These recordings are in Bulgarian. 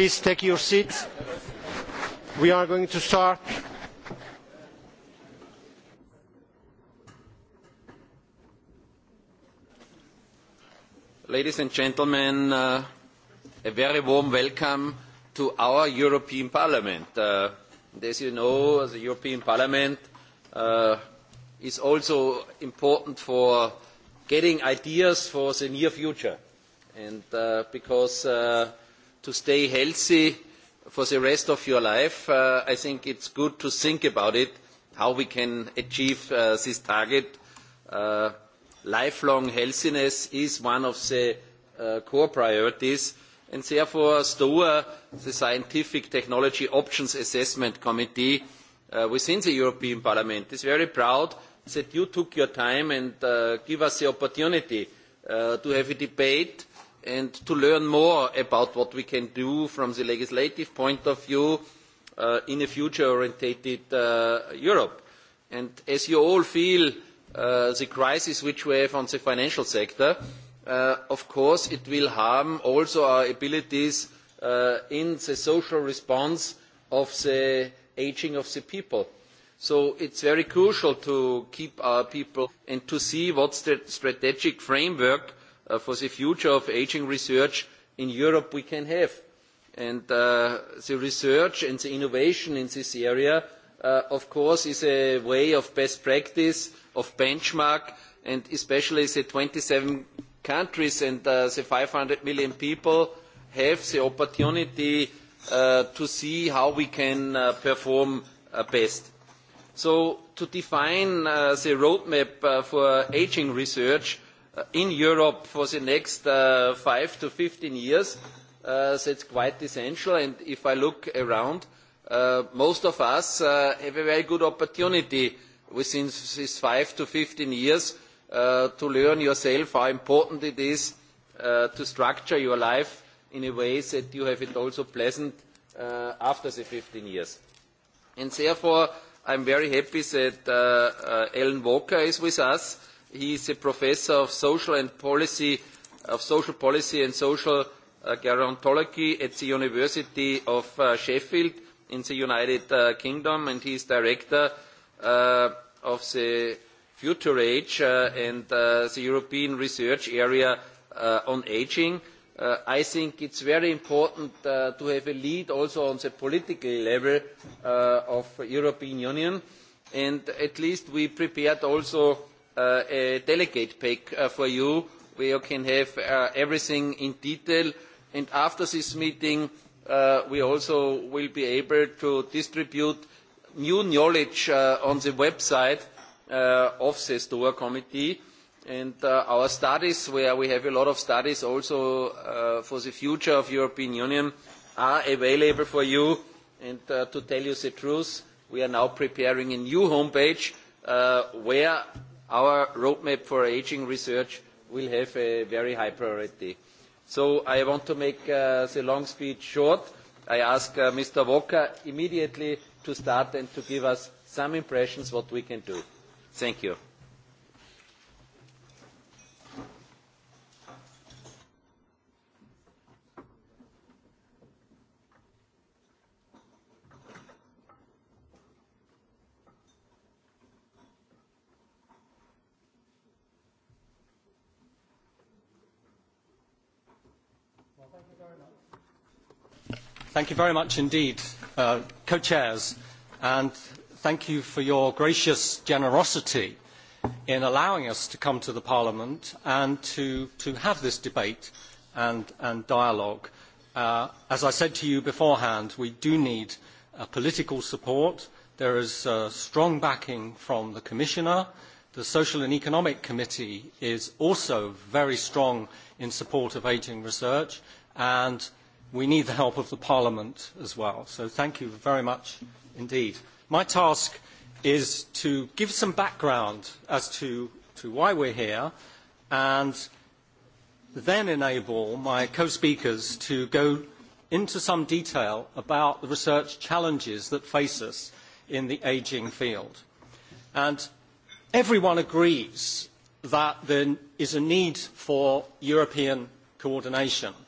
Please take your seats. We are going to start. Ladies and gentlemen, uh, a very warm welcome to our European Parliament. Uh, as you know, the European Parliament uh, is also important for getting ideas for the near future. And uh, because uh, to stay healthy for the rest of your life, I think it's good to think about it, how we can achieve this target. lifelong healthiness is one of the core priorities, and therefore STOA, the Scientific Technology Options Assessment Committee within the European Parliament, is very proud that you took your time and uh, give us the opportunity to have a debate and to learn more about what we can do from the legislative point of view in a future-orientated Europe. And as you all feel the crisis which we have on the financial sector, of course it will harm also our abilities in the social response of the ageing of the people. So it's very crucial to keep our people and to see what the strategic framework for the future of ageing research in Europe we can have. And the research and the innovation in this area, of course, is a way of best practice, of benchmark, and especially the twenty seven countries and the five hundred million people have the opportunity to see how we can perform best. So to define the roadmap for ageing research, in Europe for the next five to fifteen years. is quite essential. and If I look around, most of us have a very good opportunity within these five to fifteen years to learn yourself how important it is to structure your life in a way that you have it also pleasant after the fifteen years. Therefore, I am very happy that Ellen Walker is with us He is a professor of social and policy, of social policy and social gerontology at the University of Sheffield in the United Kingdom, and he is director of the Future Age and the European Research Area on Aging. I think it is very important to have a lead also on the political level of the European Union, and at least we prepared also a delegate pack for you where you can have everything in detail. And after this meeting, we also will be able to distribute new knowledge on the website of the STOA committee and our studies, where we have a lot of studies also for the future of the European Union, are available for you. And to tell you the truth, we are now preparing a new homepage where our roadmap for ageing research will have a very high priority. So I want to make the long speech short. I ask Mr. Walker immediately to start and to give us some impressions what we can do. Thank you. Thank you very much indeed, co-chairs, and thank you for your gracious generosity in allowing us to come to Parliament and to, have this debate and, dialogue. as I said to you beforehand, we do need political support. There is strong backing from the Commissioner. The Social and Economic Committee is also very strong in support of ageing research, and we need the help of the Parliament as well. So thank you very much indeed. My task is to give some background as to, to why we're here and then enable my co-speakers to go into some detail about the research challenges that face us in the ageing field. And everyone agrees that there is a need for European coordination –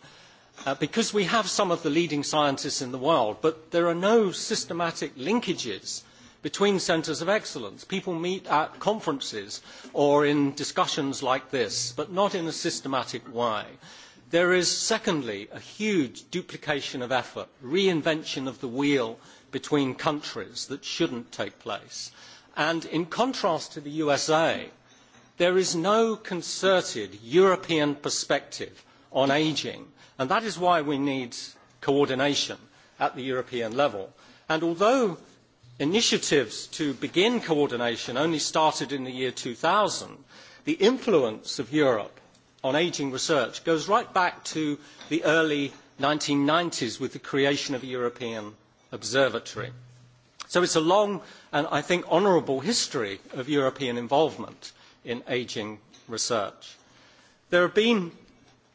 because we have some of the leading scientists in the world, but there are no systematic linkages between centres of excellence. People meet at conferences or in discussions like this, but not in a systematic way. There is, secondly, a huge duplication of effort, reinvention of the wheel between countries that shouldn't take place. And in contrast to the USA, there is no concerted European perspective on ageing And that is why we need coordination at the European level. And although initiatives to begin coordination only started in the year two thousand, the influence of Europe on ageing research goes right back to the early 1990s with the creation of a European observatory. So it's a long and I think honourable history of European involvement in ageing research. There have been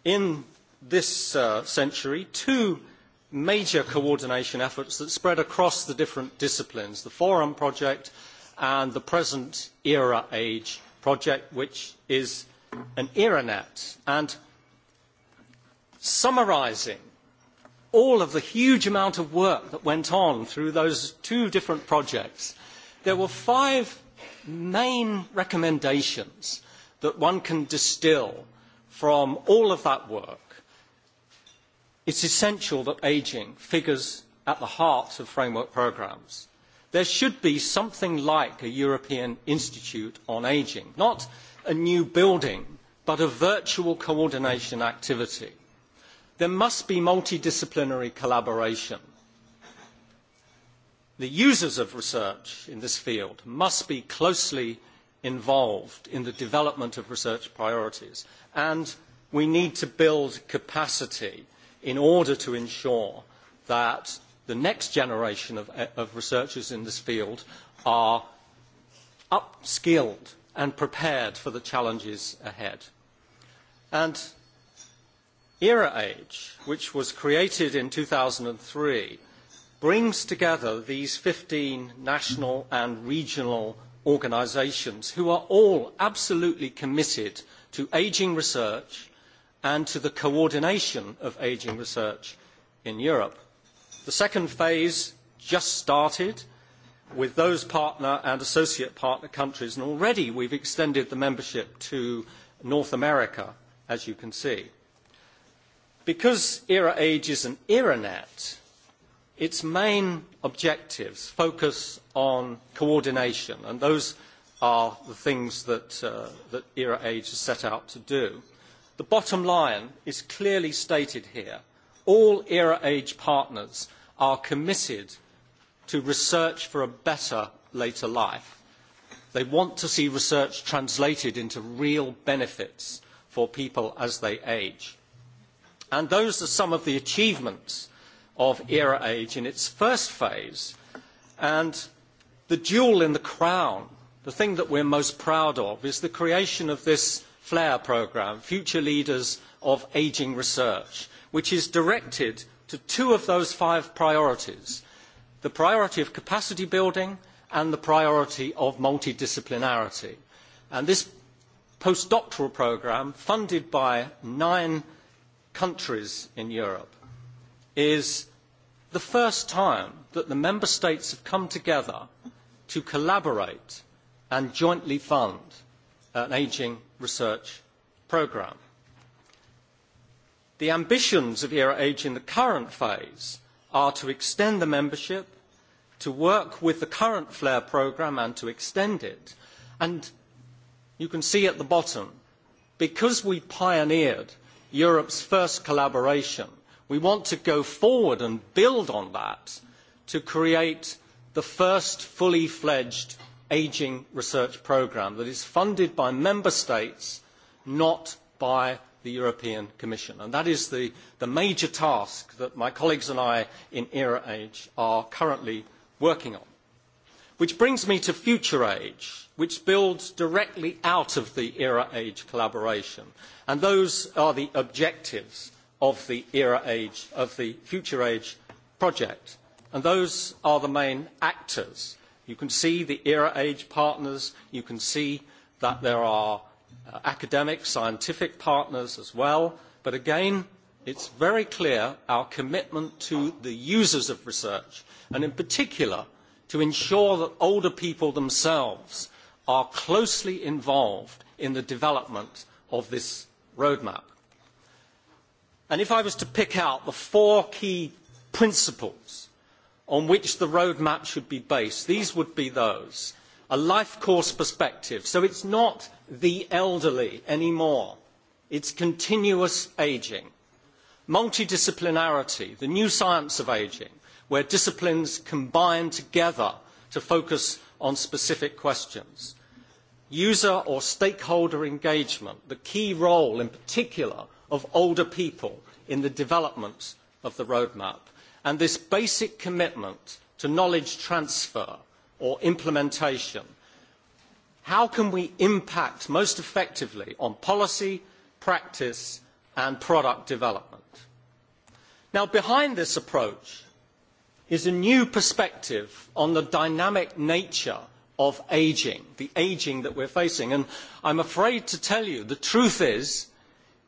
in this century two major coordination efforts that spread across the different disciplines the Forum project and the present era age project, which is an ERANET. And summarising all of the huge amount of work that went on through those two different projects, there were five main recommendations that one can distill from all of that work It is essential that ageing figures at the heart of framework programmes. There should be something like a European Institute on Ageing, not a new building, but a virtual coordination activity. There must be multidisciplinary collaboration. The users of research in this field must be closely involved in the development of research priorities, and we need to build capacity in order to ensure that the next generation of, of researchers in this field are upskilled and prepared for the challenges ahead. And Era Age, which was created in two thousand three, brings together these fifteen national and regional organisations who are all absolutely committed to ageing research and to the coordination of ageing research in Europe. The second phase just started with those partner and associate partner countries, and already we have extended the membership to North America, as you can see. Because ERA Age is an ERANET, its main objectives focus on coordination, and those are the things that, ERA Age has set out to do. The bottom line is clearly stated here. All era age partners are committed to research for a better later life. They want to see research translated into real benefits for people as they age. And those are some of the achievements of era age in its first phase. And the jewel in the crown, the thing that we're most proud of, is the creation of this FLAIR programme, Future Leaders of Ageing Research, which is directed to two of those five priorities, the priority of capacity building and the priority of multidisciplinarity. And this postdoctoral programme, funded by nine countries in Europe, is the first time that the member states have come together to collaborate and jointly fund an ageing research programme. The ambitions of era Age in the current phase are to extend the membership, to work with the current FLAIR programme and to extend it. And you can see at the bottom, because we pioneered Europe's first collaboration, we want to go forward and build on that to create the first fully fledged ageing research programme that is funded by member states, not by the European Commission. And that is the, the major task that my colleagues and I in ERA Age are currently working on. Which brings me to Future Age, which builds directly out of the ERA Age collaboration. And those are the objectives of the ERA Age, of the Future Age project. And those are the main actors You can see the era age partners. You can see that there are academic, scientific partners as well. But again, it's very clear our commitment to the users of research, and in particular, to ensure that older people themselves are closely involved in the development of this roadmap. And if I was to pick out the four key principles on which the roadmap should be based. These would be those. A life course perspective. So it's not the elderly anymore. It's continuous ageing. Multidisciplinarity, the new science of ageing, where disciplines combine together to focus on specific questions. User or stakeholder engagement, the key role in particular of older people in the development of the roadmap And this basic commitment to knowledge transfer or implementation, how can we impact most effectively on policy, practice and product development? Now behind this approach is a new perspective on the dynamic nature of ageing, the ageing that we're facing. And I'm afraid to tell you, the truth is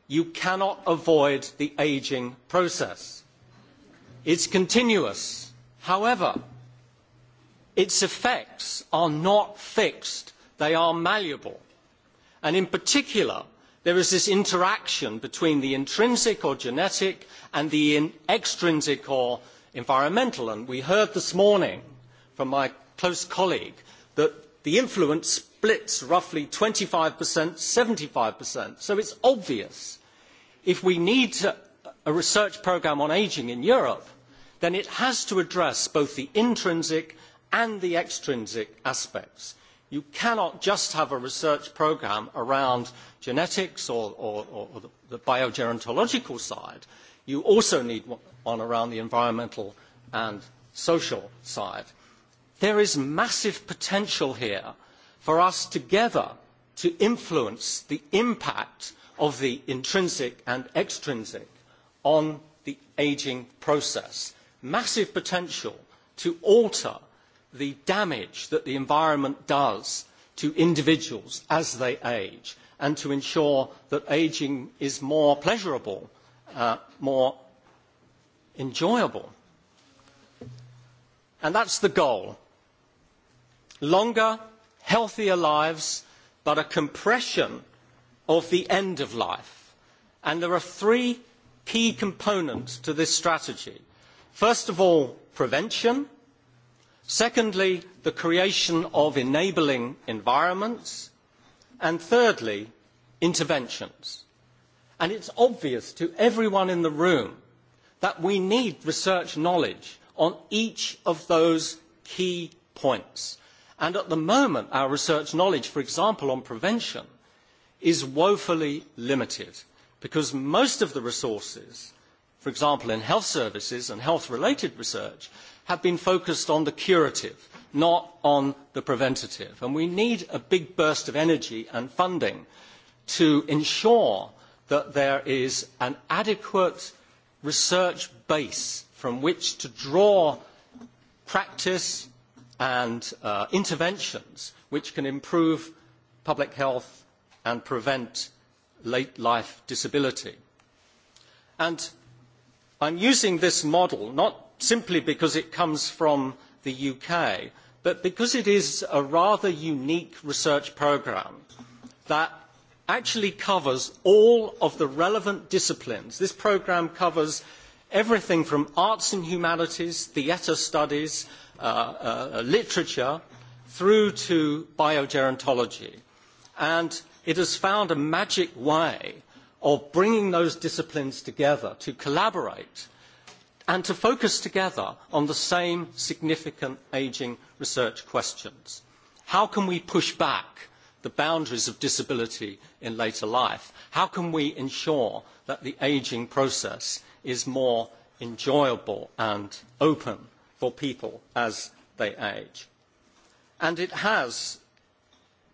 you cannot avoid the ageing process It's continuous. However, its effects are not fixed. They are malleable. And in particular, there is this interaction between the intrinsic or genetic and the extrinsic or environmental. And we heard this morning from my close colleague that the influence splits roughly twenty 25%, 75%. So it's obvious. If we need to a research programme on ageing in Europe, then it has to address both the intrinsic and the extrinsic aspects. You cannot just have a research programme around genetics or, or, or the biogerontological side. You also need one around the environmental and social side. There is massive potential here for us together to influence the impact of the intrinsic and extrinsic on the ageing process. Massive potential to alter the damage that the environment does to individuals as they age and to ensure that ageing is more pleasurable, more enjoyable. And that's the goal. Longer, healthier lives, but a compression of the end of life. And there are three key components to this strategy. First of all, prevention. Secondly, the creation of enabling environments. And thirdly, interventions. And is obvious to everyone in the room that we need research knowledge on each of those key points. And at the moment, our research knowledge, for example, on prevention, is woefully limited because most of the resources, for example, in health services and health-related research, have been focused on the curative, not on the preventative. And we need a big burst of energy and funding to ensure that there is an adequate research base from which to draw practice and interventions which can improve public health and prevent late life disability. And I'm using this model not simply because it comes from the UK, but because it is a rather unique research programme that actually covers all of the relevant disciplines. This programme covers everything from arts and humanities, theatre studies, literature, through to biogerontology. And it has found a magic way of bringing those disciplines together to collaborate and to focus together on the same significant ageing research questions. How can we push back the boundaries of disability in later life? How can we ensure that the ageing process is more enjoyable and open for people as they age? And it has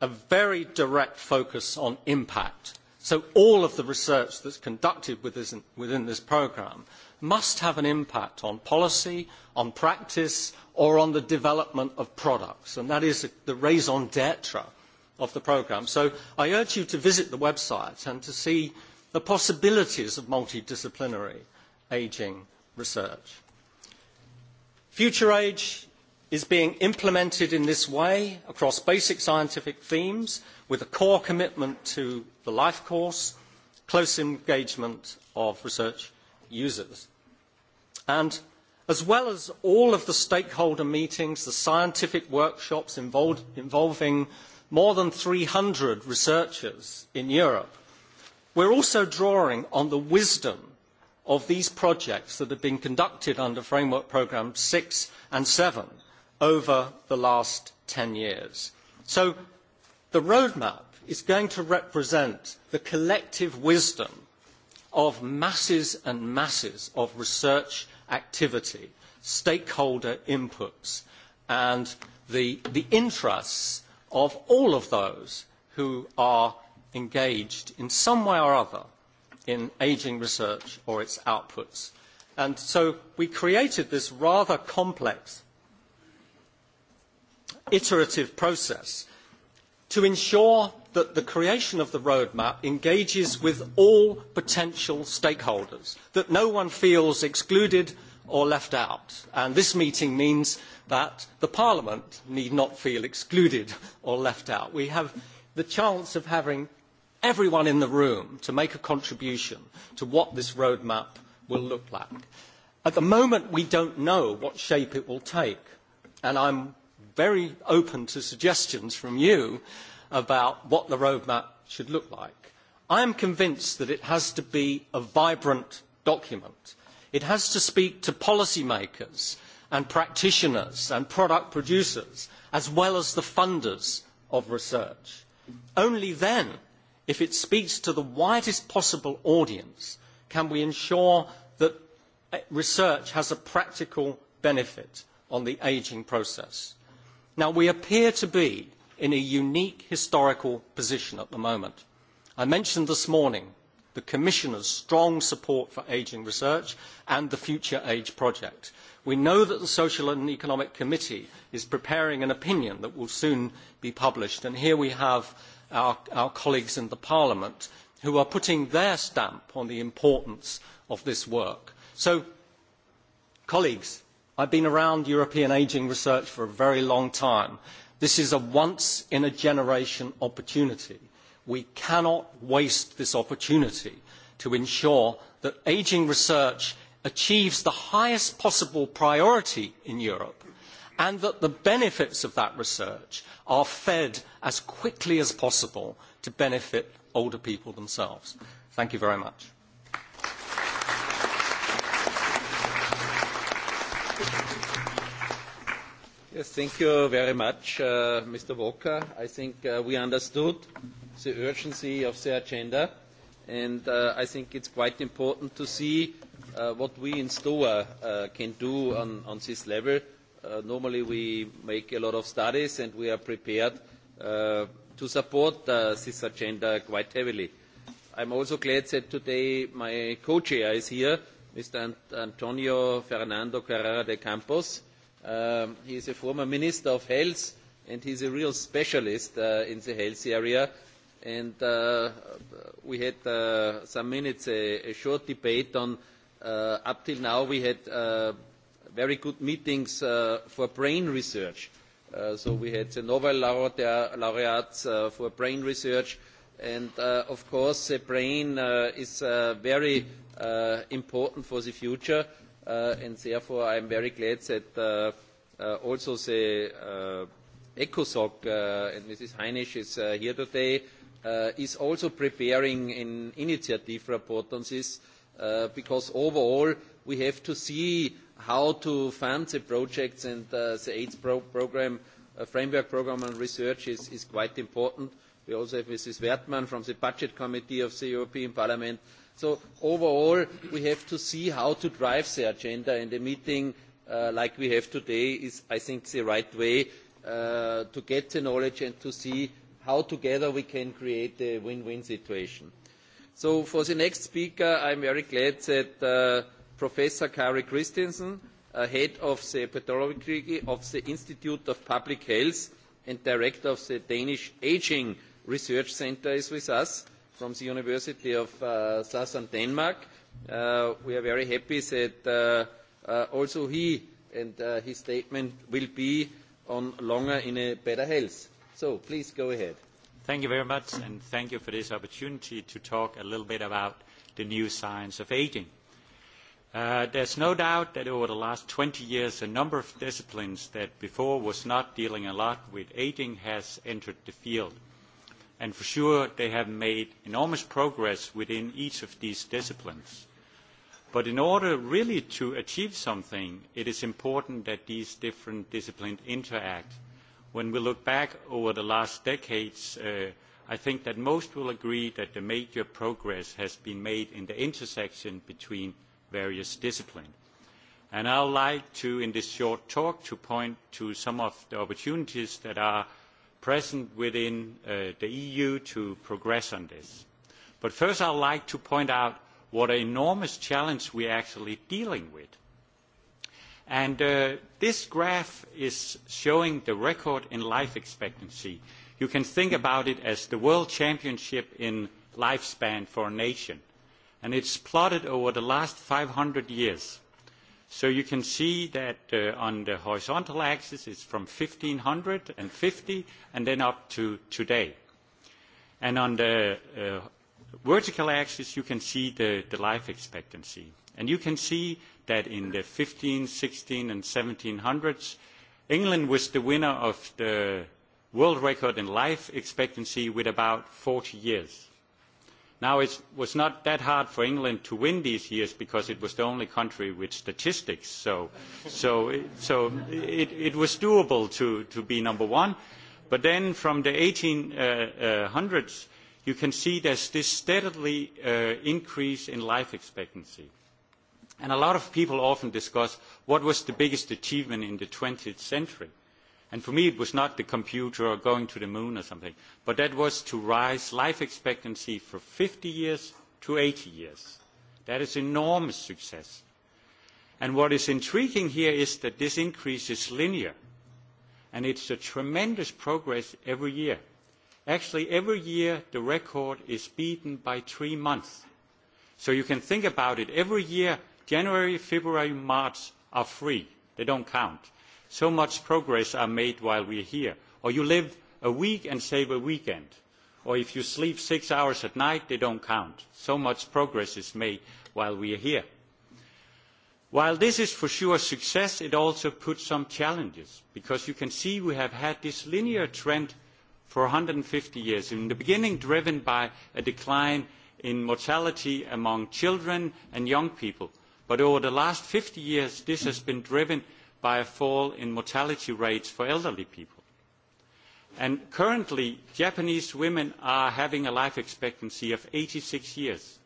a very direct focus on impact. So all of the research that is conducted within this programme must have an impact on policy, on practice, or on the development of products. And that is the raison d'etre of the programme. So I urge you to visit the website and to see the possibilities of multidisciplinary ageing research. Future Age is being implemented in this way across basic scientific themes with a core commitment to the life course, close engagement of research users. And as well as all of the stakeholder meetings, the scientific workshops involving more than three hundred researchers in Europe, we are also drawing on the wisdom of these projects that have been conducted under Framework Programme six and seven over the last ten years. So the roadmap is going to represent the collective wisdom of masses and masses of research activity, stakeholder inputs, and the, the interests of all of those who are engaged in some way or other in ageing research or its outputs. And so we created this rather complex iterative process to ensure that the creation of the roadmap engages with all potential stakeholders, that no one feels excluded or left out. And this meeting means that Parliament need not feel excluded or left out. We have the chance of having everyone in the room to make a contribution to what this roadmap will look like. At the moment, we do not know what shape it will take, and I am very open to suggestions from you about what the roadmap should look like. I am convinced that it has to be a vibrant document. It has to speak to policymakers and practitioners and product producers as well as the funders of research. Only then, if it speaks to the widest possible audience, can we ensure that research has a practical benefit on the ageing process. Now, we appear to be in a unique historical position at the moment. I mentioned this morning the Commissioner's strong support for ageing research and the Future Age Project. We know that the Social and Economic Committee is preparing an opinion that will soon be published, and here we have our, colleagues in Parliament who are putting their stamp on the importance of this work. So, colleagues, I have been around European ageing research for a very long time. This is a once in a generation opportunity. We cannot waste this opportunity to ensure that ageing research achieves the highest possible priority in Europe and that the benefits of that research are fed as quickly as possible to benefit older people themselves. Thank you very much. thank you very much, Mr. Walker. I think we understood the urgency of the agenda, and I think it's quite important to see what we in STOA can do on, this level. normally, we make a lot of studies, and we are prepared to support this agenda quite heavily. I'm also glad that today my co-chair is here Mr. Antonio Fernando Carrera de Campos. he is a former Minister of Health and he is a real specialist in the health area. And we had some minutes, a, short debate on up till now we had very good meetings for brain research. so we had the Nobel laureates for brain research. And of course, the brain is very important for the future. and therefore, I am very glad that also the ECOSOC, and Mrs. Heinisch is here today, is also preparing an initiative report on this, because overall, we have to see how to fund the projects and the AIDS programme, framework programme on research is quite important. We also have Mrs. Wertmann from the Budget Committee of the European Parliament So overall, we have to see how to drive the agenda, and a meeting like we have today is, I think, the right way to get the knowledge and to see how together we can create a win-win situation. So for the next speaker, I am very glad that Professor Kari Christensen, head of the pathology of the Institute of Public Health and director of the Danish Ageing Research Centre, is with us from the University of Southern Denmark. we are very happy that also he and his statement will be on longer in a better health. So please go ahead. Thank you very much, and thank you for this opportunity to talk a little bit about the new science of aging. Uh, there's no doubt that over the last 20 years, a number of disciplines that before was not dealing a lot with aging has entered the field and for sure they have made enormous progress within each of these disciplines. But in order really to achieve something, it is important that these different disciplines interact. When we look back over the last decades, I think that most will agree that the major progress has been made in the intersection between various disciplines. And I would like to, in this short talk, to point to some of the opportunities that are present within the eu to progress on this. but first i would like to point out what an enormous challenge we are actually dealing with. this graph is showing the record in life expectancy. you can think about it as the world championship in lifespan for a nation and it is plotted over the last five hundred years So you can see that on the horizontal axis, it's from 1,550 and then up to today. And on the vertical axis, you can see the life expectancy. And you can see that in the 15, 16, and 1700s, England was the winner of the world record in life expectancy with about 40 years Now, it was not that hard for England to win these years because it was the only country with statistics. So, so, so it, it was doable to, to be number one. But then from the 1800s, you can see there's this steadily uh, increase in life expectancy. And a lot of people often discuss what was the biggest achievement in the 20th century. And for me, it was not the computer or going to the moon or something, but that was to rise life expectancy from fifty years to eighty years. That is enormous success. And what is intriguing here is that this increase is linear, and it's a tremendous progress every year. Actually, every year the record is beaten by three months. So you can think about it. Every year, January, February, March are free. They don't count so much progress is made while we are here or you live a week and save a weekend or if you sleep six hours at night they do not count so much progress is made while we are here. while this is for sure a success it also puts some challenges because you can see we have had this linear trend for one hundred and fifty years in the beginning driven by a decline in mortality among children and young people but over the last fifty years this has been driven by a fall in mortality rates for elderly people. And currently, Japanese women are having a life expectancy of eighty six years.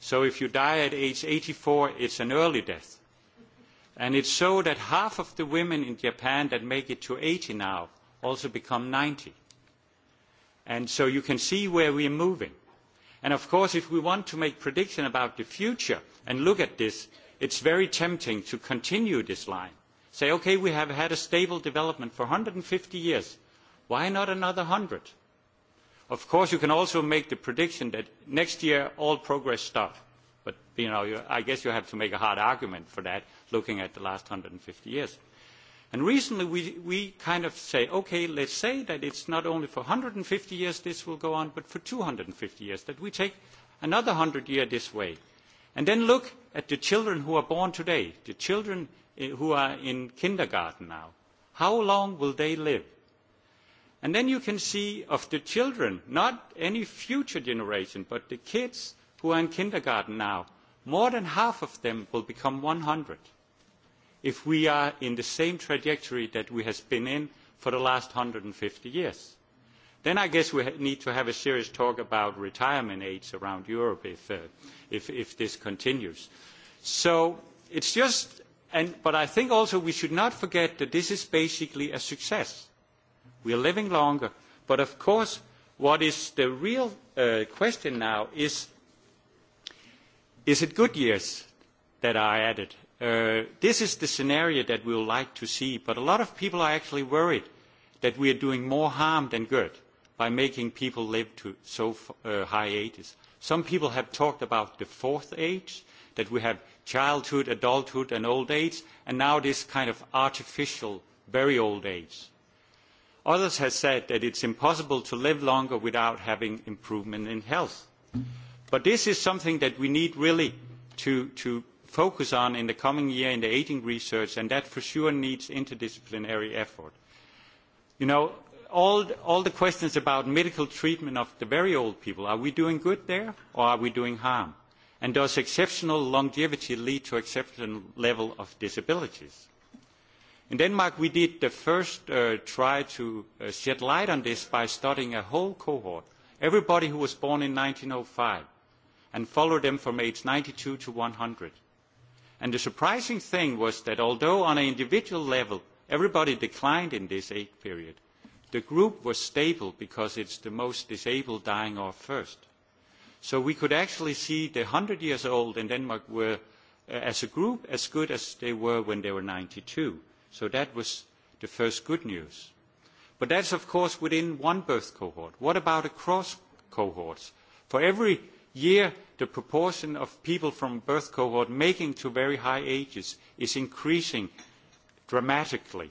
So if you die at age eighty four it's an early death. And it's so that half of the women in Japan that make it to eighty now also become ninety. And so you can see where we are moving. And of course, if we want to make predictions about the future and look at this, it is very tempting to continue this line say ok we have had a stable development for one hundred and fifty years why not another hundred? of course you can also make the prediction that next year all progress stops but i guess you have to make a hard argument for that looking at the last one hundred and fifty years. recently we kind of say ok let us say that it is not only for one hundred and fifty years this will go on but for two hundred and fifty years that we take another hundred years this way And then look at the children who are born today, the children who are in kindergarten now. How long will they live? And then you can see of the children, not any future generation, but the kids who are in kindergarten now, more than half of them will become one hundred if we are in the same trajectory that we have been in for the last hundred and fifty years Then I guess we need to have a serious talk about retirement age around Europe if this continues. So it's just, but I think also we should not forget that this is basically a success. We are living longer, but of course, what is the real question now is: Is it good years that are added? This is the scenario that we would like to see, but a lot of people are actually worried that we are doing more harm than good by making people live to so high ages. Some people have talked about the fourth age, that we have childhood, adulthood and old age, and now this kind of artificial, very old age. Others have said that it is impossible to live longer without having improvement in health. But this is something that we need really to, focus on in the coming year in the ageing research, and that for sure needs interdisciplinary effort. You know, all the questions about medical treatment of the very old people, are we doing good there or are we doing harm? And does exceptional longevity lead to exceptional level of disabilities? In Denmark, we did the first try to shed light on this by studying a whole cohort, everybody who was born in five and followed them from age ninety two to one hundred. And the surprising thing was that although on an individual level, everybody declined in this age period, The group was stable because it's the most disabled dying off first. So we could actually see the 100 years old in Denmark were, as a group, as good as they were when they were 92. So that was the first good news. But that's, of course, within one birth cohort. What about across cohorts? For every year, the proportion of people from birth cohort making to very high ages is increasing dramatically.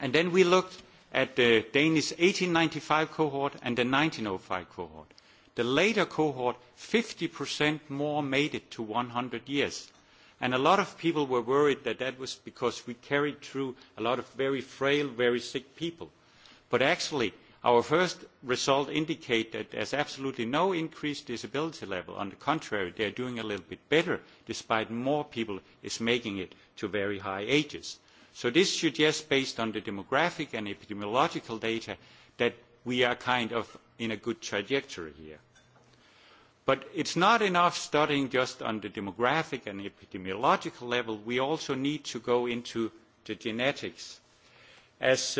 And then we looked at the Danish ninety five cohort and the five cohort. The later cohort, 50% more made it to one hundred years. And a lot of people were worried that that was because we carried through a lot of very frail, very sick people. But actually, our first result indicate that there's absolutely no increased disability level. On the contrary, they are doing a little bit better, despite more people is making it to very high ages. So this suggests, based on the demographic and epidemiological data, that we are kind of in a good trajectory here. But it's not enough studying just on the demographic and epidemiological level. We also need to go into the genetics. As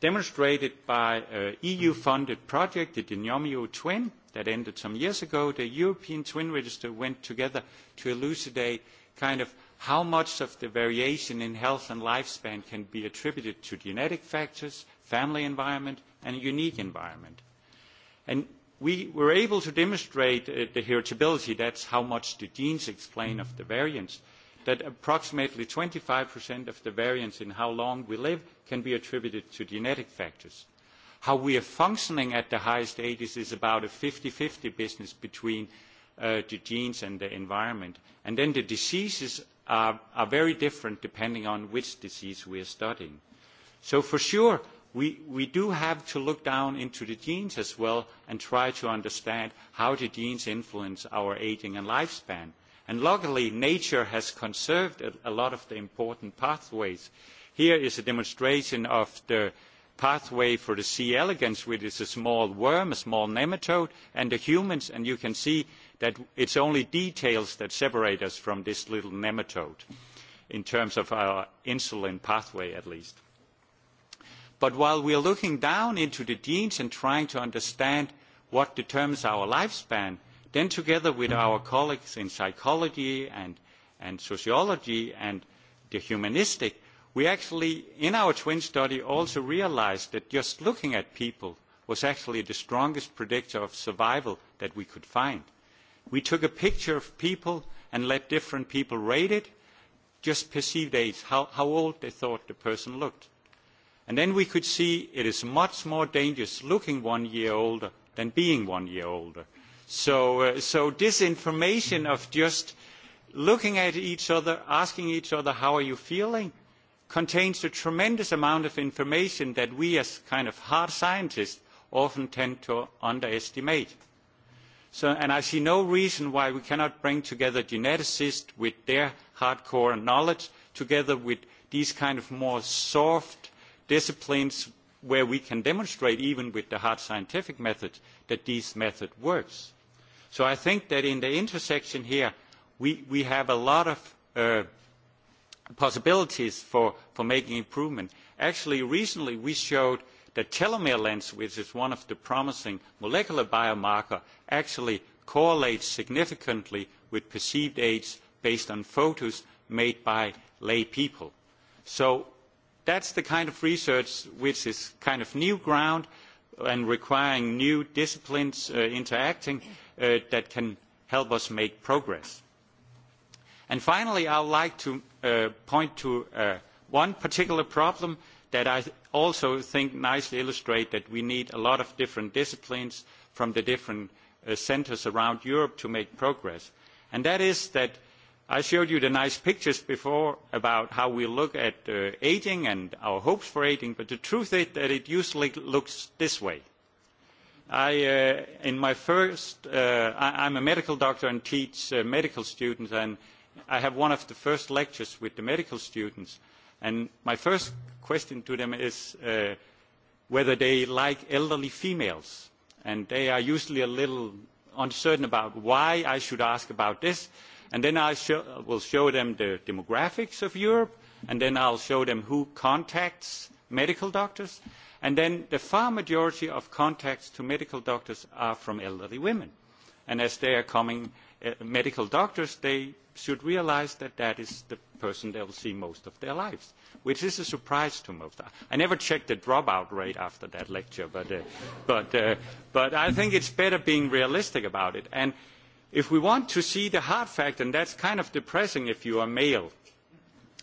demonstrated by an EU-funded project, the Denomio Twin, that ended some years ago, the European Twin Register went together to elucidate kind of how much of the variation in health and lifespan can be attributed to genetic factors, family environment, and a unique environment. And we were able to demonstrate uh, the heritability, that's how much the genes explain of the variance, that approximately 25% of the variance in how long we live can be attributed to genetic factors. How we are functioning at the highest ages is about a 50-50 business between uh, the genes and the environment. And then the diseases are, are very different depending on which disease we are studying. So for sure, we, we do have to look down into the genes as well and try to understand how the genes influence our aging and lifespan. And luckily, nature has conserved a, a lot of the important pathways. Here is a demonstration of the pathway for the C. elegans, which is a small worm, a small nematode, and the humans, and you can see that it is only details that separate us from this little nematode in terms of our insulin pathway at least. But while we are looking down into the genes and trying to understand what determines our lifespan, then together with our colleagues in psychology and, and sociology and the humanistic, we actually, in our twin study, also realised that just looking at people was actually the strongest predictor of survival that we could find. We took a picture of people and let different people rate it, just perceived age, how, how old they thought the person looked. And then we could see it is much more dangerous looking one year older than being one year older. So, uh, so this information of just looking at each other, asking each other, how are you feeling, contains a tremendous amount of information that we as kind of hard scientists often tend to underestimate and I see no reason why we cannot bring together geneticists with their hardcore knowledge together with these kind of more soft disciplines where we can demonstrate even with the hard scientific method that this method works. So I think that in the intersection here, we, we have a lot of possibilities for, for making improvement. Actually, recently we showed the telomere length, which is one of the promising molecular biomarker, actually correlates significantly with perceived age based on photos made by lay people. So that's the kind of research which is kind of new ground and requiring new disciplines interacting that can help us make progress. And finally, I would like to point to one particular problem that I also think nicely illustrate that we need a lot of different disciplines from the different centres around Europe to make progress. And that is that I showed you the nice pictures before about how we look at ageing and our hopes for ageing, but the truth is that it usually looks this way. I, in my first, I, am a medical doctor and teach medical students, and I have one of the first lectures with the medical students, And my first question to them is whether they like elderly females. And they are usually a little uncertain about why I should ask about this. And then I will show them the demographics of Europe, and then I'll show them who contacts medical doctors. And then the far majority of contacts to medical doctors are from elderly women. And as they are coming medical doctors, they should realise that that is the person they will see most of their lives, which is a surprise to most. I never checked the dropout rate after that lecture, but, uh, but, uh, but I think it's better being realistic about it. And if we want to see the hard fact, and that's kind of depressing if you are male,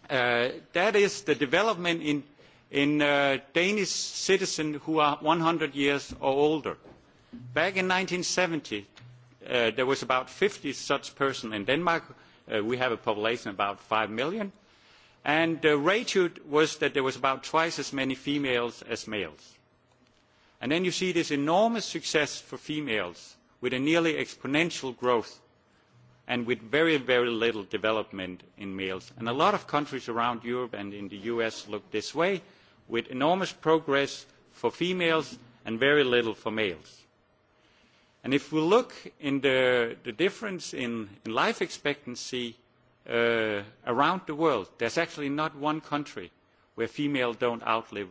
uh, that is the development in, in uh, Danish citizens who are 100 years or older. Back in 1970, uh, there was about 50 such persons in Denmark we have a population of about five million. And the ratio was that there was about twice as many females as males. And then you see this enormous success for females with a nearly exponential growth and with very, very little development in males. And a lot of countries around Europe and in the US look this way with enormous progress for females and very little for males And if we look in the, the difference in, in life expectancy uh, around the world, there's actually not one country where females don't outlive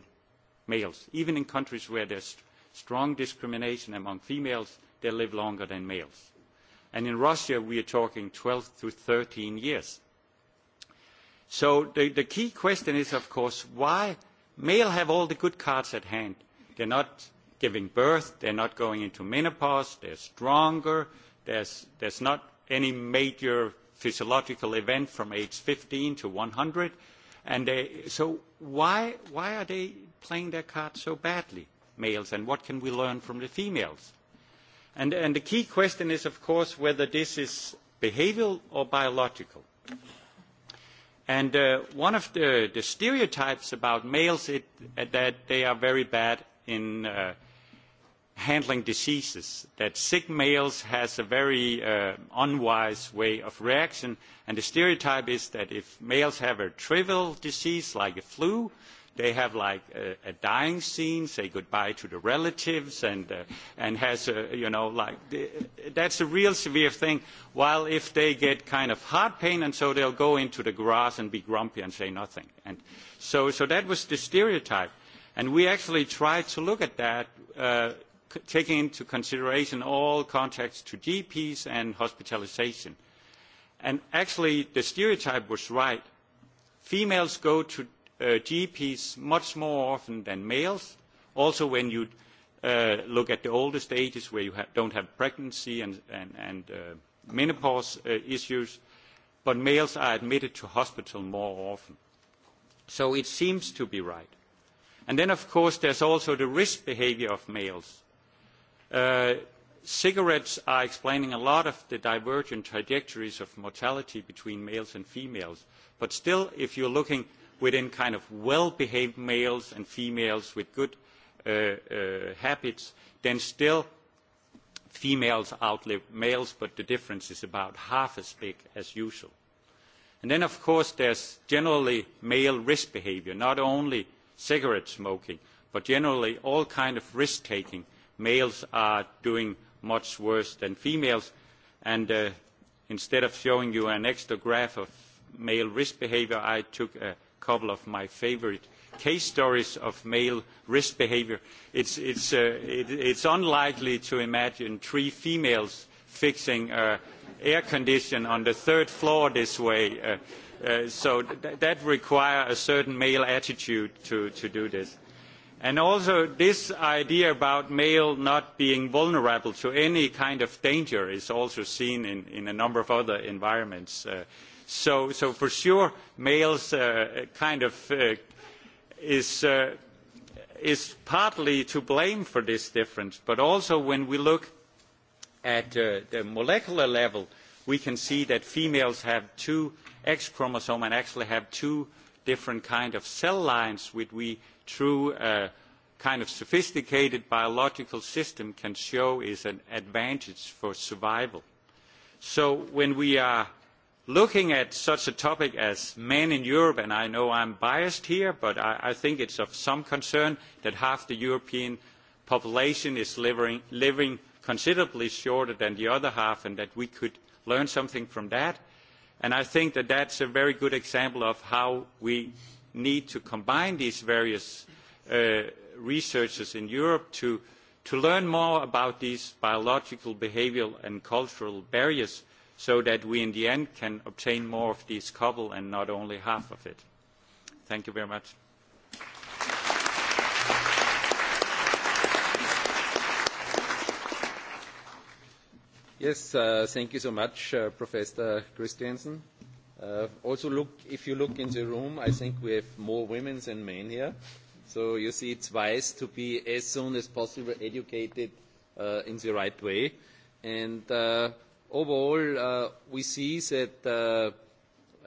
males. Even in countries where there's strong discrimination among females, they live longer than males. And in Russia, we are talking 12 to 13 years. So the, the key question is, of course, why males have all the good cards at hand. They're not giving birth, they're not going into menopause, they're stronger, there's, there's not any major physiological event from age 15 to 100. And they, so why, why are they playing their cards so badly, males, and what can we learn from the females? And, and the key question is, of course, whether this is behavioral or biological. And uh, one of the, the stereotypes about males is that they are very bad in uh, handling diseases that sick males has a very unwise way of reaction and the stereotype is that if males have a trivial disease like a flu they have like a dying scene say goodbye to the relatives and and has a, you know like that's a real severe thing while if they get kind of heart pain and so they'll go into the grass and be grumpy and say nothing and so so that was the stereotype and we actually tried to look at that taking into consideration all contacts to GPs and hospitalisation. And actually, the stereotype was right. Females go to GPs much more often than males. Also, when you look at the older stages where you ha don't have pregnancy and, and, and uh, menopause uh, issues, but males are admitted to hospital more often. So it seems to be right. And then, of course, there's also the risk behaviour of males cigarettes are explaining a lot of the divergent trajectories of mortality between males and females. But still, if you're looking within kind of well-behaved males and females with good habits, then still females outlive males, but the difference is about half as big as usual. And then, of course, there's generally male risk behaviour, not only cigarette smoking, but generally all kinds of risk-taking males are doing much worse than females. And instead of showing you an extra graph of male risk behaviour, I took a couple of my favourite case stories of male risk behaviour. It's, it's, uh, it, it's unlikely to imagine three females fixing uh, air condition on the third floor this way. Uh, uh, so th- that requires a certain male attitude to, to do this And also this idea about males not being vulnerable to any kind of danger is also seen in, in a number of other environments. so, for sure, males kind of is, is partly to blame for this difference, but also when we look at the molecular level, we can see that females have two X chromosomes and actually have two different kinds of cell lines which we through a kind of sophisticated biological system can show is an advantage for survival. So when we are looking at such a topic as men in Europe, and I know I'm biased here, but I, I think it's of some concern that half the European population is living, living considerably shorter than the other half and that we could learn something from that. And I think that that's a very good example of how we need to combine these various researchers in Europe to, learn more about these biological, behavioural and cultural barriers so that we in the end can obtain more of this couple and not only half of it. Thank you very much. Yes, thank you so much, Professor Christiansen. Also, look, if you look in the room, I think we have more women than men here. So you see, it's wise to be as soon as possible educated uh in the right way. And uh overall, uh we see that uh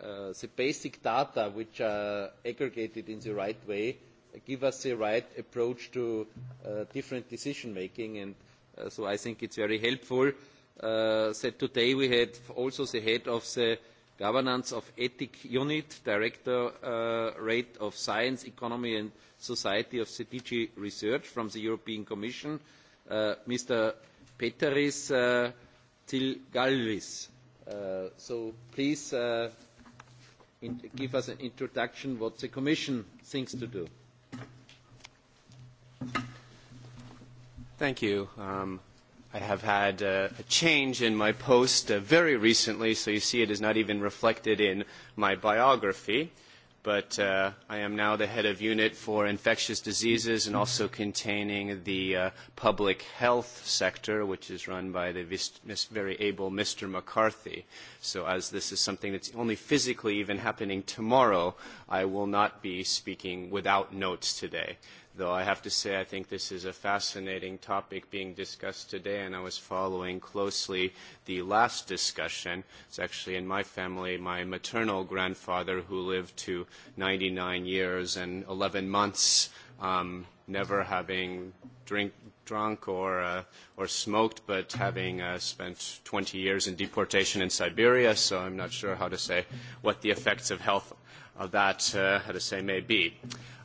uh the basic data which are aggregated in the right way give us the right approach to uh different decision-making. And so I think it's very helpful uh that today we had also the head of the governance of ethic unit directorate of science economy and society of strategic research from the european commission mr peteris Tsilgallis. so please give us an introduction what the commission thinks to do. thank you I have had a, a change in my post uh, very recently, so you see it is not even reflected in my biography. But uh, I am now the head of unit for infectious diseases and also containing the uh, public health sector, which is run by the very able Mr. McCarthy. So as this is something that's only physically even happening tomorrow, I will not be speaking without notes today though I have to say I think this is a fascinating topic being discussed today, and I was following closely the last discussion. It's actually in my family, my maternal grandfather, who lived to 99 years and 11 months, um, never having drink, drunk or, uh, or smoked, but having uh, spent 20 years in deportation in Siberia, so I'm not sure how to say what the effects of health of that, uh, how to say, may be.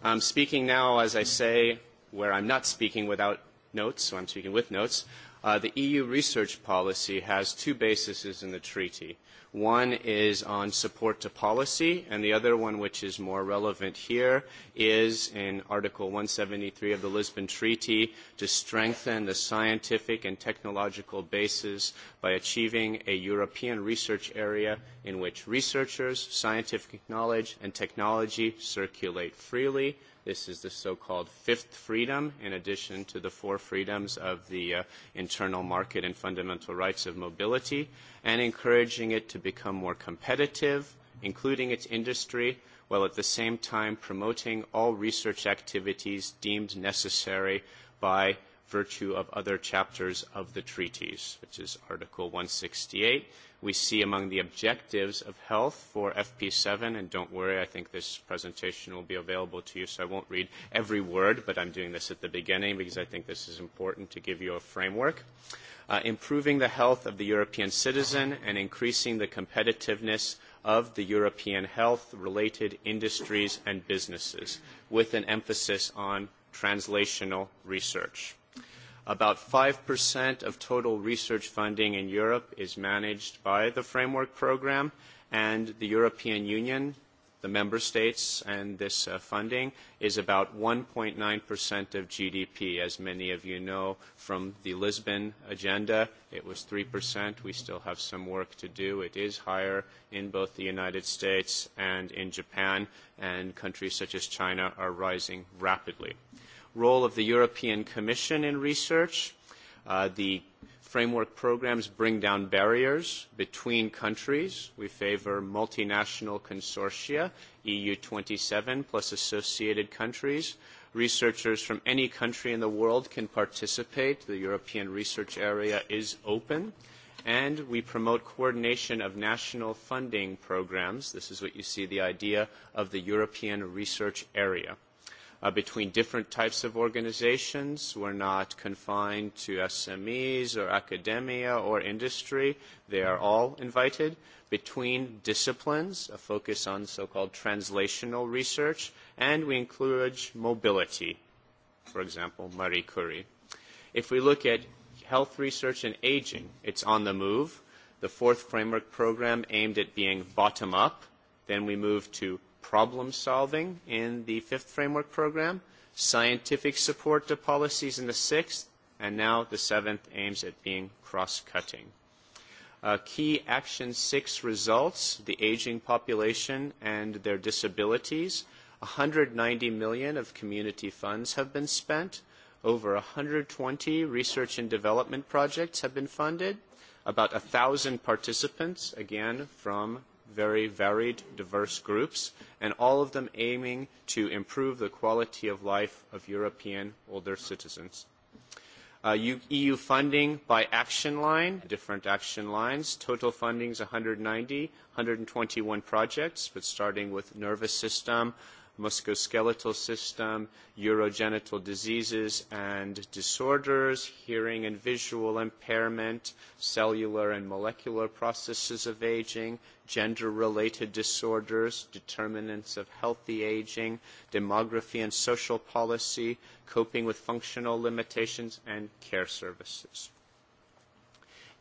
I'm speaking now, as I say, where I'm not speaking without notes, so I'm speaking with notes. Uh, the EU research policy has two bases in the treaty. One is on support to policy, and the other one, which is more relevant here, is in Article 173 of the Lisbon Treaty to strengthen the scientific and technological basis by achieving a European research area in which researchers, scientific knowledge, and technology circulate freely. This is the so-called fifth freedom, in addition to the four freedoms of the uh, internal market and fundamental rights of mobility and encouraging it to become more competitive, including its industry, while at the same time promoting all research activities deemed necessary by virtue of other chapters of the treaties, which is Article one hundred and sixty eight we see among the objectives of health for FP7, and don't worry, I think this presentation will be available to you, so I won't read every word, but I'm doing this at the beginning because I think this is important to give you a framework. Uh, improving the health of the European citizen and increasing the competitiveness of the European health-related industries and businesses, with an emphasis on translational research About 5% of total research funding in Europe is managed by the framework program, and the European Union, the member states, and this uh, funding is about 1.9% of GDP. As many of you know from the Lisbon agenda, it was 3%. We still have some work to do. It is higher in both the United States and in Japan, and countries such as China are rising rapidly role of the European Commission in research. the framework programmes bring down barriers between countries. We favour multinational consortia, EU twenty seven plus associated countries. Researchers from any country in the world can participate. The European research area is open. And we promote coordination of national funding programmes. This is what you see the idea of the European research area between different types of organizations. We're not confined to SMEs or academia or industry. They are all invited. Between disciplines, a focus on so-called translational research, and we encourage mobility, for example, Marie Curie. If we look at health research and aging, it's on the move. The fourth framework program aimed at being bottom up. Then we move to problem solving in the fifth framework program, scientific support to policies in the sixth, and now the seventh aims at being cross-cutting. Uh, key Action 6 results, the aging population and their disabilities. 190 million of community funds have been spent. Over 120 research and development projects have been funded. About 1,000 participants, again, from very varied, diverse groups, and all of them aiming to improve the quality of life of European older citizens. EU funding by action line, different action lines. Total funding is one hundred ninety, one hundred and twenty one projects, but starting with nervous system, musculoskeletal system, urogenital diseases and disorders, hearing and visual impairment, cellular and molecular processes of aging, gender-related disorders, determinants of healthy aging, demography and social policy, coping with functional limitations, and care services.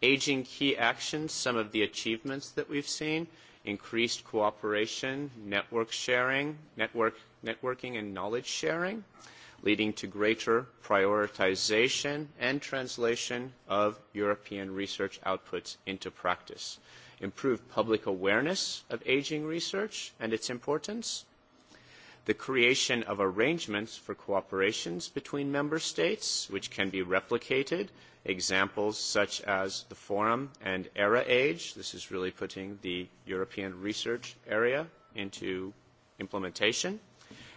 Aging key actions, some of the achievements that we've seen, increased cooperation, network sharing, network, networking and knowledge sharing, leading to greater prioritization and translation of European research outputs into practice, improved public awareness of aging research and its importance, the creation of arrangements for cooperations between member states, which can be replicated, examples such as the Forum and ERA Age. This is really putting the European research area into implementation.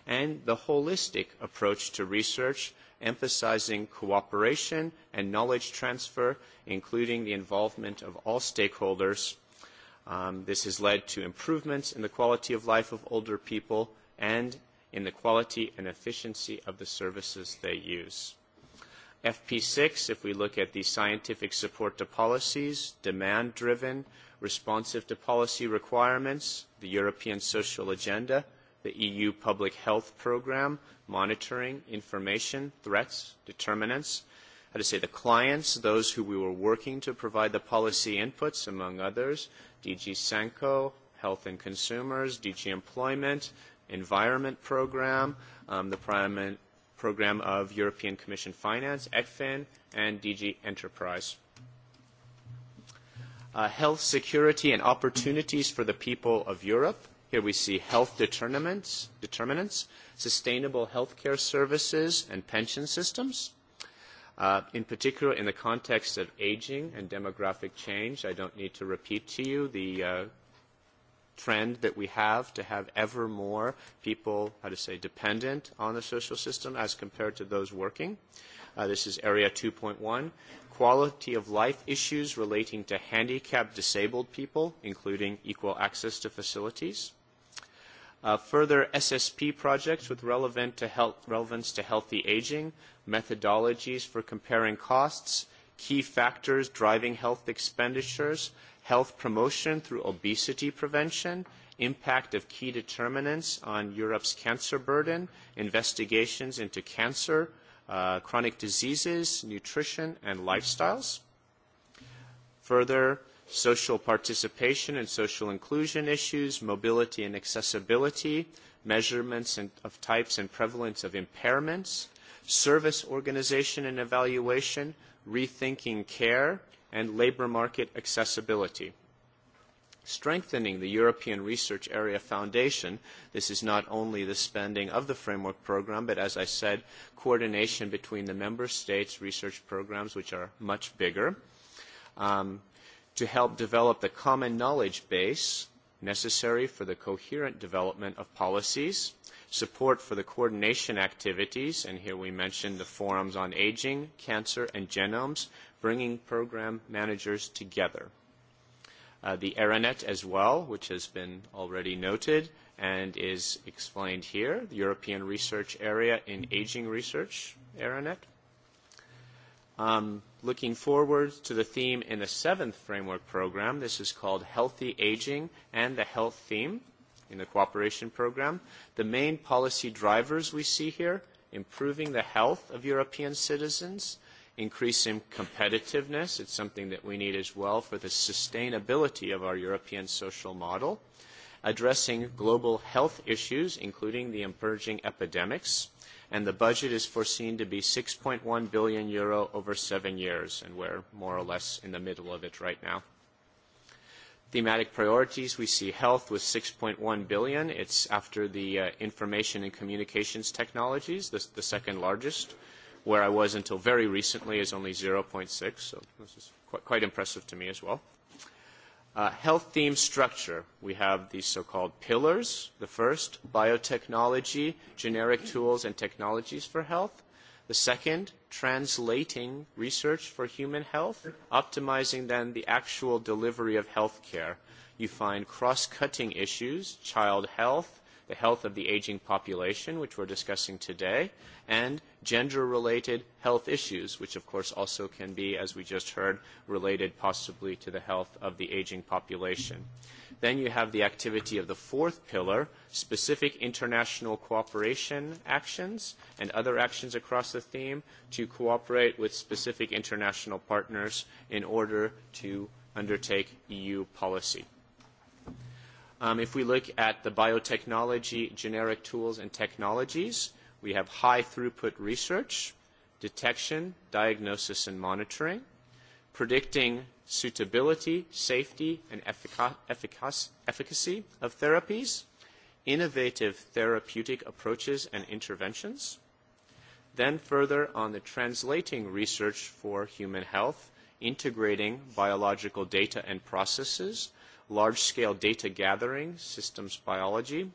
And the holistic approach to research, emphasizing cooperation and knowledge transfer, including the involvement of all stakeholders. Um, this has led to improvements in the quality of life of older people, and in the quality and efficiency of the services they use. FP6, if we look at the scientific support to policies, demand-driven, responsive to policy requirements, the European Social Agenda, the EU Public Health Program, monitoring, information, threats, determinants, how to say the clients, those who we were working to provide the policy inputs, among others, DG Senko, Health and Consumers, DG Employment, Environment Program, um, the prime Program of European Commission Finance, ECFIN, and DG Enterprise. Uh, health security and opportunities for the people of Europe. Here we see health determinants, determinants sustainable care services, and pension systems. Uh, in particular, in the context of aging and demographic change, I don't need to repeat to you the uh, trend that we have to have ever more people, how to say, dependent on the social system as compared to those working. Uh, this is area 2.1. Quality of life issues relating to handicapped disabled people, including equal access to facilities. Uh, further SSP projects with relevant to health, relevance to healthy aging, methodologies for comparing costs, key factors driving health expenditures, health promotion through obesity prevention, impact of key determinants on Europe's cancer burden, investigations into cancer, chronic diseases, nutrition, and lifestyles. Further, social participation and social inclusion issues, mobility and accessibility, measurements of types and prevalence of impairments, service organization and evaluation, rethinking care, and labour market accessibility. Strengthening the European Research Area Foundation, this is not only the spending of the framework programme, but as I said, coordination between the member states' research programmes, which are much bigger, um, to help develop the common knowledge base necessary for the coherent development of policies, support for the coordination activities, and here we mentioned the forums on aging, cancer, and genomes, bringing program managers together. Uh, the ERANET as well, which has been already noted and is explained here, the European Research Area in Aging Research, ERANET. Um, looking forward to the theme in the seventh framework program, this is called Healthy Aging and the Health Theme in the cooperation program. The main policy drivers we see here, improving the health of European citizens, increasing competitiveness. It's something that we need as well for the sustainability of our European social model, addressing global health issues, including the emerging epidemics, and the budget is foreseen to be 6.1 billion euro over seven years, and we're more or less in the middle of it right now. Thematic priorities, we see health with 6.1 billion. It's after the uh, information and communications technologies, the, the second largest where I was until very recently is only 0.6, so this is quite, quite impressive to me as well. Uh, health theme structure. We have these so-called pillars. The first, biotechnology, generic tools and technologies for health. The second, translating research for human health, optimizing then the actual delivery of health care. You find cross-cutting issues, child health, the health of the aging population, which we're discussing today, and gender-related health issues, which of course also can be, as we just heard, related possibly to the health of the aging population. Then you have the activity of the fourth pillar, specific international cooperation actions and other actions across the theme to cooperate with specific international partners in order to undertake EU policy if we look at the biotechnology generic tools and technologies, we have high throughput research, detection, diagnosis, and monitoring, predicting suitability, safety, and efficacy of therapies, innovative therapeutic approaches and interventions. Then further on the translating research for human health, integrating biological data and processes large-scale data gathering, systems biology,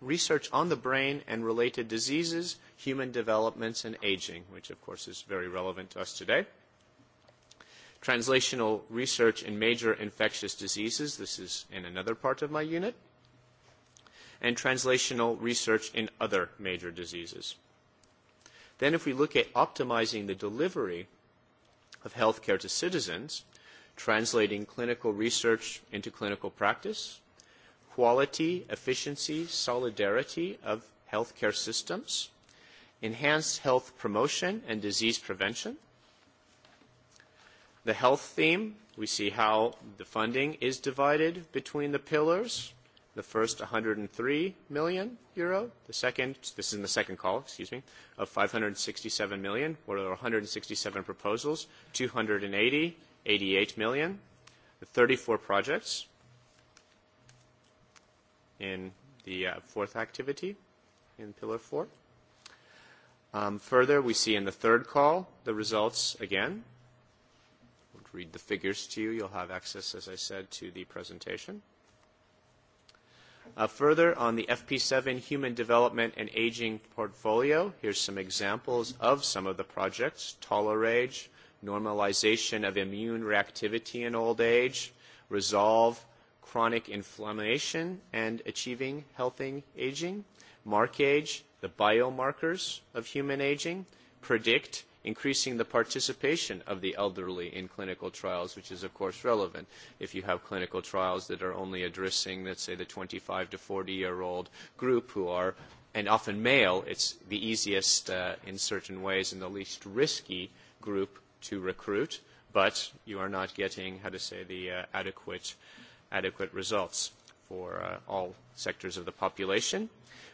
research on the brain and related diseases, human developments, and aging, which of course is very relevant to us today. Translational research in major infectious diseases, this is in another part of my unit, and translational research in other major diseases. Then if we look at optimizing the delivery of healthcare to citizens, translating clinical research into clinical practice, quality, efficiency, solidarity of healthcare systems, enhanced health promotion and disease prevention. The health theme, we see how the funding is divided between the pillars. The first 103 million euro, the second, this is in the second call, excuse me, of 567 million, where there are 167 proposals, 280 88 million, 34 projects in the fourth activity in Pillar 4. further, we see in the third call the results again. I won't read the figures to you. You'll have access, as I said, to the presentation. further, on the FP7 Human Development and Aging portfolio, here's some examples of some of the projects, Tolerage, normalization of immune reactivity in old age, resolve chronic inflammation and achieving healthy aging, mark age, the biomarkers of human aging, predict increasing the participation of the elderly in clinical trials, which is, of course, relevant. If you have clinical trials that are only addressing, let's say, the 25 to 40-year-old group who are, and often male, it's the easiest uh, in certain ways and the least risky group to recruit, but you are not getting, how to say, the uh, adequate, adequate results for uh, all sectors of the population.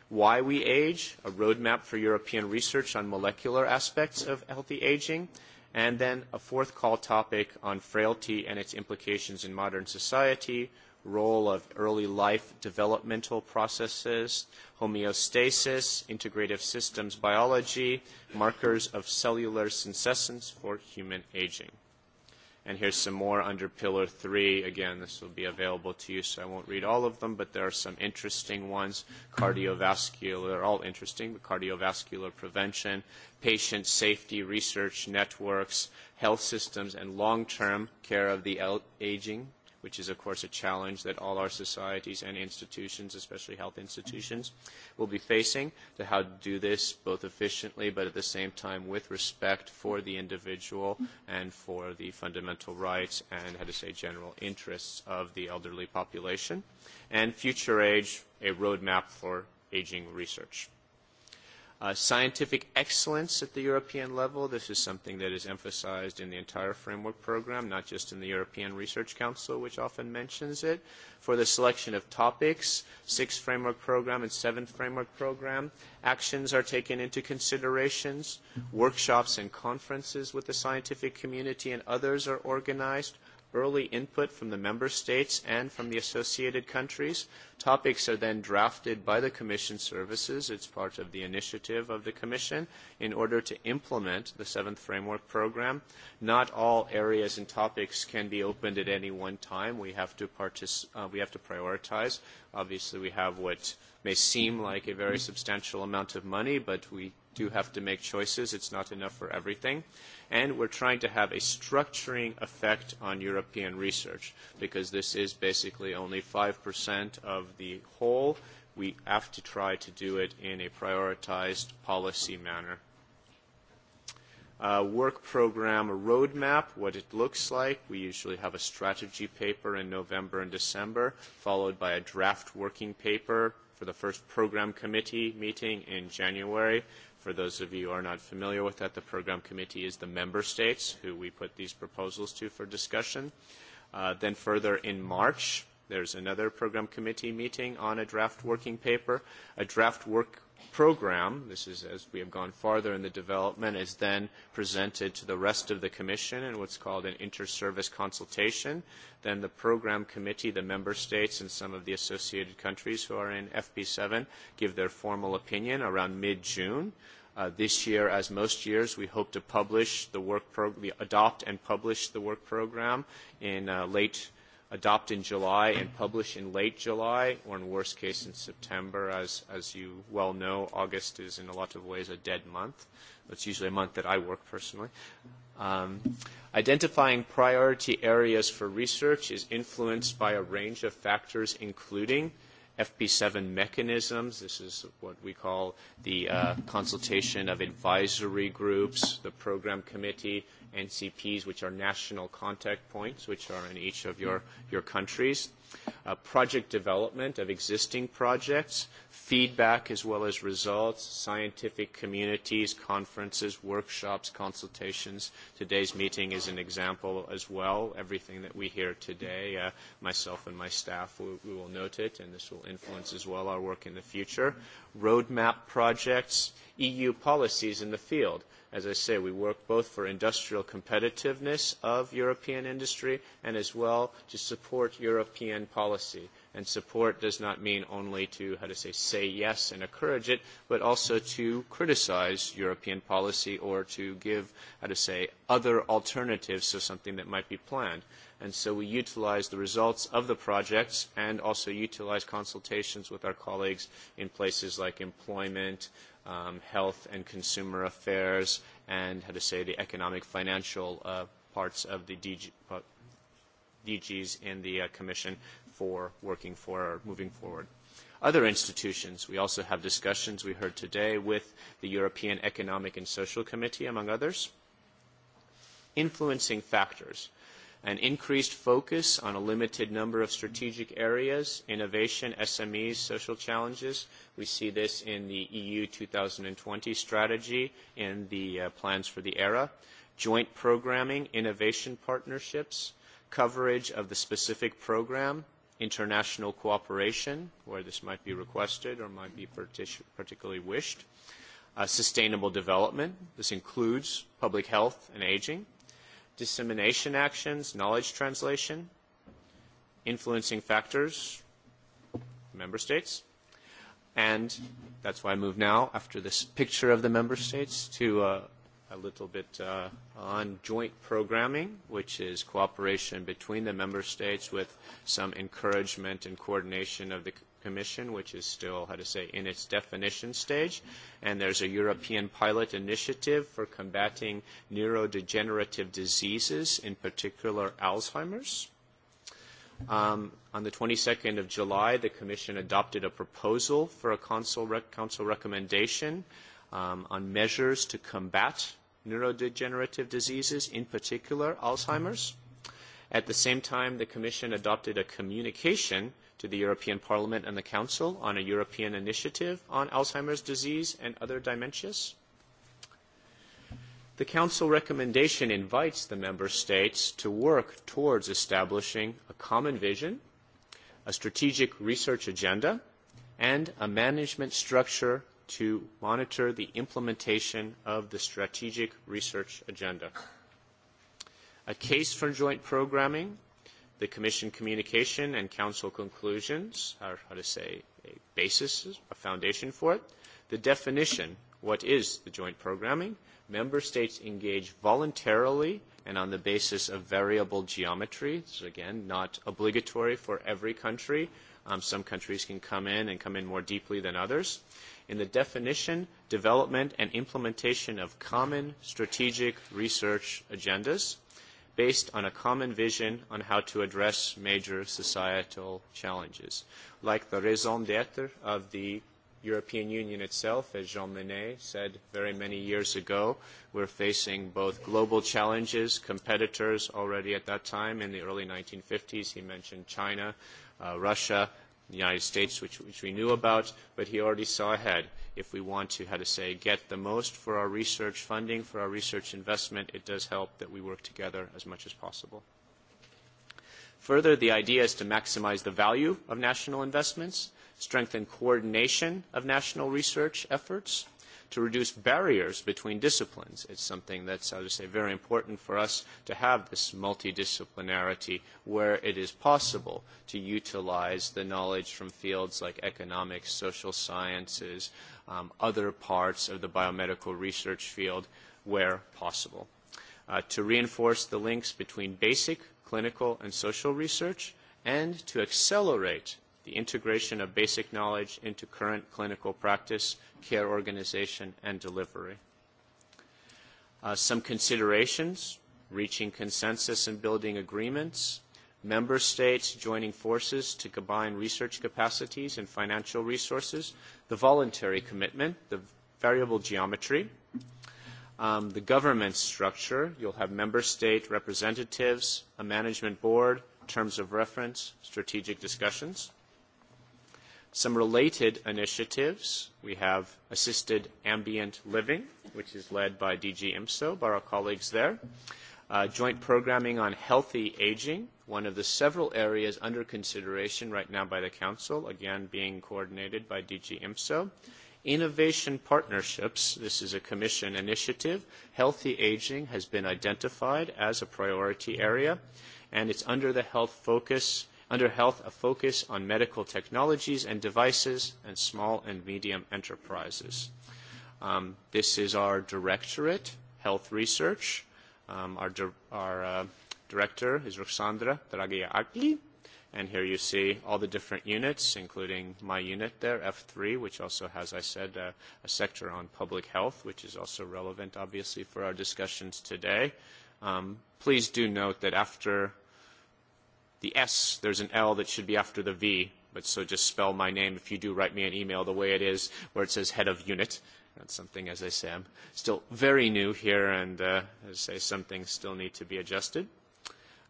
Why we age, a roadmap for European research on molecular aspects of healthy aging, and then a fourth call topic on frailty and its implications in modern society, role of early life developmental processes, homeostasis, integrative systems biology, markers of cellular senescence for human aging. And here's some more under Pillar three. Again, this will be available to you, so I won't read all of them, but there are some interesting ones. Cardiovascular, they're all interesting, but cardiovascular prevention, patient safety research networks, health systems, and long-term care of the aging which is, of course, a challenge that all our societies and institutions, especially health institutions, will be facing, to how to do this both efficiently but at the same time with respect for the individual and for the fundamental rights and, how to say, general interests of the elderly population. And future age, a roadmap for aging research scientific excellence at the European level. This is something that is emphasized in the entire framework program, not just in the European Research Council, which often mentions it. For the selection of topics, six framework program and seven framework program, actions are taken into considerations. Workshops and conferences with the scientific community and others are organized early input from the member states and from the associated countries. Topics are then drafted by the Commission services. It's part of the initiative of the Commission in order to implement the seventh framework program. Not all areas and topics can be opened at any one time. We have to, partic- uh, we have to prioritize. Obviously, we have what may seem like a very substantial amount of money, but we do have to make choices. It's not enough for everything and we're trying to have a structuring effect on European research because this is basically only 5% of the whole. We have to try to do it in a prioritized policy manner. Uh, work program roadmap, what it looks like. We usually have a strategy paper in November and December, followed by a draft working paper for the first program committee meeting in January, For those of you who are not familiar with that, the program committee is the member states who we put these proposals to for discussion. Uh, then further in March, there's another program committee meeting on a draft working paper. A draft work program, this is as we have gone farther in the development, is then presented to the rest of the Commission in what's called an inter-service consultation. Then the program committee, the member states and some of the associated countries who are in FP7 give their formal opinion around mid-June. Uh, this year, as most years, we hope to publish the work program, adopt and publish the work program in uh, late adopt in July and publish in late July, or in worst case in September. As, as you well know, August is in a lot of ways a dead month. It's usually a month that I work personally. Um, identifying priority areas for research is influenced by a range of factors, including FP7 mechanisms. This is what we call the uh, consultation of advisory groups, the program committee, NCPs, which are national contact points, which are in each of your, your countries. Uh, project development of existing projects, feedback as well as results, scientific communities, conferences, workshops, consultations. Today's meeting is an example as well. Everything that we hear today, uh, myself and my staff, we, we will note it, and this will influence as well our work in the future. Roadmap projects, EU policies in the field As I say, we work both for industrial competitiveness of European industry and as well to support European policy. And support does not mean only to, how to say, say yes and encourage it, but also to criticize European policy or to give, how to say, other alternatives to something that might be planned. And so we utilize the results of the projects and also utilize consultations with our colleagues in places like employment, um, health and consumer affairs, and how to say the economic financial uh, parts of the DG, uh, DGs in the uh, commission for working for or moving forward. Other institutions, we also have discussions we heard today with the European Economic and Social Committee, among others. Influencing factors an increased focus on a limited number of strategic areas, innovation, SMEs, social challenges. We see this in the EU 2020 strategy and the uh, plans for the era. Joint programming, innovation partnerships, coverage of the specific program, international cooperation, where this might be requested or might be particularly wished, uh, sustainable development. This includes public health and aging dissemination actions, knowledge translation, influencing factors, member states. And that's why I move now, after this picture of the member states, to uh, a little bit uh, on joint programming, which is cooperation between the member states with some encouragement and coordination of the Commission, which is still, how to say, in its definition stage. And there's a European pilot initiative for combating neurodegenerative diseases, in particular Alzheimer's. Um, on the 22nd of July, the Commission adopted a proposal for a Council, rec- council recommendation um, on measures to combat neurodegenerative diseases, in particular Alzheimer's. At the same time, the Commission adopted a communication to the European Parliament and the Council on a European initiative on Alzheimer's disease and other dementias. The Council recommendation invites the Member States to work towards establishing a common vision, a strategic research agenda, and a management structure to monitor the implementation of the strategic research agenda. A case for joint programming the Commission communication and Council conclusions are, how to say, a basis, a foundation for it. The definition, what is the joint programming? Member states engage voluntarily and on the basis of variable geometry. This is, again, not obligatory for every country. Um, some countries can come in and come in more deeply than others. In the definition, development, and implementation of common strategic research agendas, based on a common vision on how to address major societal challenges, like the raison d'etre of the European Union itself, as Jean Monnet said very many years ago, we're facing both global challenges, competitors already at that time in the early 1950s, he mentioned China, uh, Russia, the United States, which, which we knew about, but he already saw ahead. If we want to, how to say, get the most for our research funding, for our research investment, it does help that we work together as much as possible. Further, the idea is to maximize the value of national investments, strengthen coordination of national research efforts, to reduce barriers between disciplines. It's something that's, I would say, very important for us to have this multidisciplinarity where it is possible to utilize the knowledge from fields like economics, social sciences, um, other parts of the biomedical research field where possible. Uh, to reinforce the links between basic clinical and social research and to accelerate the integration of basic knowledge into current clinical practice, care organization, and delivery. Uh, some considerations, reaching consensus and building agreements, member states joining forces to combine research capacities and financial resources, the voluntary commitment, the variable geometry, um, the government structure, you'll have member state representatives, a management board, terms of reference, strategic discussions Some related initiatives, we have assisted ambient living, which is led by DG IMSO, by our colleagues there. Uh, joint programming on healthy aging, one of the several areas under consideration right now by the Council, again being coordinated by DG IMSO. Innovation partnerships, this is a Commission initiative. Healthy aging has been identified as a priority area, and it's under the health focus Under health, a focus on medical technologies and devices and small and medium enterprises. Um, this is our directorate, health research. Um, our our uh, director is Ruxandra Dragiakli. And here you see all the different units, including my unit there, F3, which also has, I said, a, a sector on public health, which is also relevant, obviously, for our discussions today. Um, please do note that after the S, there's an L that should be after the V, but so just spell my name if you do write me an email the way it is, where it says head of unit. That's something, as I say, I'm still very new here, and uh, as I say, some things still need to be adjusted.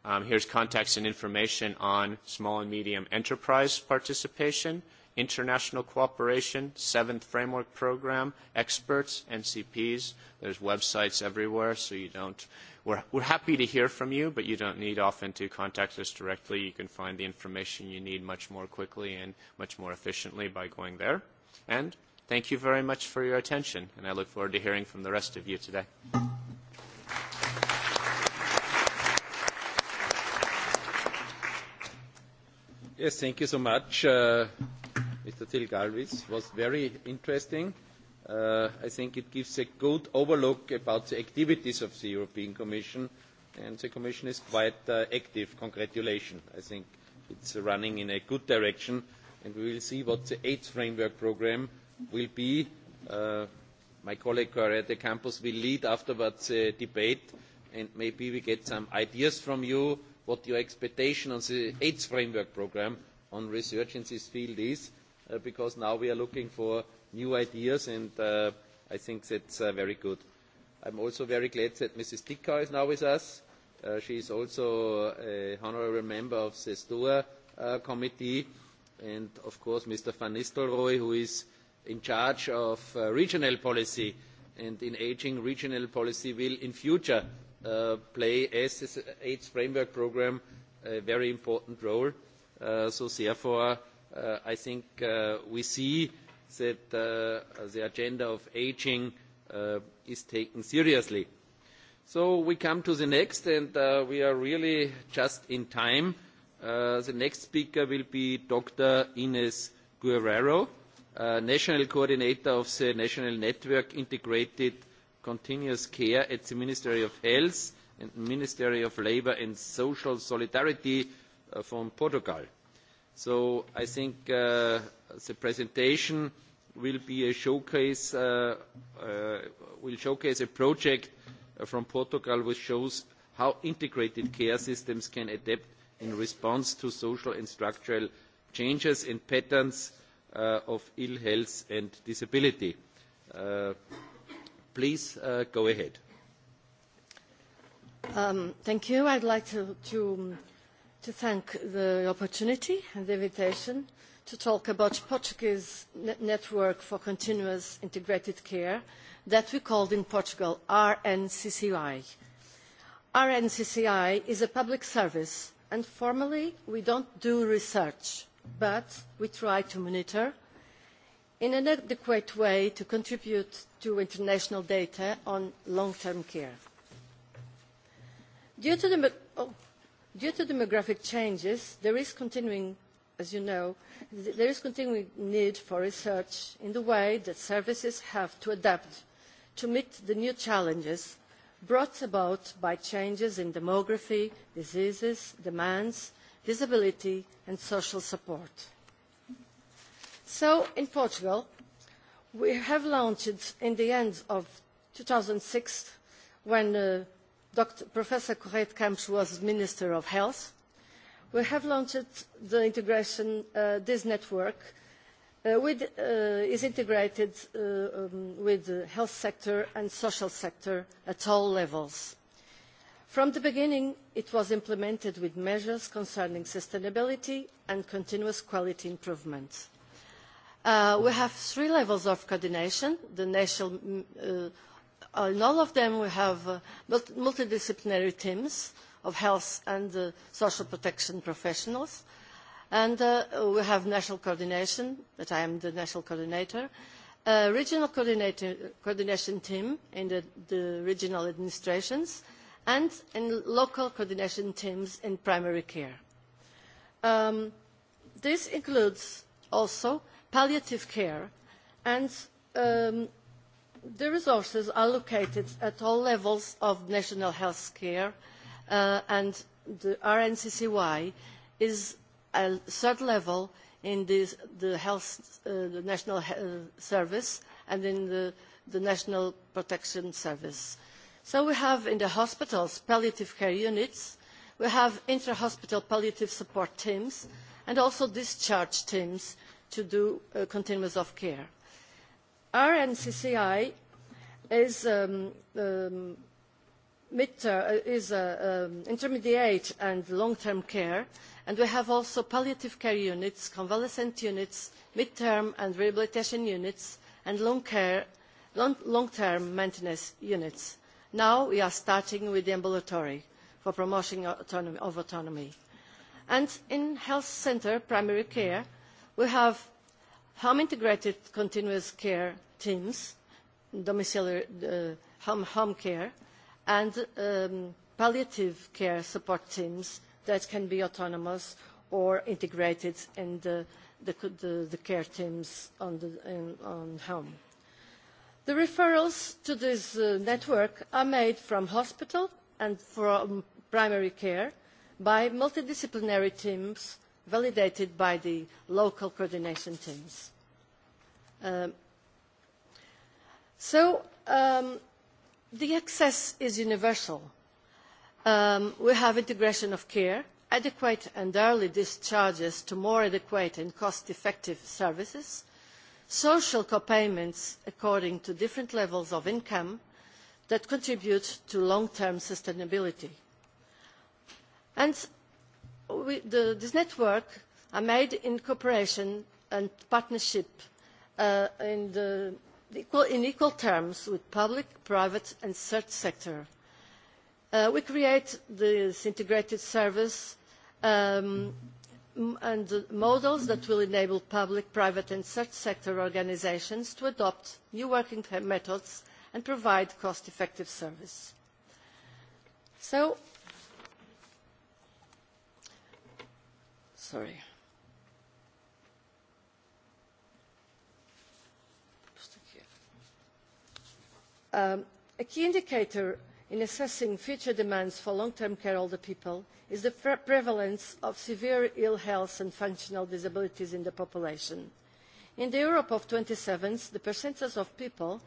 Um, here's contacts and information on small and medium enterprise participation international cooperation, seventh framework program, experts, NCPs. There's websites everywhere, so you don't. We're, we're happy to hear from you, but you don't need often to contact us directly. You can find the information you need much more quickly and much more efficiently by going there. And thank you very much for your attention, and I look forward to hearing from the rest of you today. Yes, thank you so much. Uh, Till Galvis was very interesting. I think it gives a good overlook about the activities of the European Commission, and the Commission is quite active. Congratulations. I think it's running in a good direction, and we will see what the eighth framework programme will be. my colleague Correa de Campos will lead afterwards the debate, and maybe we get some ideas from you what your expectation on the eighth framework programme on research in this field is because now we are looking for new ideas, and I think that's very good. I am also very glad that Mrs. Dickau is now with us. she is also an honorary member of the STOA committee, and of course Mr. Van Nistelrooy, who is in charge of regional policy, and in ageing regional policy will in future play as the AIDS framework programme a very important role. so therefore, I think we see that the agenda of ageing is taken seriously. So we come to the next, and we are really just in time. The next speaker will be Dr. Ines Guerrero, National Coordinator of the National Network Integrated Continuous Care at the Ministry of Health and Ministry of Labour and Social Solidarity from Portugal So I think the presentation will be a showcase, will showcase a project from Portugal which shows how integrated care systems can adapt in response to social and structural changes and patterns of ill health and disability. please go ahead. thank you. I'd like to to thank the opportunity and the invitation to talk about Portuguese network for continuous integrated care that we called in Portugal RNCCI. RNCCI is a public service and formally we don't do research but we try to monitor in an adequate way to contribute to international data on long-term care. Due to the Due to demographic changes, there is continuing, as you know, there is continuing need for research in the way that services have to adapt to meet the new challenges brought about by changes in demography, diseases, demands, disability and social support. So in Portugal, we have launched in the end of two thousand six, when Professor Correia de Campos was Minister of Health. We have launched the integration, this network is integrated with the health sector and social sector at all levels. From the beginning, it was implemented with measures concerning sustainability and continuous quality improvement. we have three levels of coordination, the national in all of them we have multidisciplinary teams of health and social protection professionals and we have national coordination that I am the national coordinator, a regional coordination team in the, the regional administrations and in local coordination teams in primary care. this includes also palliative care and The resources are located at all levels of national health care and the RNCCY is a third level in the, the health, uh, the national health service and in the, the national protection service. So we have in the hospitals palliative care units, we have intra-hospital palliative support teams and also discharge teams to do uh, continuous of care RNCCI is um, is intermediate and long-term care, and we have also palliative care units, convalescent units, mid-term and rehabilitation units, and long-term maintenance units. Now we are starting with the ambulatory for promotion of autonomy. And in health centre primary care, we have Home integrated continuous care teams, domiciliary home, home care, and palliative care support teams that can be autonomous or integrated in the, the, the, the care teams on, the, in, on home. The referrals to this network are made from hospital and from primary care by multidisciplinary teams validated by the local coordination teams. so the access is universal. we have integration of care, adequate and early discharges to more adequate and cost-effective services, social co-payments according to different levels of income that contribute to long-term sustainability. And this network are made in cooperation and partnership in, equal, terms with public, private and third sector. we create this integrated service and models that will enable public, private and third sector organisations to adopt new working methods and provide cost-effective service. So sorry. Um, a key indicator in assessing future demands for long-term care older people is the pre prevalence of severe ill health and functional disabilities in the population. In the Europe of twenty the percentage of people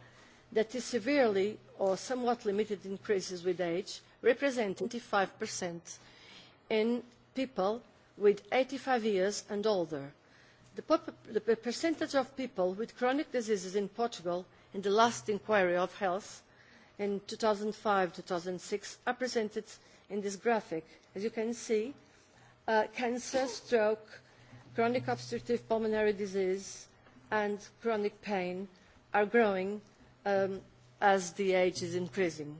that is severely or somewhat limited increases with age represent 25% in people with eighty five years and older. The, percentage of people with chronic diseases in Portugal in the last inquiry of health in two thousand and five and six are presented in this graphic. As you can see, cancer, stroke, chronic obstructive pulmonary disease and chronic pain are growing as the age is increasing.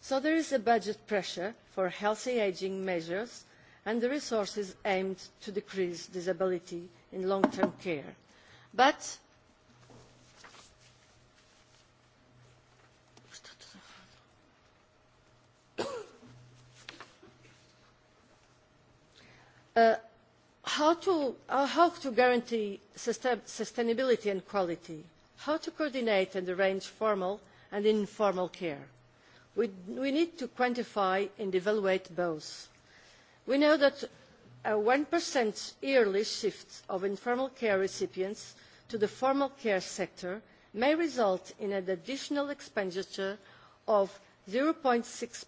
So there is a budget pressure for healthy ageing measures and the resources aimed to decrease disability in long-term care. But how to guarantee sustainability and quality how to coordinate and arrange formal and informal care we need to quantify and evaluate both we know that a one yearly shift of informal care recipients to the formal care sector may result in an additional expenditure of. zero six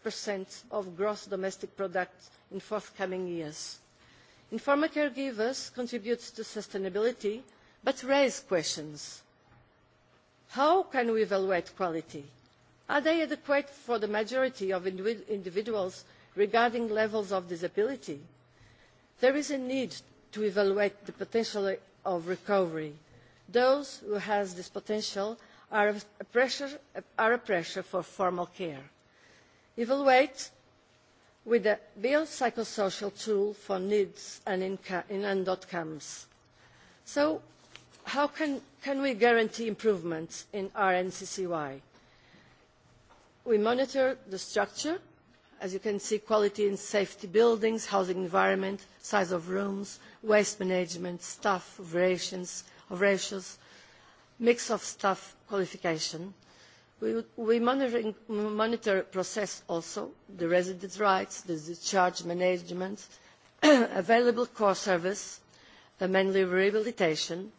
of gross domestic product in forthcoming years. informal caregivers contribute to sustainability but raise questions. how can we evaluate quality? are they adequate for the majority of individuals regarding levels of disability, there is a need to evaluate the potential of recovery. Those who have this potential are a pressure, are a pressure for formal care. Evaluate with a biopsychosocial tool for needs and outcomes. So how can, can we guarantee improvements in RNCCY? We monitor the structure as you can see, quality and safety buildings, housing environment, size of rooms, waste management, staff variations, of ratios, mix of staff qualification. We, monitor process also, the residents' rights, the discharge management, available core service, mainly rehabilitation,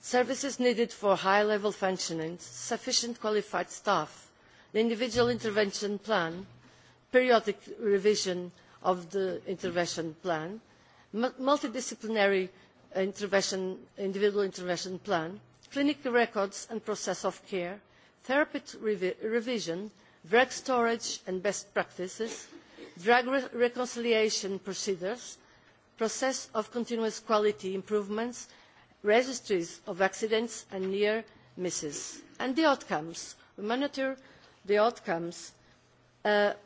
services needed for high-level functioning, sufficient qualified staff, the individual intervention plan, periodic revision of the intervention plan, multidisciplinary intervention, individual intervention plan, clinical records and process of care, therapy revision, drug storage and best practices, drug reconciliation procedures, process of continuous quality improvements, registries of accidents and near misses, and the outcomes. We monitor the outcomes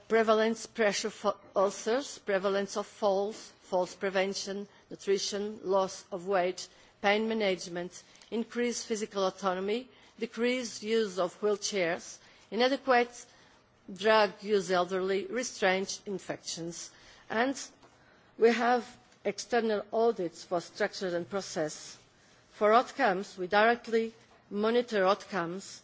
prevalence pressure for ulcers, prevalence of falls, falls prevention, nutrition, loss of weight, pain management, increased physical autonomy, decreased use of wheelchairs, inadequate drug use elderly, restrained infections, and we have external audits for structure and process. For outcomes, we directly monitor outcomes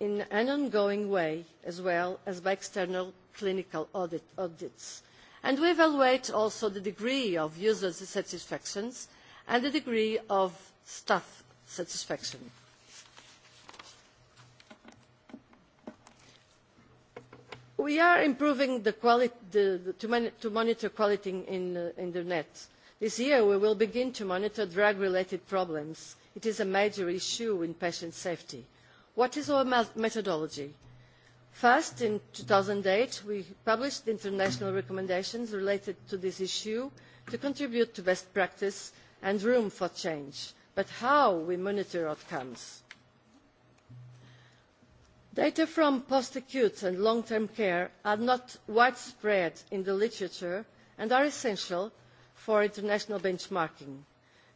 in an ongoing way, as well as by external clinical audits. And we evaluate also the degree of user satisfaction and the degree of staff satisfaction. We are improving the quality, the, the, to, monitor quality in, uh, in the net. This year we will begin to monitor drug-related problems. It is a major issue in patient safety What is our methodology? First, in two thousand eight we published international recommendations related to this issue to contribute to best practice and room for change, but how we monitor outcomes. Data from post-acute and long-term care are not widespread in the literature and are essential for international benchmarking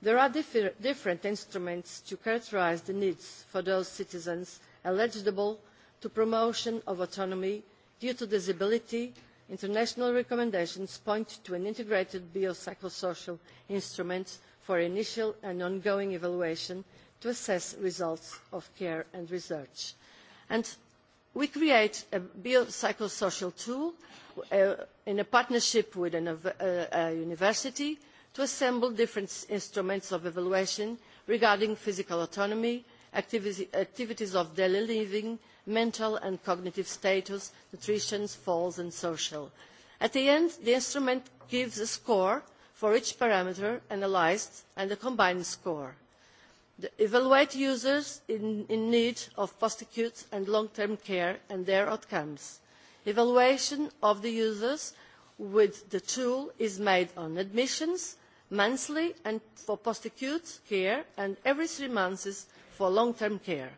there are different instruments to characterise the needs for those citizens eligible to promotion of autonomy due to disability international recommendations point to an integrated biopsychosocial instrument for initial and ongoing evaluation to assess results of care and research. we create a biopsychosocial tool in a partnership with a university to assemble different instruments of evaluation regarding physical autonomy activities of daily living mental and cognitive status nutrition falls and social. at the end the instrument gives a score for each parameter analysed and a combined score. evaluate users in need of post-acute and long-term care and their outcomes. evaluation of the users with the tool is made on admissions monthly and for post acute care and every three months for long term care.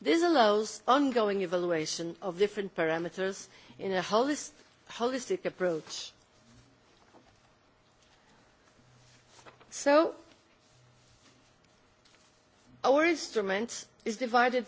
This allows ongoing evaluation of different parameters in a holistic approach. So, our instrument is divided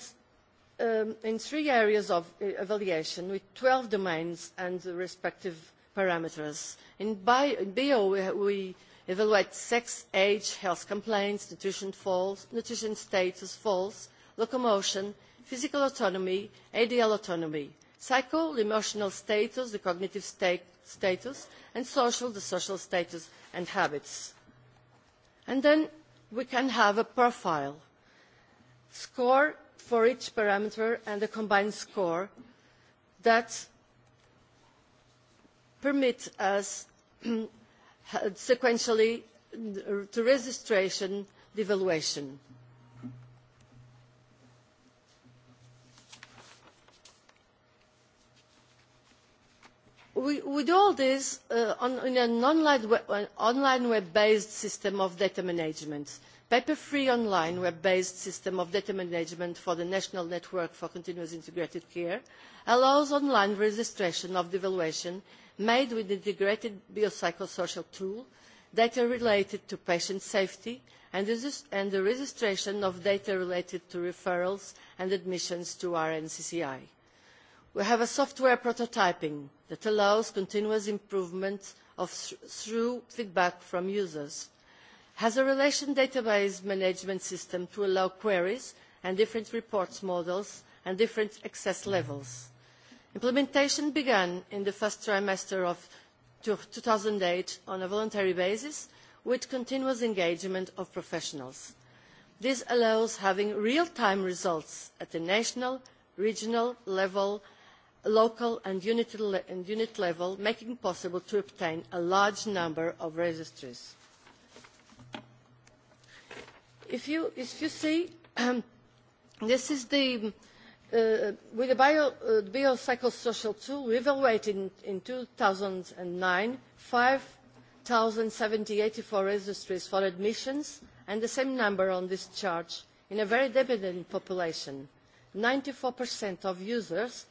in three areas of evaluation with twelve domains and the respective parameters. In bio, we evaluate sex, age, health complaints, nutrition, falls, nutrition status, falls, locomotion, physical autonomy, ADL autonomy, psycho, emotional status, the cognitive status, and social, the social status and habits. And then we can have a profile score for each parameter and a combined score that permit us sequentially to registration devaluation. With all this, in an online web-based system of data management, paper-free online web-based system of data management for the National Network for Continuous Integrated Care allows online registration of devaluation made with integrated biopsychosocial tools, data related to patient safety, and the registration of data related to referrals and admissions to RNCCI. We have a software prototyping that allows continuous improvement through feedback from users, has a relation database management system to allow queries and different reports models and different access levels Implementation began in the first trimester of two thousand eight on a voluntary basis with continuous engagement of professionals. This allows having real-time results at the national, regional level, local and unit, level, making it possible to obtain a large number of registries. If you, see, this is the with the biopsychosocial tool, we evaluated in two thousand and nine five seventy eighty four registries for admissions and the same number on discharge in a very dependent population. ninety 94% of users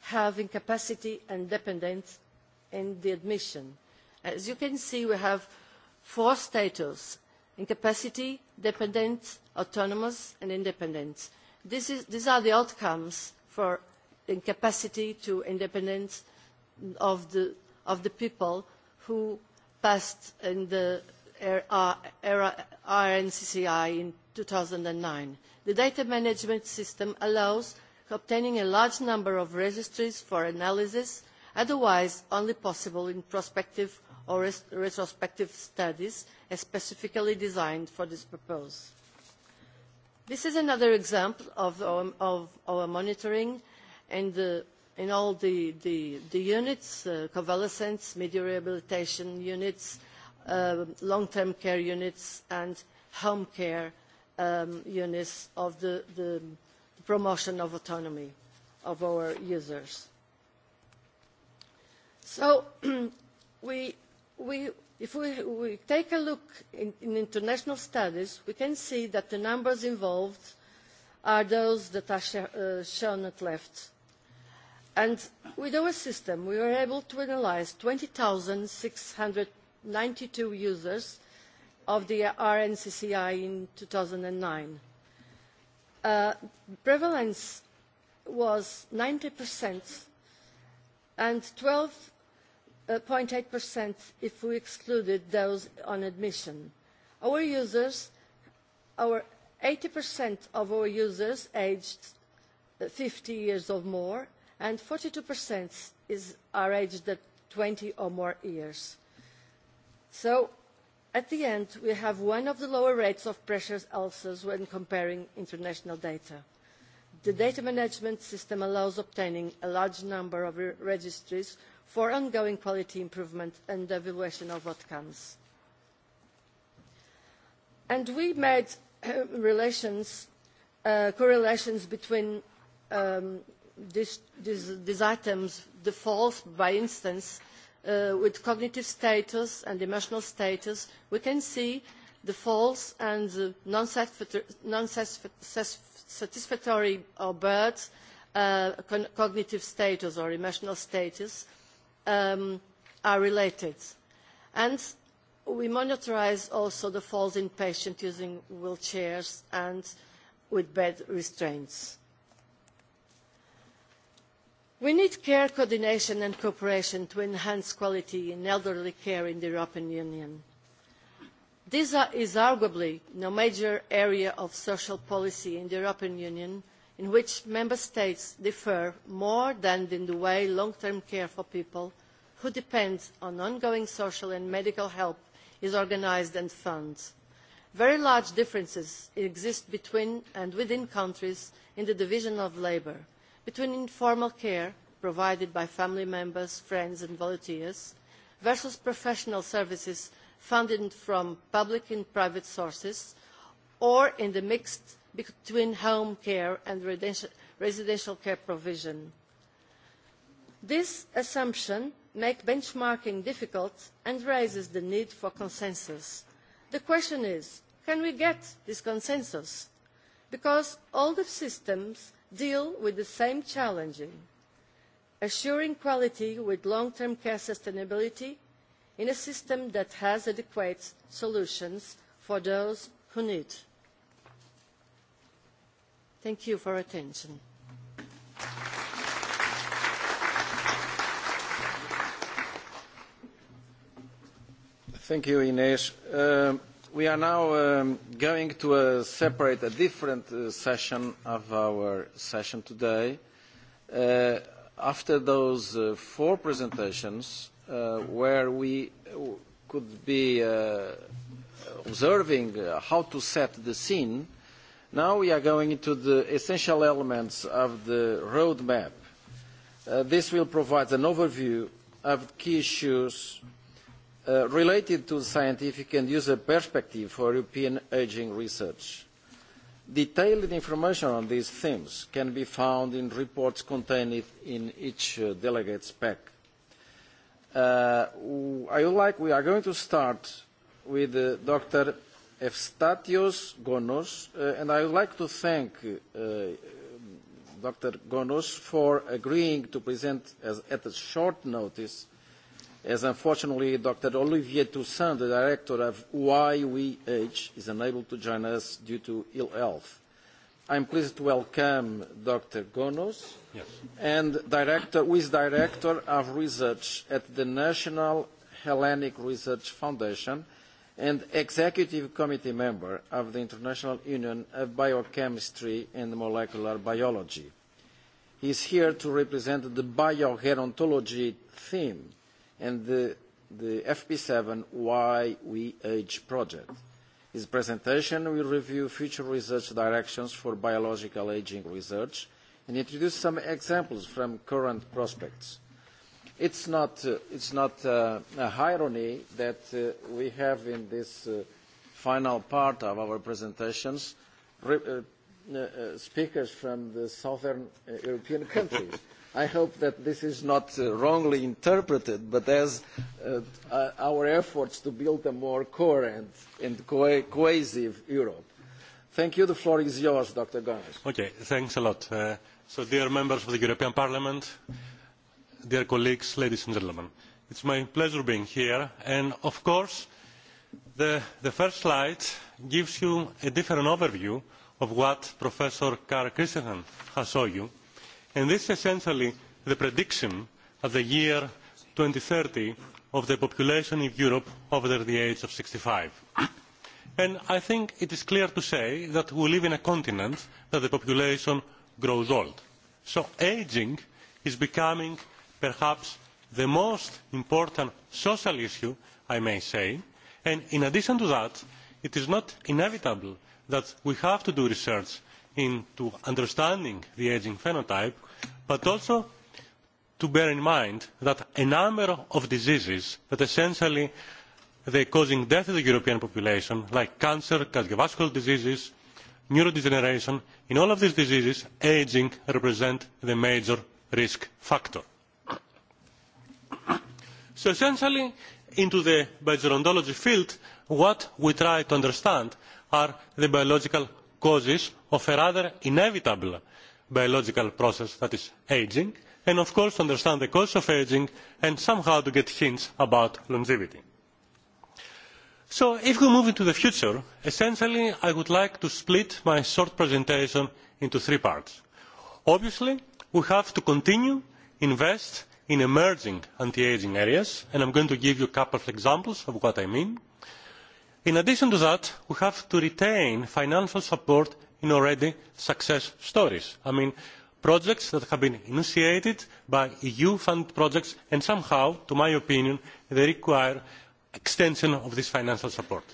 have incapacity and dependence in the admission. As you can see, we have four status, incapacity, dependent, autonomous and independent these are the outcomes for incapacity to independence of the, of the people who passed in the RNCCI in two thousand nine. The data management system allows obtaining a large number of registries for analysis, otherwise only possible in prospective or retrospective studies specifically designed for this purpose This is another example of our, of our monitoring the, in all the, the, the units, uh, convalescence, media rehabilitation units, uh, long-term care units and home care um, units of the, the promotion of autonomy of our users. So we, we, If we, we take a look in, international studies, we can see that the numbers involved are those that are shown at left. And with our system, we were able to analyse twenty six hundred ninety two users of the RNCCI in two thousand nine. Uh, prevalence was percent and twelve 0.8% if we excluded those on admission. Our users, our 80% of our users aged 50 years or more, and 42% is, are aged at 20 or more years. So at the end, we have one of the lower rates of pressure ulcers when comparing international data. The data management system allows obtaining a large number of registries for ongoing quality improvement and evaluation of outcomes. And we made relations, correlations between these items, the falls, by instance, with cognitive status and emotional status, we can see the false and non-satisfactory or bad cognitive status or emotional status are related. And we monitorise also the falls in patients using wheelchairs and with bed restraints. We need care coordination and cooperation to enhance quality in elderly care in the European Union. This is arguably no major area of social policy in the European Union in which member states differ more than in the way long-term care for people who depend on ongoing social and medical help is organised and funded. Very large differences exist between and within countries in the division of labour, between informal care provided by family members, friends and volunteers, versus professional services funded from public and private sources, or in the mixed between home care and residential care provision. This assumption makes benchmarking difficult and raises the need for consensus. The question is, can we get this consensus? Because all the systems deal with the same challenges assuring quality with long-term care sustainability in a system that has adequate solutions for those who need it Thank you for your attention. Thank you, Ines. we are now going to a separate, a different session of our session today. after those four presentations, where we could be observing how to set the scene Now we are going into the essential elements of the roadmap. This will provide an overview of key issues related to the scientific and user perspective for European ageing research. Detailed information on these themes can be found in reports contained in each delegate's pack. I would like, we are going to start with Dr. Evstatios Gonos, and I would like to thank Dr. Gonos for agreeing to present at a short notice, as unfortunately Dr. Olivier Toussaint, the director of YWH, is unable to join us due to ill health. I am pleased to welcome Dr. Gonos, and director, who is director of research at the National Hellenic Research Foundation, and Executive Committee member of the International Union of Biochemistry and Molecular Biology. He is here to represent the biogerontology theme and the, the FP7 Why We Age project. His presentation will review future research directions for biological aging research and introduce some examples from current prospects. It's not, it's not uh, a irony that uh, we have in this uh, final part of our presentations re uh, uh, speakers from the southern uh, European countries. I hope that this is not uh, wrongly interpreted, but as uh, uh, our efforts to build a more coherent and co cohesive Europe. Thank you. The floor is yours, Dr. Gomes. Okay, thanks a lot. Uh, so, dear members of the European Parliament, dear colleagues ladies and gentlemen it is my pleasure being here and of course the first slide gives you a different overview of what professor karl christensen has shown you and this is essentially the prediction of the year two thousand and thirty of the population in europe over the age of sixty five i think it is clear to say that we live in a continent where the population grows old so ageing is becoming perhaps the most important social issue i may say and in addition to that it is not inevitable that we have to do research into understanding the ageing phenotype but also to bear in mind that a number of diseases that essentially are causing death in the european population like cancer cardiovascular diseases neurodegeneration in all of these diseases ageing represents the major risk factor. So essentially, into the biogerontology field, what we try to understand are the biological causes of a rather inevitable biological process that is ageing, and of course understand the cause of ageing and somehow to get hints about longevity. So if we move into the future, essentially I would like to split my short presentation into three parts. Obviously, we have to continue to invest in emerging anti ageing areas and i am going to give you a couple of examples of what i mean. in addition to that we have to retain financial support in already success stories i mean projects that have been initiated by eu funded projects and somehow in my opinion they require extension of this financial support.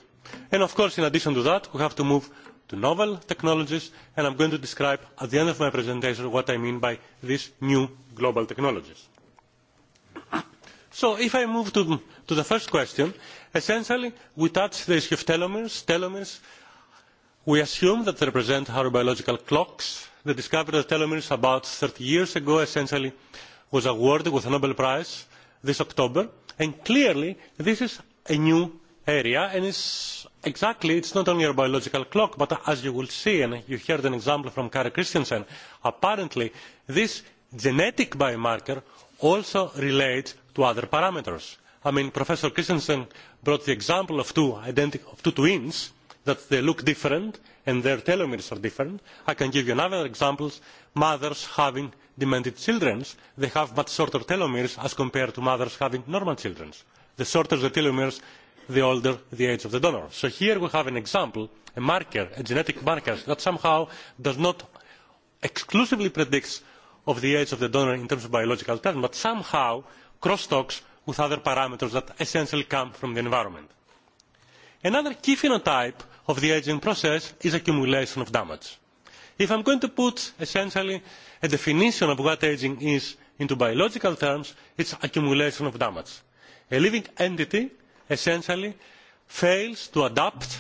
and of course in addition to that we have to move to novel technologies and i am going to describe at the end of my presentation what i mean by these new global technologies So if I move to, the first question, essentially we touch the issue of telomeres. Telomeres, we assume that they represent our biological clocks. The discovery of telomeres about thirty years ago essentially was awarded with a Nobel Prize this October. And clearly this is a new area and it's exactly, it's not only a biological clock, but as you will see, and you heard an example from Kari Christensen, apparently this genetic biomarker also relate to other parameters. I mean, Professor Christensen brought the example of two, twins that they look different and their telomeres are different. I can give you another example. Mothers having demented children, they have much shorter telomeres as compared to mothers having normal children. The shorter the telomeres, the older the age of the donor. So here we have an example, a marker, a genetic marker that somehow does not exclusively predicts of the age of the donor in terms of biological terms but somehow cross talks with other parameters that essentially come from the environment. another key phenotype of the ageing process is accumulation of damage. if i am going to put essentially a definition of what ageing is into biological terms it is accumulation of damage. a living entity essentially fails to adapt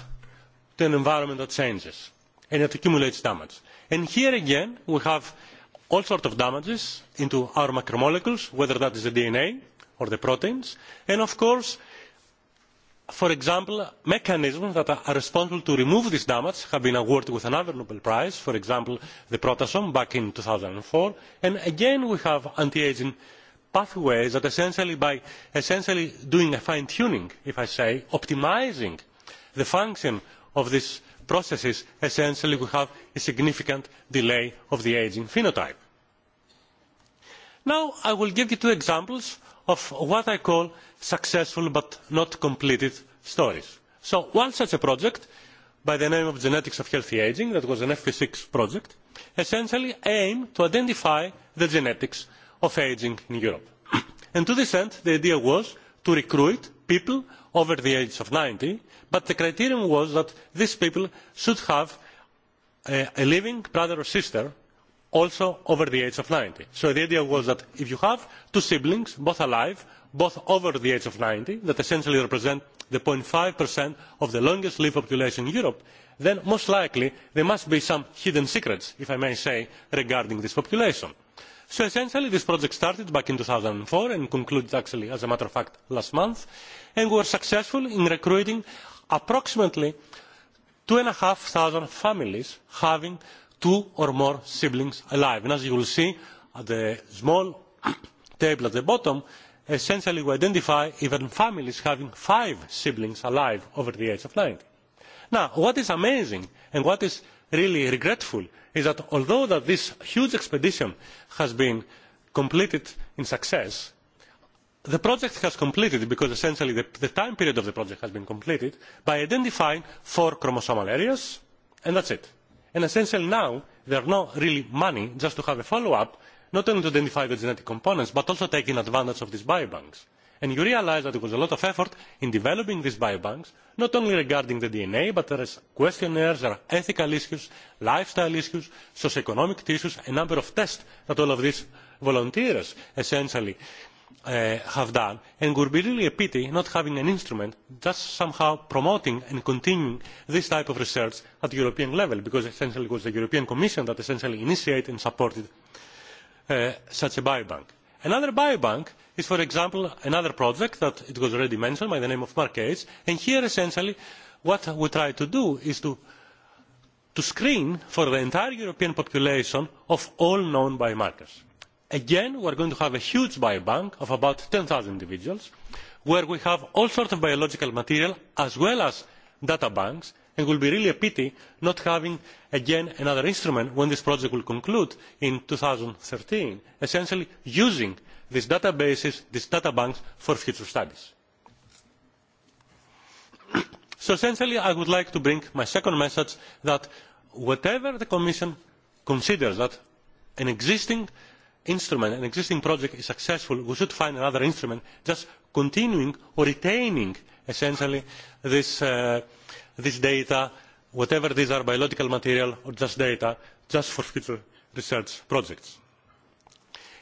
to an environment that changes and it accumulates damage. and here again we have all sorts of damages into our macromolecules, whether that is the DNA or the proteins, and of course, for example, mechanisms that are responsible to remove this damage have been awarded with another Nobel Prize, for example, the protasome back in two thousand four, and again we have anti-aging pathways that essentially by essentially doing a fine-tuning, if I say, optimising the function of this processes essentially we have a significant delay of the ageing phenotype. now i will give you two examples of what i call successful but not completed stories. so one such a project by the name of genetics of healthy ageing that was an fp six project essentially aimed to identify the genetics of ageing in europe. to this end the idea was to recruit people over the age of ninety but the criterion was that these people should have a living brother or sister also over the age of ninety. so the idea was that if you have two siblings both alive both over the age of ninety that essentially represent the. zero five of the longest lived population in europe then most likely there must be some hidden secrets if i may say regarding this population so essentially this project started back in two thousand and four and concluded actually as a matter of fact last month and we were successful in recruiting approximately two and a half thousand families having two or more siblings alive. as you will see at the small table at the bottom essentially we identify even families having five siblings alive over the age of. ninety now what is amazing and what is really regretful is that although this huge expedition has been completed in success the project has completed because essentially the time period of the project has been completed by identifying four chromosomal areas and that is it. essentially now there is no real money just to have a follow up not only to identify the genetic components but also taking advantage of these biobanks and you realise that there was a lot of effort in developing these biobanks not only regarding the dna but there are questionnaires there are ethical issues lifestyle issues socio economic issues a number of tests that all of these volunteers essentially have done and it would be really a pity not to have an instrument just somehow promoting and continuing this type of research at european level because essentially it was the european commission that essentially initiated and supported such a biobank another biobank is for example another project that it was already mentioned by the name of mark gates and here essentially what we try to do is to screen for the entire european population of all known biomarkers. again we are going to have a huge biobank of about ten zero individuals where we have all sorts of biological material as well as data banks it will be really a pity not having again another instrument when this project will conclude in two thousand and thirteen essentially using these databases these data banks for future studies. so essentially i would like to bring my second message that whatever the commission considers that an existing instrument an existing project is successful we should find another instrument just continuing or retaining essentially this this data whatever these are biological material or just data just for future research projects.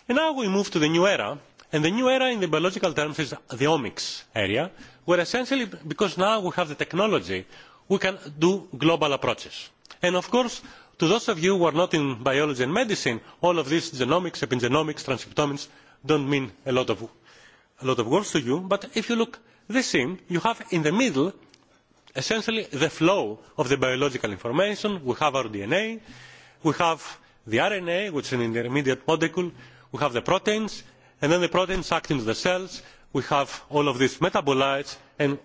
now we move to the new era and the new era in biological terms is the omics area where essentially because now we have the technology we can do global approaches. and of course to those of you who are not in biology and medicine all of this genomics epigenomics transcriptomics do not mean a lot of words to you but if you look this in you have in the middle essentially the flow of the biological information. We have our DNA, we have the RNA, which is an intermediate molecule, we have the proteins, and then the proteins act into the cells. We have all of these metabolites, and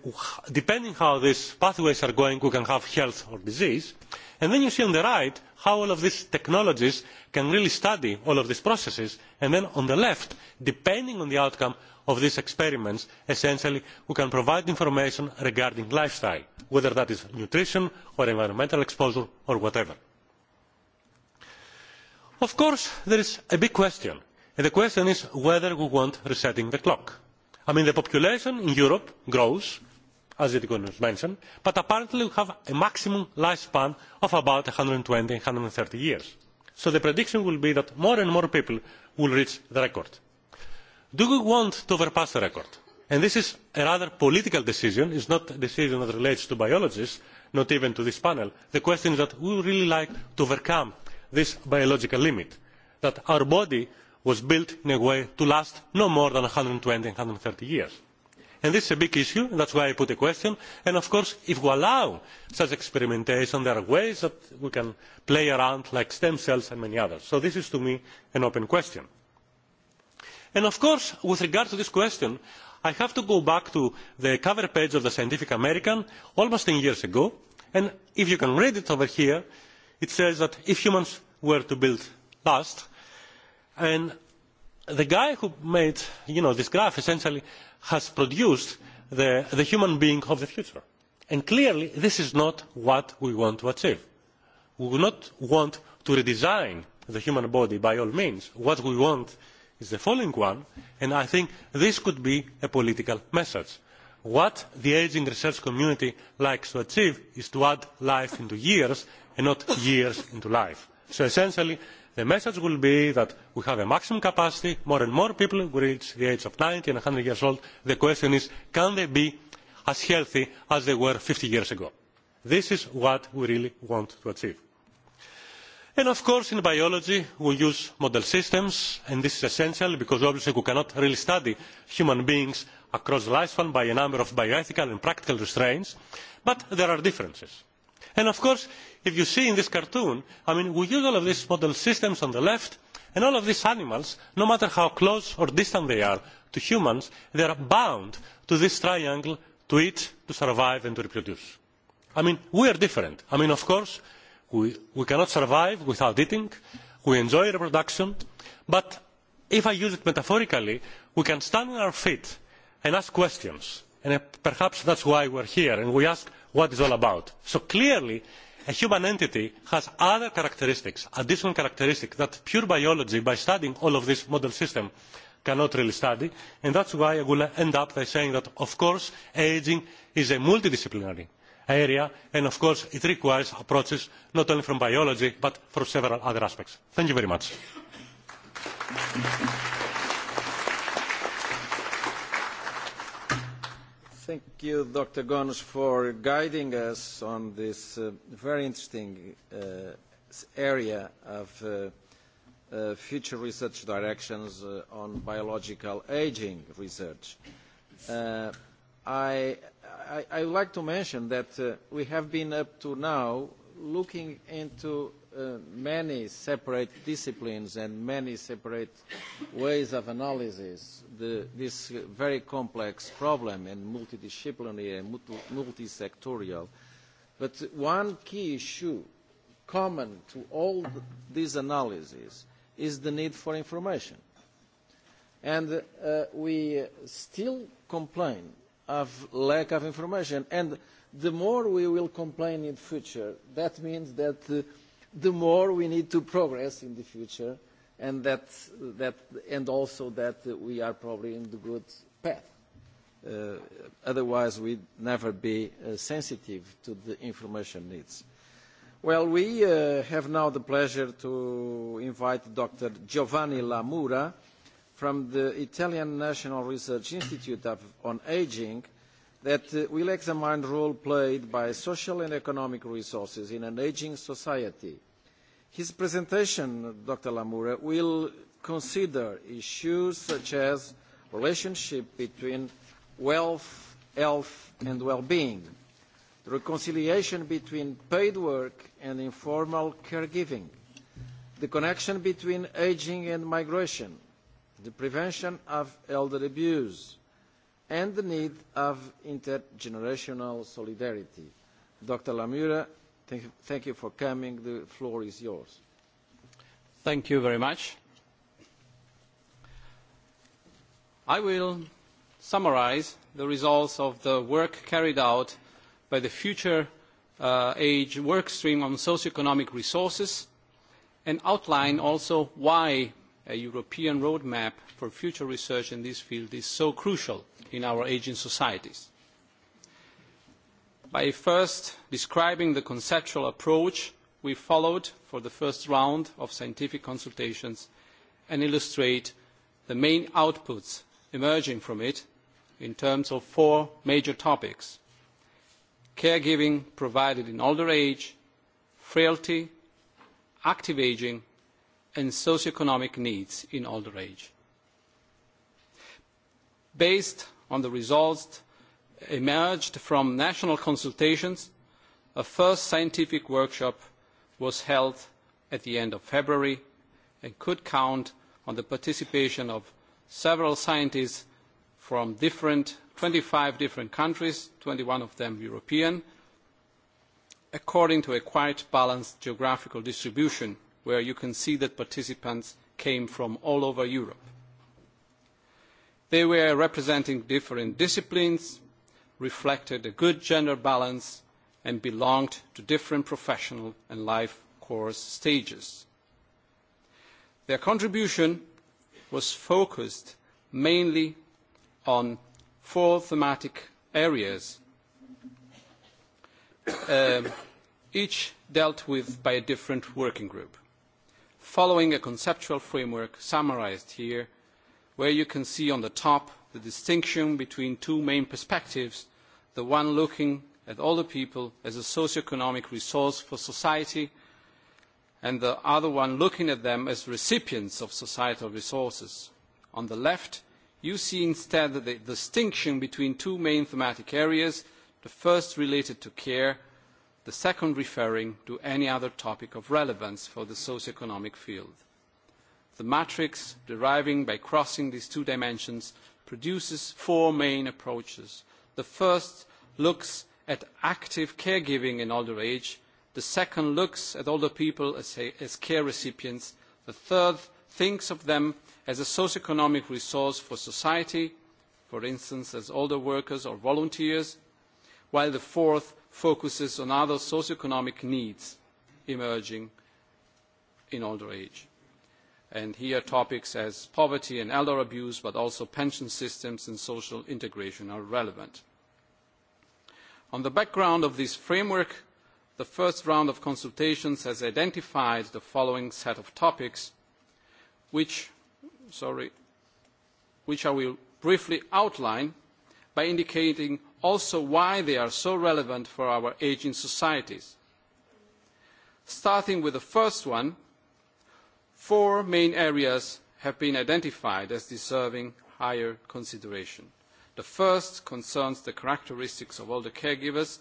depending on how these pathways are going, we can have health or disease. And then you see on the right how all of these technologies can really study all of these processes and then on the left depending on the outcome of these experiments essentially we can provide information regarding lifestyle whether that is nutrition or environmental exposure or whatever. of course there is a big question and the question is whether we want resetting the clock. the population in europe grows as it was mentioned but apparently we have a maximum lifespan of about one hundred and twenty one hundred and thirty years so the prediction will be that more and more people will reach the record. do we want to overpass the record? And this is a rather political decision it is not a decision that relates to biologists not even to this panel. the question is that we would really like to overcome this biological limit that our body was built in a way to last no more than one hundred and twenty one hundred and thirty years this is a big issue and that is why i put the question and of course if we allow such experimentation there are ways that we can play around like stem cells and many others. so this is to me an open question. of course with regard to this question i have to go back to the cover page of scientific american almost ten years ago and if you can read it over here it says that if humans were to build last and the guy who made this graph essentially has produced the human being of the future. and clearly this is not what we want to achieve. we do not want to redesign the human body by all means. what we want is the following one and i think this could be a political message what the ageing research community likes to achieve is to add life into years and not years into life. so essentially the message will be that we have a maximum capacity more and more people will reach the age of ninety and one hundred years old. the question is can they be as healthy as they were fifty years ago? this is what we really want to achieve. and of course in biology we use model systems and this is essential because obviously we cannot really study human beings across the lifespan by a number of bioethical and practical restraints but there are differences and of course if you see in this cartoon we use all of these model systems on the left and all of these animals no matter how close or distant they are to humans they are bound to this triangle to eat to survive and to reproduce. we are different. of course we cannot survive without eating we enjoy reproduction but if i use it metaphorically we can stand on our feet and ask questions and perhaps that is why we are here and we ask what it is all about. so clearly a human entity has other characteristics additional characteristics that pure biology by studying all of this model system cannot really study and that is why i will end up by saying that of course ageing is a multidisciplinary area and of course it requires approaches not only from biology but from several other aspects. thank you very much. Thank you, Dr. Gonos, for guiding us on this very interesting area of future research directions on biological ageing research. I would like to mention that we have been up to now looking into many separate disciplines and many separate ways of analysis this very complex problem and multidisciplinary and multisectorial. But one key issue common to all these analyses is the need for information. And we still complain of lack of information. And the more we will complain in future, that means that the more we need to progress in the future, and that that and also that we are probably in the good path. Uh, otherwise, we'd never be uh, sensitive to the information needs. Well, we uh, have now the pleasure to invite Dr. Giovanni Lamura from the Italian National Research Institute of, on Aging that will examine the role played by social and economic resources in an ageing society. His presentation, Dr. Lamoura, will consider issues such as the relationship between wealth, health and well-being, the reconciliation between paid work and informal caregiving, the connection between ageing and migration, the prevention of elder abuse, and the need of intergenerational solidarity. Dr. Lamura, thank you for coming. The floor is yours. Thank you very much. I will summarise the results of the work carried out by the Future Age work stream on socio economic resources and outline also why a European roadmap for future research in this field is so crucial in our ageing societies. By first describing the conceptual approach we followed for the first round of scientific consultations and illustrate the main outputs emerging from it in terms of four major topics. Caregiving provided in older age, frailty, active ageing and socioeconomic needs in older age. Based on the results emerged from national consultations, a first scientific workshop was held at the end of February and could count on the participation of several scientists from different, 25 different countries, twenty one of them European, according to a quite balanced geographical distribution where you can see that participants came from all over Europe. They were representing different disciplines, reflected a good gender balance, and belonged to different professional and life course stages. Their contribution was focused mainly on four thematic areas. each dealt with by a different working group following a conceptual framework summarised here, where you can see on the top the distinction between two main perspectives, the one looking at older people as a socio-economic resource for society and the other one looking at them as recipients of societal resources. On the left, you see instead the distinction between two main thematic areas, the first related to care the second referring to any other topic of relevance for the socio-economic field. The matrix deriving by crossing these two dimensions produces four main approaches. The first looks at active caregiving in older age, the second looks at older people as, care recipients, the third thinks of them as a socio-economic resource for society, for instance as older workers or volunteers, while the fourth focuses on other socioeconomic needs emerging in older age. And here topics as poverty and elder abuse, but also pension systems and social integration are relevant. On the background of this framework, the first round of consultations has identified the following set of topics, which, sorry, which I will briefly outline by indicating also why they are so relevant for our ageing societies. Starting with the first one, four main areas have been identified as deserving higher consideration. The first concerns the characteristics of older caregivers,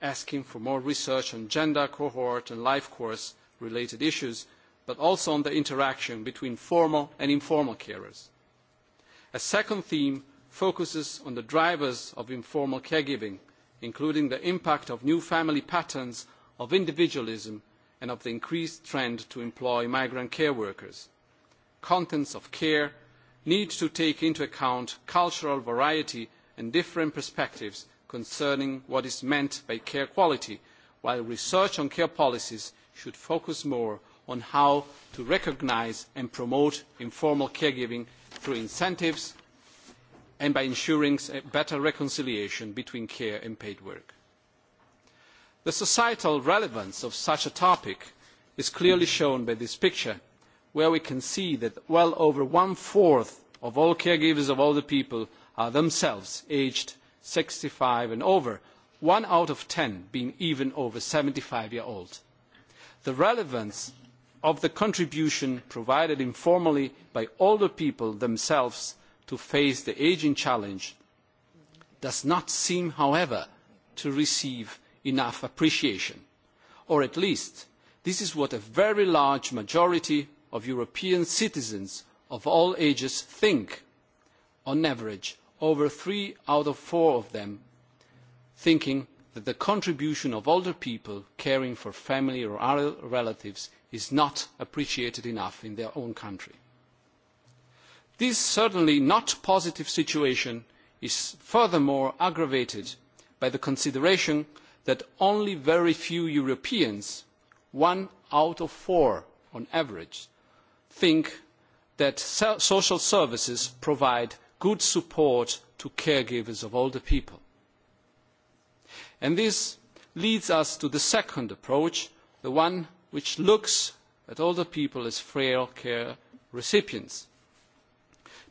asking for more research on gender, cohort and life course related issues, but also on the interaction between formal and informal carers. A second theme focuses on the drivers of informal caregiving, including the impact of new family patterns of individualism and of the increased trend to employ migrant care workers. Contents of care need to take into account cultural variety and different perspectives concerning what is meant by care quality, while research on care policies should focus more on how to recognise and promote informal caregiving through incentives and by ensuring better reconciliation between care and paid work. The societal relevance of such a topic is clearly shown by this picture, where we can see that well over one-fourth of all caregivers of older people are themselves aged sixty five and over, one out of ten being even over seventy five years old. The relevance of the contribution provided informally by older people themselves to face the ageing challenge does not seem, however, to receive enough appreciation. Or at least, this is what a very large majority of European citizens of all ages think. On average, over three out of four of them thinking that the contribution of older people caring for family or other relatives is not appreciated enough in their own country. This certainly not positive situation is furthermore aggravated by the consideration that only very few Europeans, one out of four on average, think that social services provide good support to caregivers of older people. And this leads us to the second approach, the one which looks at older people as frail care recipients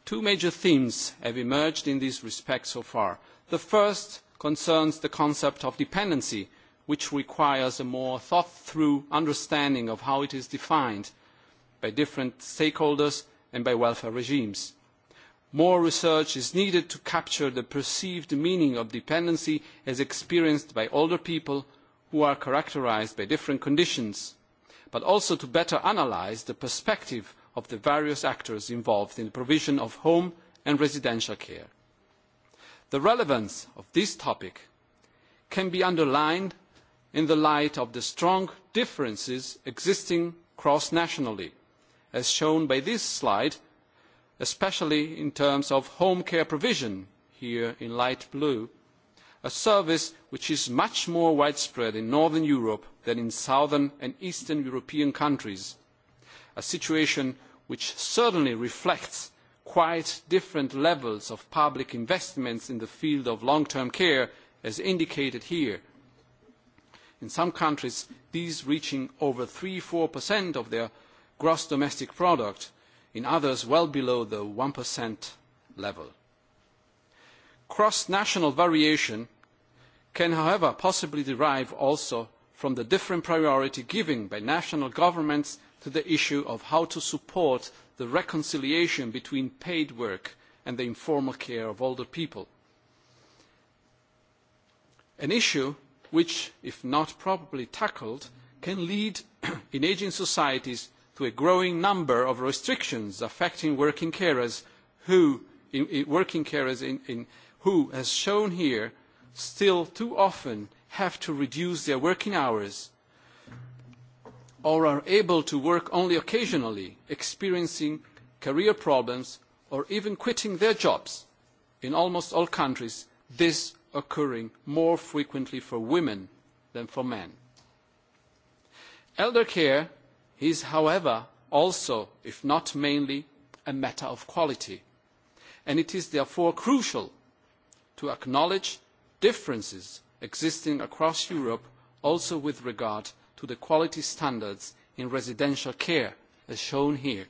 Two major themes have emerged in this respect so far. The first concerns the concept of dependency, which requires a more thought-through understanding of how it is defined by different stakeholders and by welfare regimes. More research is needed to capture the perceived meaning of dependency as experienced by older people who are characterised by different conditions, but also to better analyse the perspective of the various actors involved in the provision of home and residential care. The relevance of this topic can be underlined in the light of the strong differences existing cross-nationally, as shown by this slide, especially in terms of home care provision, here in light blue, a service which is much more widespread in northern Europe than in southern and eastern European countries, a situation which certainly reflects quite different levels of public investments in the field of long-term care, as indicated here. In some countries, these reaching over 3-4% of their gross domestic product, in others well below the 1% level. Cross-national variation can, however, possibly derive also from the different priority given by national governments to the issue of how to support the reconciliation between paid work and the informal care of older people. An issue which, if not properly tackled, can lead in ageing societies to a growing number of restrictions affecting working carers who, working carers in, in, who as shown here, still too often have to reduce their working hours or are able to work only occasionally, experiencing career problems or even quitting their jobs. In almost all countries, this occurring more frequently for women than for men. Elder care is, however, also, if not mainly, a matter of quality, and it is therefore crucial to acknowledge differences existing across Europe also with regard to the quality standards in residential care, as shown here,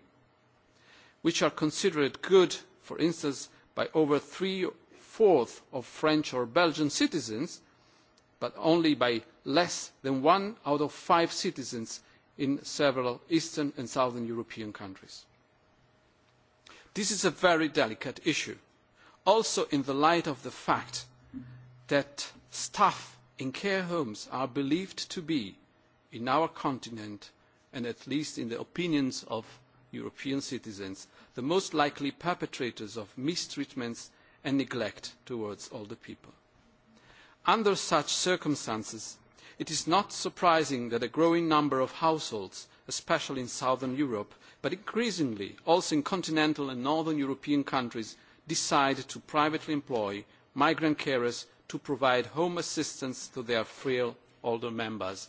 which are considered good, for instance, by over three-fourths of French or Belgian citizens, but only by less than one out of five citizens in several Eastern and Southern European countries. This is a very delicate issue, also in the light of the fact that staff in care homes are believed to be in our continent, and at least in the opinions of European citizens, the most likely perpetrators of mistreatments and neglect towards older people. Under such circumstances, it is not surprising that a growing number of households, especially in southern Europe, but increasingly also in continental and northern European countries, decide to privately employ migrant carers to provide home assistance to their frail older members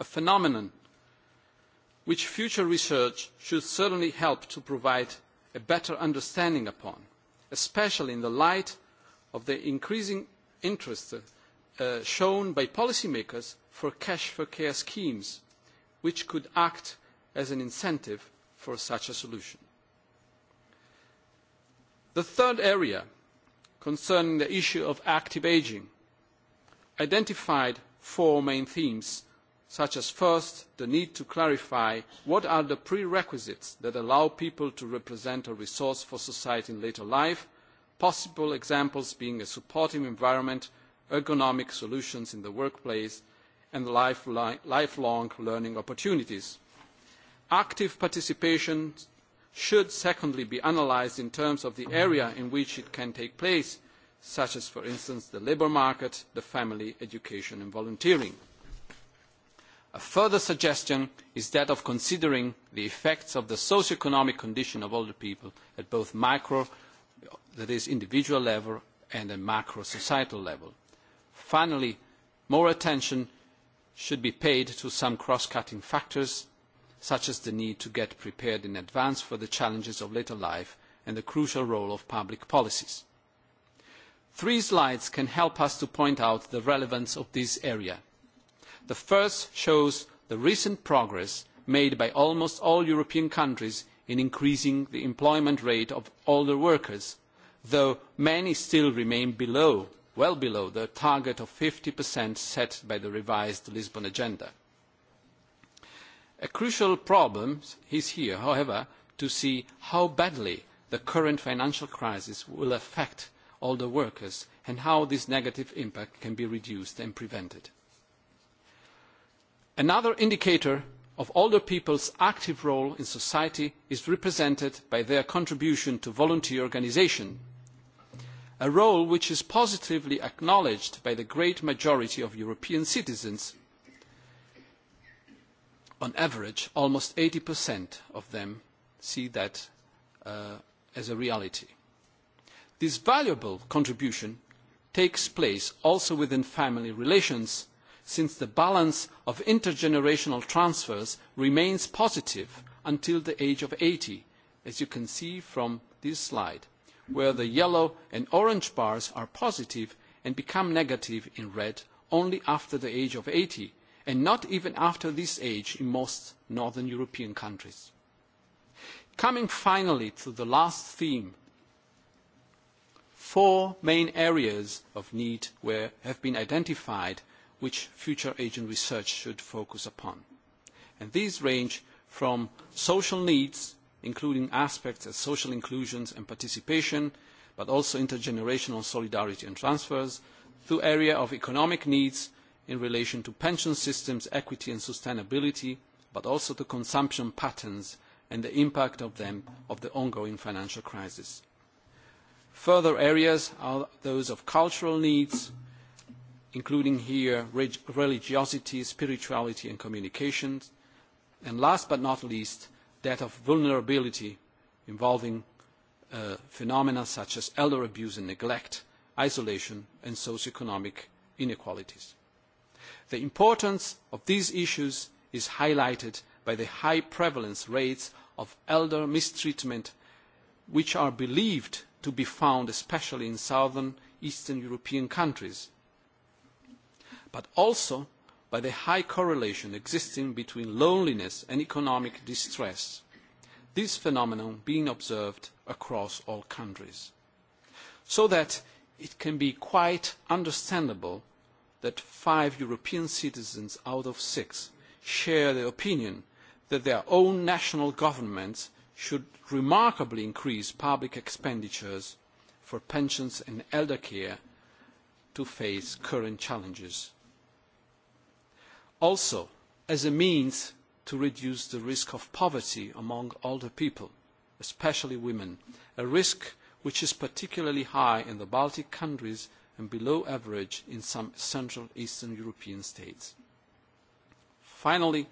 a phenomenon which future research should certainly help to provide a better understanding upon, especially in the light of the increasing interest shown by policymakers for cash for care schemes, which could act as an incentive for such a solution. The third area concerning the issue of active ageing identified four main themes such as first, the need to clarify what are the prerequisites that allow people to represent a resource for society in later life, possible examples being a supportive environment, ergonomic solutions in the workplace, and lifelong learning opportunities. Active participation should secondly be analysed in terms of the area in which it can take place, such as, for instance, the labour market, the family, education and volunteering. A further suggestion is that of considering the effects of the socio economic condition of older people at both micro, that is individual level, and a macro societal level. Finally, more attention should be paid to some cross-cutting factors, such as the need to get prepared in advance for the challenges of later life and the crucial role of public policies. Three slides can help us to point out the relevance of this area the first shows the recent progress made by almost all european countries in increasing the employment rate of older workers though many still remain below well below the target of 50% set by the revised lisbon agenda a crucial problem is here however to see how badly the current financial crisis will affect older workers and how this negative impact can be reduced and prevented Another indicator of older people's active role in society is represented by their contribution to volunteer organisation, a role which is positively acknowledged by the great majority of European citizens. On average, almost 80% of them see that as a reality. This valuable contribution takes place also within family relations since the balance of intergenerational transfers remains positive until the age of eighty, as you can see from this slide, where the yellow and orange bars are positive and become negative in red only after the age of eighty, and not even after this age in most northern European countries. Coming finally to the last theme, four main areas of need were, have been identified which future agent research should focus upon. And these range from social needs, including aspects of social inclusion and participation, but also intergenerational solidarity and transfers, to area of economic needs in relation to pension systems, equity and sustainability, but also to consumption patterns and the impact of them of the ongoing financial crisis. Further areas are those of cultural needs, including here religiosity, spirituality and communications, and last but not least, that of vulnerability involving phenomena such as elder abuse and neglect, isolation and socioeconomic inequalities. The importance of these issues is highlighted by the high prevalence rates of elder mistreatment which are believed to be found especially in southern Eastern European countries but also by the high correlation existing between loneliness and economic distress, this phenomenon being observed across all countries. So that it can be quite understandable that five European citizens out of six share the opinion that their own national governments should remarkably increase public expenditures for pensions and elder care to face current challenges also as a means to reduce the risk of poverty among older people, especially women, a risk which is particularly high in the Baltic countries and below average in some Central Eastern European states. Finally,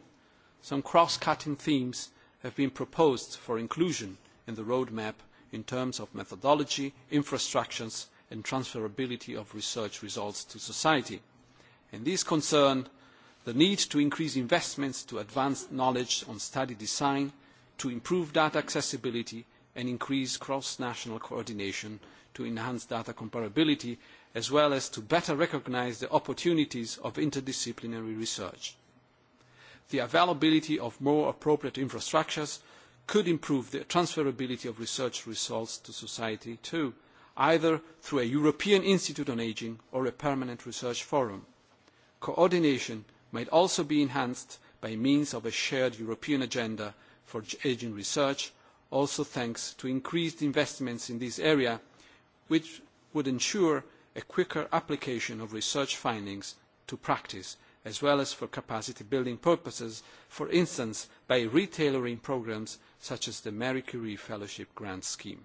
some cross-cutting themes have been proposed for inclusion in the roadmap in terms of methodology, infrastructures and transferability of research results to society. And these concern the need to increase investments to advance knowledge on study design, to improve data accessibility and increase cross-national coordination to enhance data comparability, as well as to better recognise the opportunities of interdisciplinary research. The availability of more appropriate infrastructures could improve the transferability of research results to society too, either through a European Institute on Ageing or a permanent research forum. Coordination might also be enhanced by means of a shared European agenda for ageing research, also thanks to increased investments in this area, which would ensure a quicker application of research findings to practice, as well as for capacity-building purposes, for instance, by retailoring programmes such as the Marie Curie Fellowship Grant Scheme.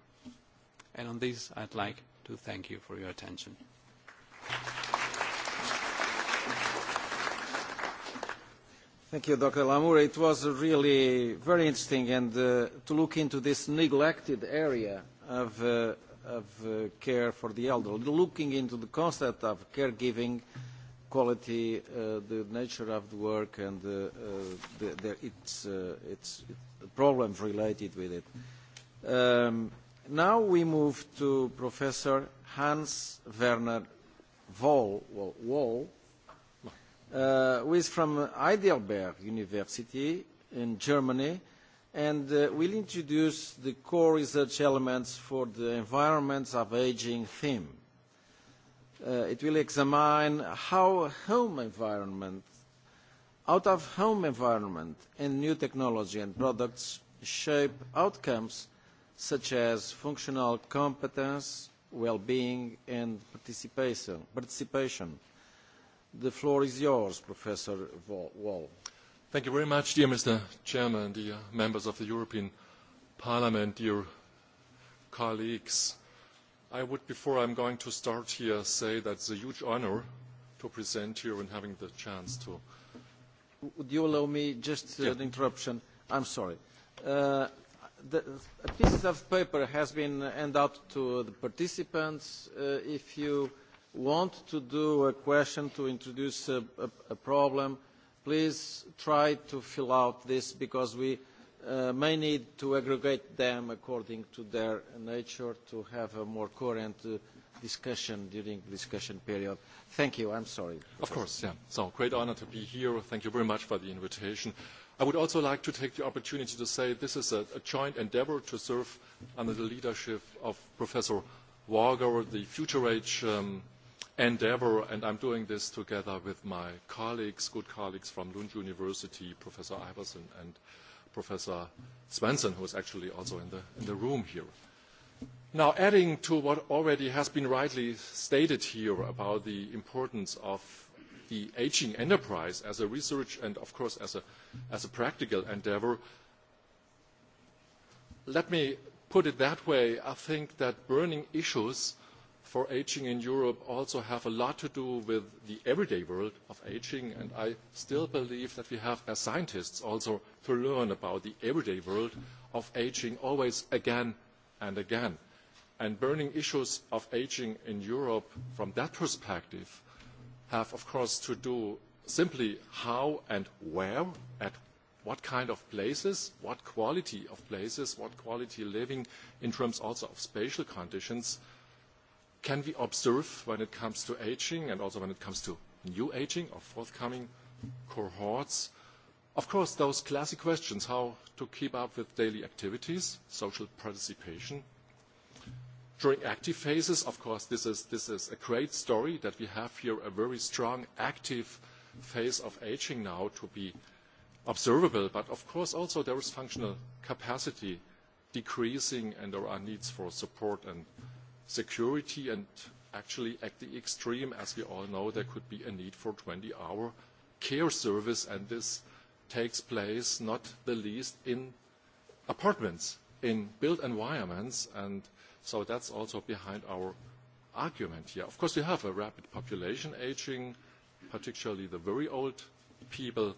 on this, I would like to thank you for your attention. Thank you. Thank you, Dr. Lamour. It was really very interesting and uh to look into this neglected area of, care for the elderly, looking into the concept of caregiving, quality, uh the nature of the work and the the its, uh its problems related with it. Um now we move to Professor Hans Werner Wall, who is from Heidelberg University in Germany, and will introduce the core research elements for the environments of aging theme. It will examine how home environment, out-of-home environment, and new technology and products shape outcomes such as functional competence, well-being, and participation The floor is yours, Professor Wall. Thank you very much, dear Mr. Chairman, dear members of the European Parliament, dear colleagues. I would, before I am going to start here, say that it's a huge honour to present here and having the chance to. Would you allow me just an interruption? I'm sorry. a piece of paper has been handed out to the participants. if you want to do a question to introduce a, a, a problem, please try to fill out this because we uh, may need to aggregate them according to their nature to have a more coherent uh, discussion during the discussion period. Thank you. I'm sorry. Of course, yeah. So great honor to be here. Thank you very much for the invitation. I would also like to take the opportunity to say this is a, a joint endeavor to serve under the leadership of Professor Wager, the Future Age um, endeavour, and I'm doing this together with my colleagues, good colleagues from Lund University, Professor Iverson and Professor Svensson, who is actually also in the, in the room here. Now, adding to what already has been rightly stated here about the importance of the ageing enterprise as a research and, of course, as a, as a practical endeavour, let me put it that way. I think that burning issues for ageing in Europe also have a lot to do with the everyday world of ageing, and I still believe that we have, as scientists, also to learn about the everyday world of ageing always again and again. And burning issues of ageing in Europe from that perspective have, of course, to do simply how and where, at what kind of places, what quality of places, what quality living in terms also of spatial conditions – can we observe when it comes to aging and also when it comes to new aging or forthcoming cohorts? Of course, those classic questions, how to keep up with daily activities, social participation. During active phases, of course, this is a great story that we have here a very strong active phase of aging now to be observable. But of course, also there is functional capacity decreasing, and there are needs for support and security and actually at the extreme, as we all know, there could be a need for twenty hour care service and this takes place not the least in apartments, in built environments and so that's also behind our argument here. Of course we have a rapid population aging, particularly the very old people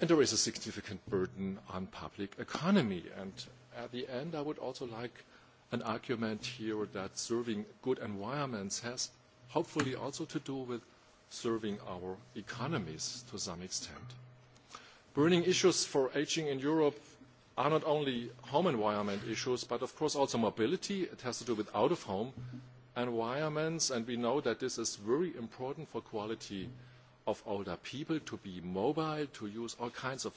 and there is a significant burden on public economy and at the end I would also like an argument here that serving good environments has hopefully also to do with serving our economies to some extent. Burning issues for ageing in Europe are not only home environment issues, but of course also mobility. It has to do with out-of-home environments, and we know that this is very important for quality of older people to be mobile, to use all kinds of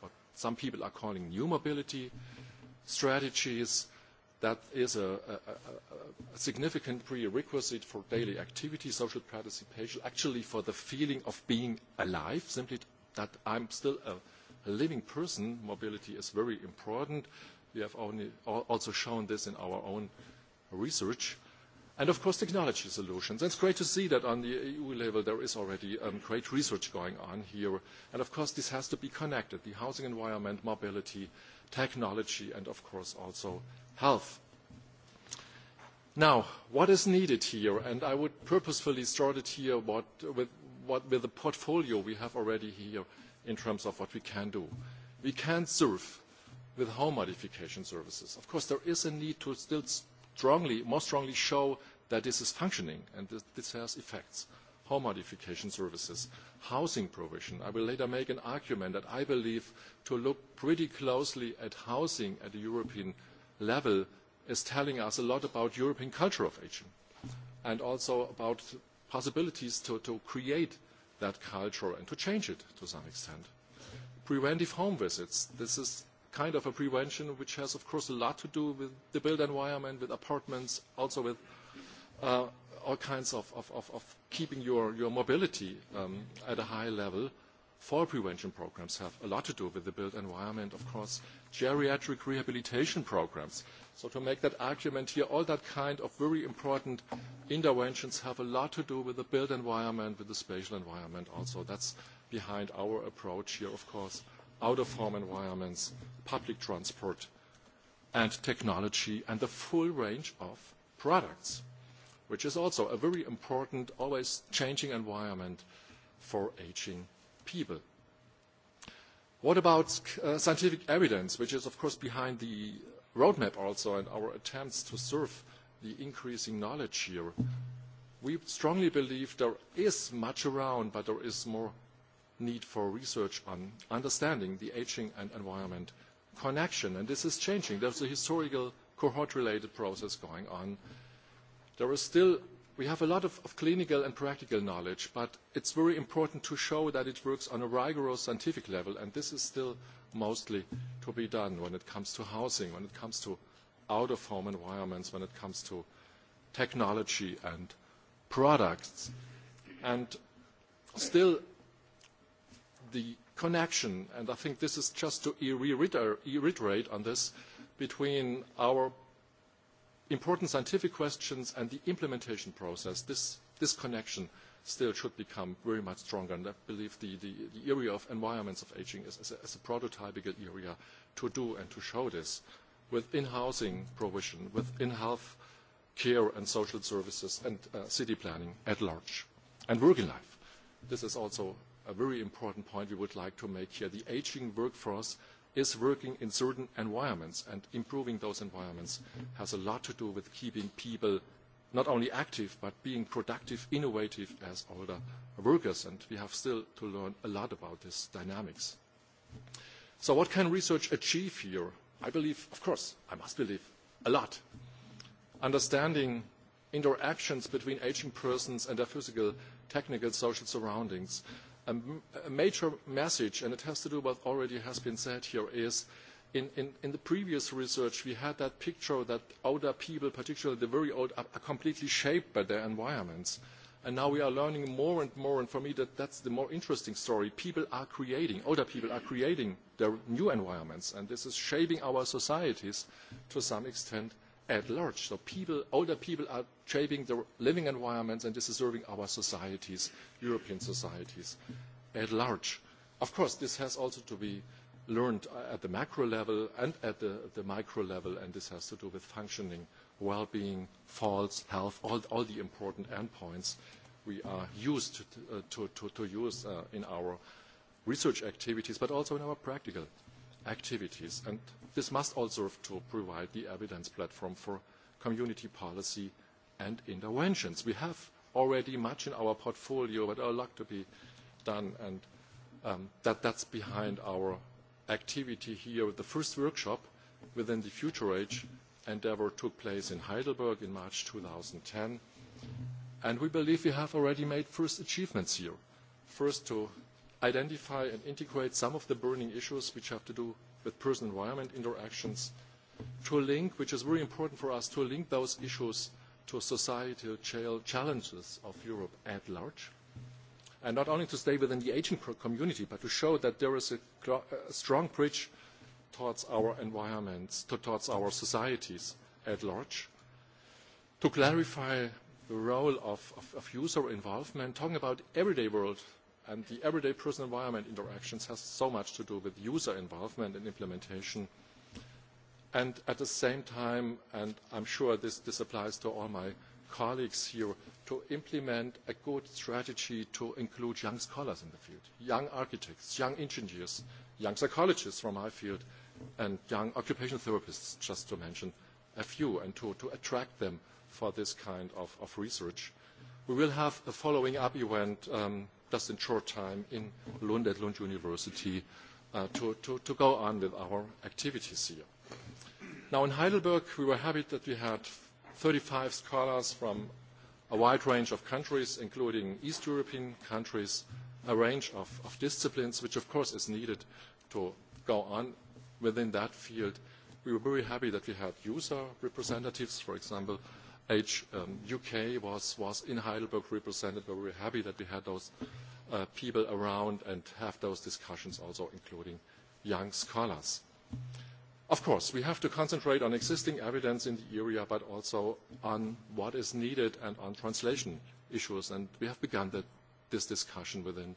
what some people are calling new mobility strategies that is a, significant prerequisite for daily activity, social participation, actually for the feeling of being alive, simply that I'm still a, living person. Mobility is very important. We have only, also shown this in our own research. And of course, technology solutions. It's great to see that on the EU level there is already great research going on here. And of course, this has to be connected, the housing environment, mobility, technology, and of course also health. Now, what is needed here? And I would purposefully start it here what, with, what, with the portfolio we have already here in terms of what we can do. We can serve with home modification services. Of course, there is a need to still strongly, more strongly show that this is functioning and that this has effects. Home modification services, housing provision. I will later make an argument that I believe to look pretty closely at housing at the European level is telling us a lot about European culture of aging and also about possibilities to, to create that culture and to change it to some extent. Preventive home visits. This is kind of a prevention which has, of course, a lot to do with the built environment, with apartments, also with uh, all kinds of, of, of, of keeping your, your mobility um, at a high level fall prevention programs have a lot to do with the built environment, of course, geriatric rehabilitation programs. So to make that argument here, all that kind of very important interventions have a lot to do with the built environment, with the spatial environment also. That's behind our approach here, of course, out-of-form environments, public transport, and technology, and the full range of products, which is also a very important, always changing environment for aging people. What about scientific evidence, which is, of course, behind the roadmap also and our attempts to serve the increasing knowledge here? We strongly believe there is much around, but there is more need for research on understanding the aging and environment connection. And this is changing. There's a historical cohort-related process going on. There is still We have a lot of, clinical and practical knowledge, but it's very important to show that it works on a rigorous scientific level, and this is still mostly to be done when it comes to housing, when it comes to out-of-home environments, when it comes to technology and products. And still, the connection, and I think this is just to reiterate on this, between our important scientific questions and the implementation process, this, this connection still should become very much stronger. And I believe the, the, the area of environments of aging is, is, a, is a prototypical area to do and to show this within housing provision, within health care and social services and uh, city planning at large. And working life. This is also a very important point we would like to make here. The aging workforce is working in certain environments and improving those environments has a lot to do with keeping people not only active but being productive, innovative as older workers. And we have still to learn a lot about these dynamics. So what can research achieve here? I believe, of course, I must believe, a lot. Understanding interactions between aging persons and their physical, technical, social surroundings, A major message, and it has to do with what already has been said here, is in the previous research, we had that picture that older people, particularly the very old, are completely shaped by their environments. And now we are learning more and more, and for me, that that's the more interesting story. People are creating, older people are creating their new environments, and this is shaping our societies to some extent at large. So people, older people are shaping their living environments and this is serving our societies, European societies at large. Of course, this has also to be learned at the macro level and at the, the micro level, and this has to do with functioning, well-being, faults, health, all, all the important endpoints we are used to, to, to, to use uh, in our research activities, but also in our practical activities. And this must all serve to provide the evidence platform for community policy and interventions. We have already much in our portfolio, but a lot to be done, and um, that, that's behind our activity here. The first workshop within the Future Age endeavor took place in Heidelberg in March 2010, and we believe we have already made first achievements here. First, to identify and integrate some of the burning issues which have to do with person-environment interactions, to link, which is very important for us, to link those issues to societal challenges of Europe at large, and not only to stay within the aging community, but to show that there is a strong bridge towards our environments, towards our societies at large, to clarify the role of user involvement, talking about everyday world And the everyday person environment interactions has so much to do with user involvement and implementation. And at the same time, and I'm sure this, this applies to all my colleagues here, to implement a good strategy to include young scholars in the field, young architects, young engineers, young psychologists from my field, and young occupational therapists, just to mention a few, and to, to attract them for this kind of, of research. We will have a following up event um, just in short time in Lund at Lund University to to to go on with our activities here. Now, in Heidelberg, we were happy that we had 35 scholars from a wide range of countries, including East European countries, a range of disciplines, which of course is needed to go on within that field. We were very happy that we had user representatives, for example, HUK UK was, was in Heidelberg represented. We're very happy that we had those people around and have those discussions also including young scholars. Of course, we have to concentrate on existing evidence in the area, but also on what is needed and on translation issues. And we have begun that, this discussion within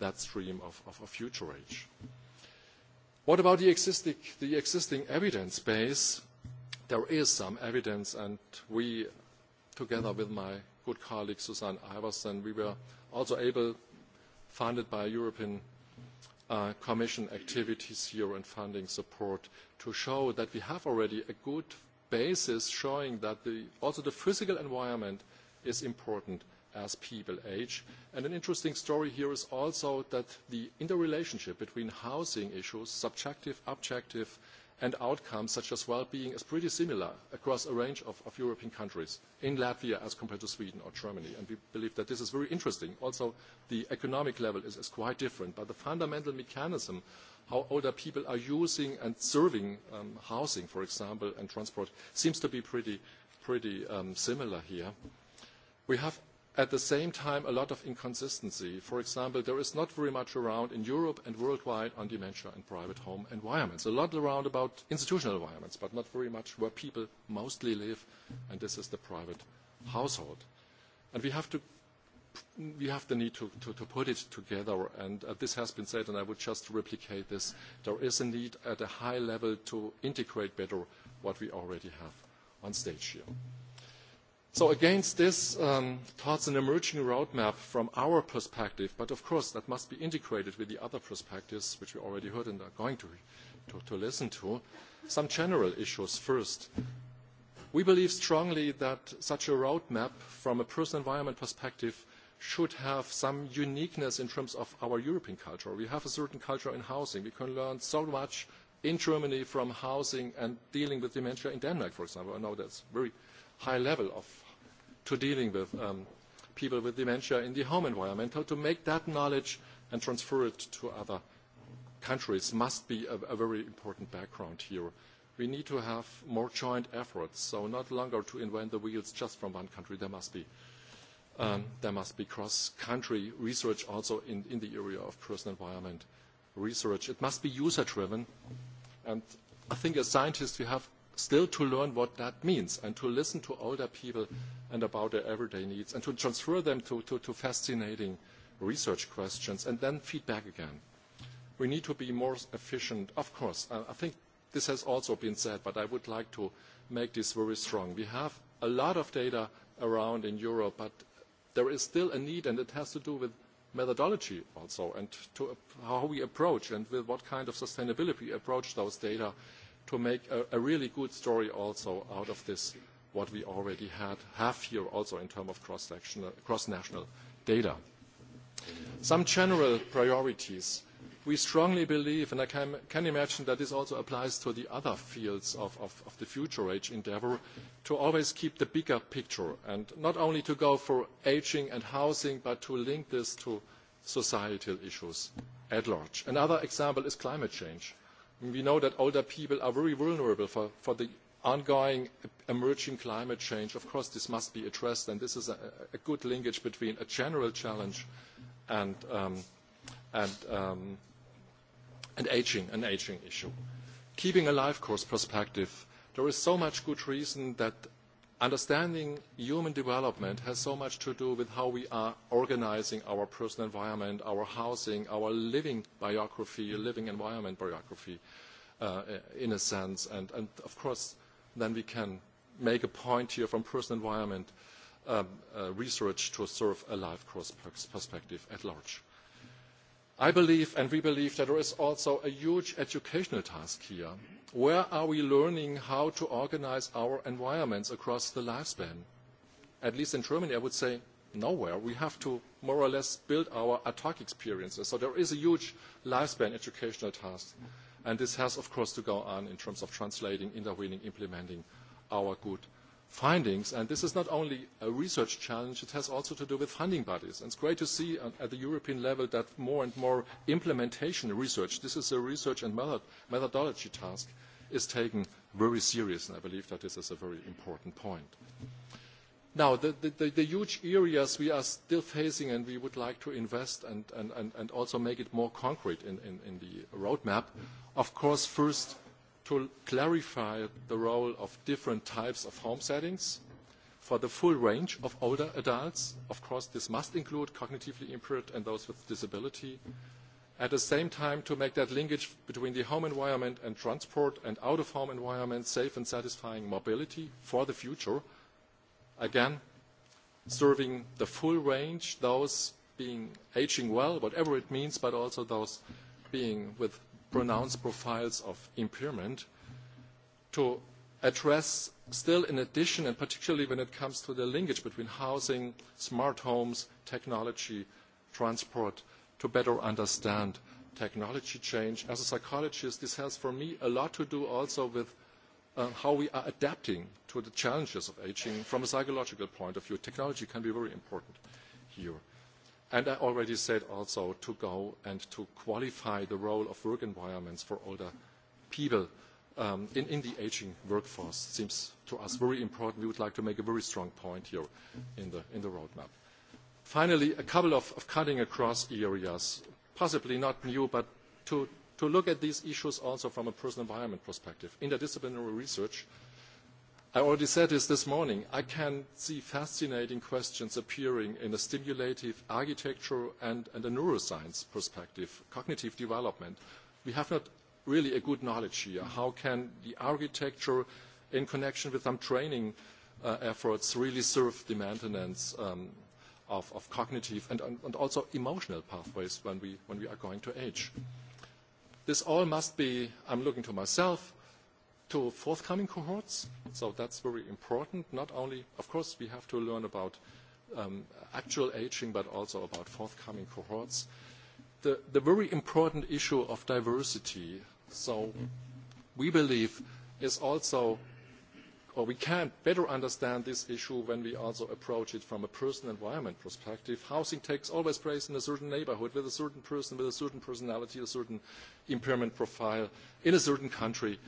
that stream of, of, future age. What about the existing, the existing evidence base? there is some evidence, and we, together with my good colleague Susanne Iverson, we were also able, funded by European Commission activities here and funding support, to show that we have already a good basis showing that the, also the physical environment is important as people age. And an interesting story here is also that the interrelationship between housing issues, subjective, objective, and outcomes such as well-being is pretty similar across a range of, of European countries, in Latvia as compared to Sweden or Germany. And we believe that this is very interesting. Also, the economic level is, is quite different, but the fundamental mechanism how older people are using and serving um, housing, for example, and transport seems to be pretty, pretty um, similar here. We have At the same time, a lot of inconsistency. For example, there is not very much around in Europe and worldwide on dementia and private home environments. A lot around about institutional environments, but not very much where people mostly live, and this is the private household. And we have to we have the need to, to, to put it together, and uh, this has been said, and I would just replicate this. There is a need at a high level to integrate better what we already have on stage here. So Against this, towards an emerging roadmap from our perspective, but of course, that must be integrated with the other perspectives which we already heard and are going to listen to, some general issues first. We believe strongly that such a roadmap from a personal environment perspective should have some uniqueness in terms of our European culture. We have a certain culture in housing. We can learn so much in Germany from housing and dealing with dementia in Denmark, for example. I know that's very high level of to dealing with people with dementia in the home environment, how to make that knowledge and transfer it to other countries must be a, a very important background here. We need to have more joint efforts, so not longer to invent the wheels just from one country. There must be, um, there must be cross-country research also in, in the area of personal environment research. It must be user-driven, and I think as scientists we have still to learn what that means and to listen to older people and about their everyday needs and to transfer them to, to, to fascinating research questions and then feedback again. We need to be more efficient. Of course, I, I think this has also been said, but I would like to make this very strong. We have a lot of data around in Europe, but there is still a need, and it has to do with methodology also and to how we approach and with what kind of sustainability we approach those data to make a really good story also out of this, what we already had have here also in terms of cross-national data. Some general priorities. We strongly believe, and I can imagine that this also applies to the other fields of the Future Age endeavour, to always keep the bigger picture and not only to go for ageing and housing, but to link this to societal issues at large. Another example is climate change we know that older people are very vulnerable for, for the ongoing emerging climate change. Of course, this must be addressed, and this is a, a good linkage between a general challenge and, um, and um, an, aging, an aging issue. Keeping a life course perspective, there is so much good reason that understanding human development has so much to do with how we are organising our personal environment, our housing, our living biography, living environment biography, in a sense. And, and of course, then we can make a point here from personal environment research to serve a life course perspective at large. I believe, and we believe, that there is also a huge educational task here. Where are we learning how to organise our environments across the lifespan? At least in Germany, I would say nowhere. We have to more or less build our ad hoc experiences. So there is a huge lifespan educational task. And this has, of course, to go on in terms of translating, intervening, implementing our good findings. And this is not only a research challenge, it has also to do with funding bodies. And it's great to see at the European level that more and more implementation research, this is a research and methodology task, is taken very seriously and I believe that this is a very important point. Now, the, the, the huge areas we are still facing and we would like to invest and, and, and, and also make it more concrete in, in, in the roadmap, of course, first To clarify the role of different types of home settings for the full range of older adults. Of course, this must include cognitively impaired and those with disability. At the same time, to make that linkage between the home environment and transport and out-of-home environment safe and satisfying mobility for the future. Again, serving the full range, those being aging well, whatever it means, but also those being with pronounced profiles of impairment to address still in addition, and particularly when it comes to the linkage between housing, smart homes, technology, transport, to better understand technology change. As a psychologist, this has for me a lot to do also with how we are adapting to the challenges of aging from a psychological point of view. Technology can be very important here. And I already said also to go and to qualify the role of work environments for older people in the aging workforce seems to us very important. We would like to make a very strong point here in the roadmap. Finally, a couple of cutting across areas, possibly not new, but to look at these issues also from a personal environment perspective. Interdisciplinary research I already said this this morning. I can see fascinating questions appearing in a stimulative architecture and, and a neuroscience perspective, cognitive development. We have not really a good knowledge here. How can the architecture, in connection with some training uh, efforts, really serve the maintenance um, of, of cognitive and, and also emotional pathways when we, when we are going to age? This all must be, I'm looking to myself, to forthcoming cohorts. So that's very important. Not only, of course, we have to learn about actual aging, but also about forthcoming cohorts. The, the very important issue of diversity, so we believe is also, or we can better understand this issue when we also approach it from a personal environment perspective. Housing takes always place in a certain neighborhood with a certain person, with a certain personality, a certain impairment profile, in a certain country,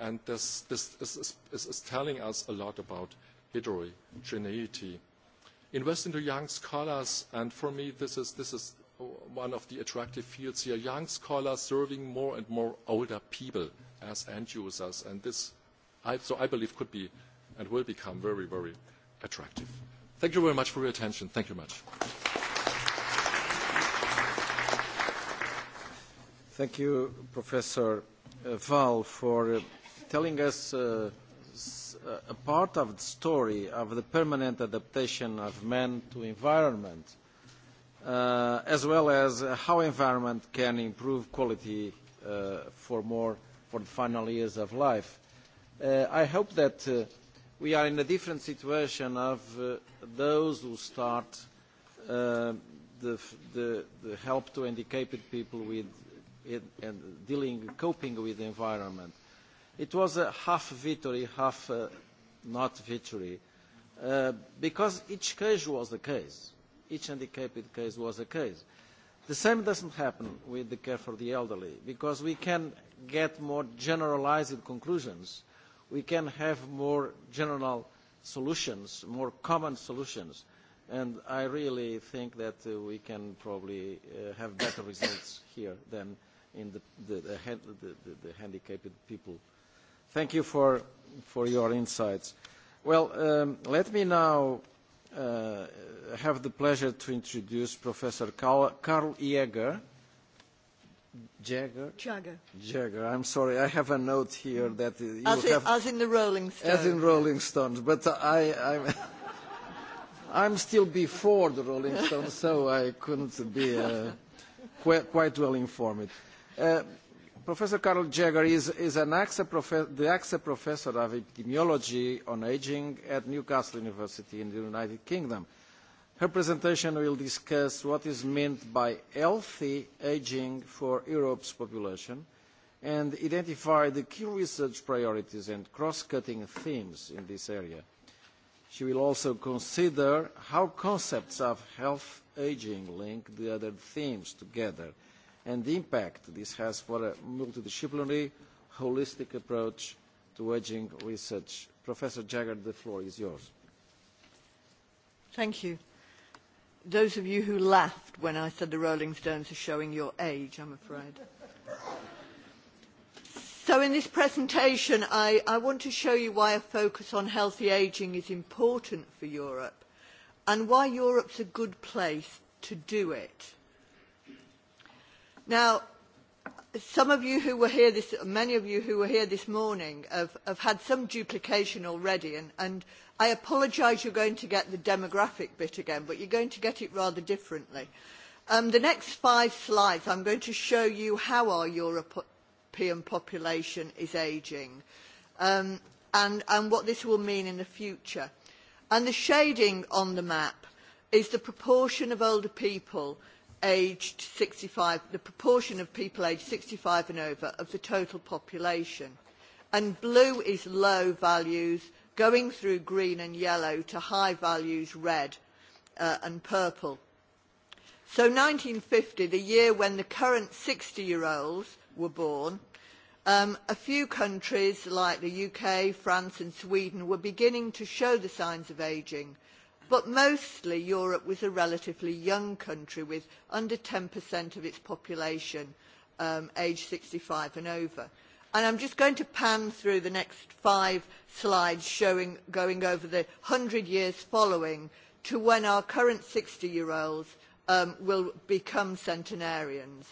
And this, this is, is, is telling us a lot about heterogeneity. Invest into young scholars, and for me, this is, this is one of the attractive fields here. Young scholars serving more and more older people as end users, and this, I, so I believe, could be and will become very, very attractive. Thank you very much for your attention. Thank you much. Thank you, Professor Val, for telling us a part of the story of the permanent adaptation of man to environment, as well as how environment can improve quality for more for the final years of life. I hope that we are in a different situation of those who start the, the, the help to handicapped people with and dealing, coping with the environment It was a half victory, half uh, not victory, uh, because each case was a case. Each handicapped case was a case. The same doesn't happen with the care for the elderly, because we can get more generalized conclusions. We can have more general solutions, more common solutions. And I really think that uh, we can probably uh, have better results here than in the, the, the, the, the, the handicapped people Thank you for your insights. Well, let me now have the pleasure to introduce Professor Karl Jäger. Jagger? Jagger. Jagger. I'm sorry, I have a note here that you as have... as in the Rolling Stones. As in Rolling Stones, but I, I'm, I'm still before the Rolling Stones, so I couldn't be uh, quite, quite well informed. Uh, Professor Carl Jagger is, is an AXA the AXA Professor of Epidemiology on Aging at Newcastle University in the United Kingdom. Her presentation will discuss what is meant by healthy aging for Europe's population and identify the key research priorities and cross-cutting themes in this area. She will also consider how concepts of health aging link the other themes together – and the impact this has for a multidisciplinary, holistic approach to waging research. Professor Jagger, the floor is yours. Thank you. Those of you who laughed when I said the Rolling Stones are showing your age, I'm afraid. So in this presentation, I, I want to show you why a focus on healthy ageing is important for Europe and why Europe's a good place to do it Now, some of you who were here this, many of you who were here this morning have, have had some duplication already, and, and I apologise you're going to get the demographic bit again, but you're going to get it rather differently. Um, the next five slides, I'm going to show you how our European population is ageing um, and, and what this will mean in the future. And the shading on the map is the proportion of older people aged 65, the proportion of people aged 65 and over of the total population. And blue is low values, going through green and yellow to high values, red uh, and purple. So 1950, the year when the current 60-year-olds were born, um, a few countries like the UK, France and Sweden were beginning to show the signs of ageing – But mostly Europe was a relatively young country with under 10% of its population um, sixty 65 and over. And I'm just going to pan through the next five slides showing, going over the 100 years following to when our current 60-year-olds um, will become centenarians.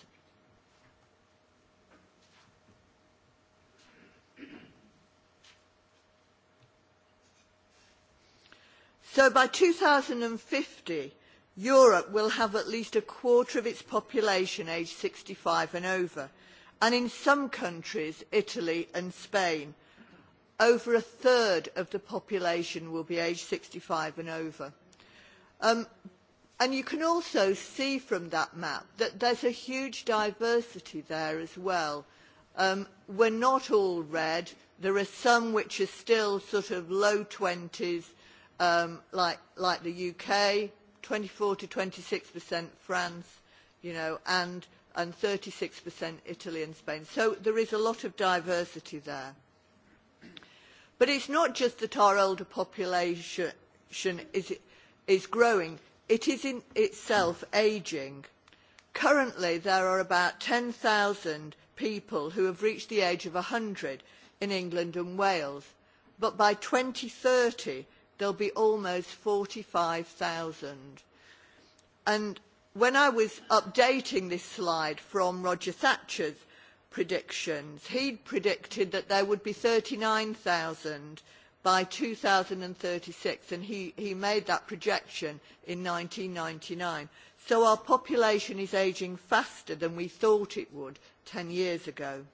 So by fifty Europe will have at least a quarter of its population aged sixty five and over. And in some countries, Italy and Spain, over a third of the population will be aged sixty five and over. and you can also see from that map that there's a huge diversity there as well. Um, we're not all red. There are some which are still sort of low 20s, um, like, like the UK, 24 to 26% France, you know, and, and 36% Italy and Spain. So there is a lot of diversity there. But it's not just that our older population is, is growing, it is in itself ageing. Currently, there are about 10,000 people who have reached the age of 100 in England and Wales. But by 2030, there'll be almost 45,000. And when I was updating this slide from Roger Thatcher's predictions, he'd predicted that there would be 39,000 by 2036, and he, he made that projection in 1999. So our population is ageing faster than we thought it would 10 years ago.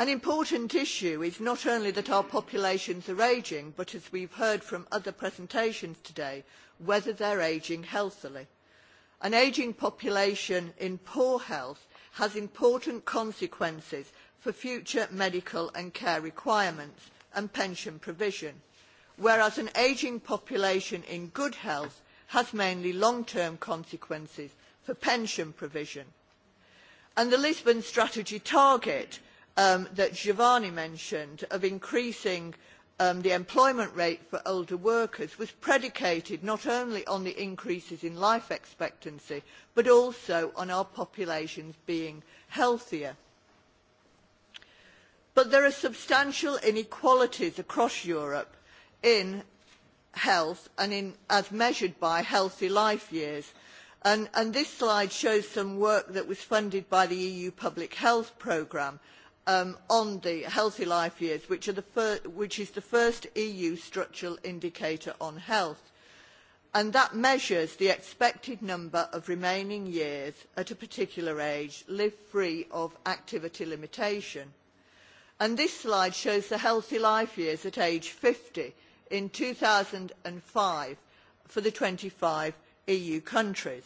An important issue is not only that our populations are ageing, but as we have heard from other presentations today, whether they are ageing healthily. An ageing population in poor health has important consequences for future medical and care requirements and pension provision, whereas an ageing population in good health has mainly long-term consequences for pension provision. And the Lisbon Strategy target that Giovanni mentioned of increasing the employment rate for older workers was predicated not only on the increases in life expectancy, but also on our populations being healthier. But there are substantial inequalities across Europe in health and in, as measured by healthy life years. And, and this slide shows some work that was funded by the EU Public Health Programme on the healthy life years, which, are the which is the first EU structural indicator on health. And that measures the expected number of remaining years at a particular age lived free of activity limitation. And this slide shows the healthy life years at age 50 in 2005 for the 25 EU countries.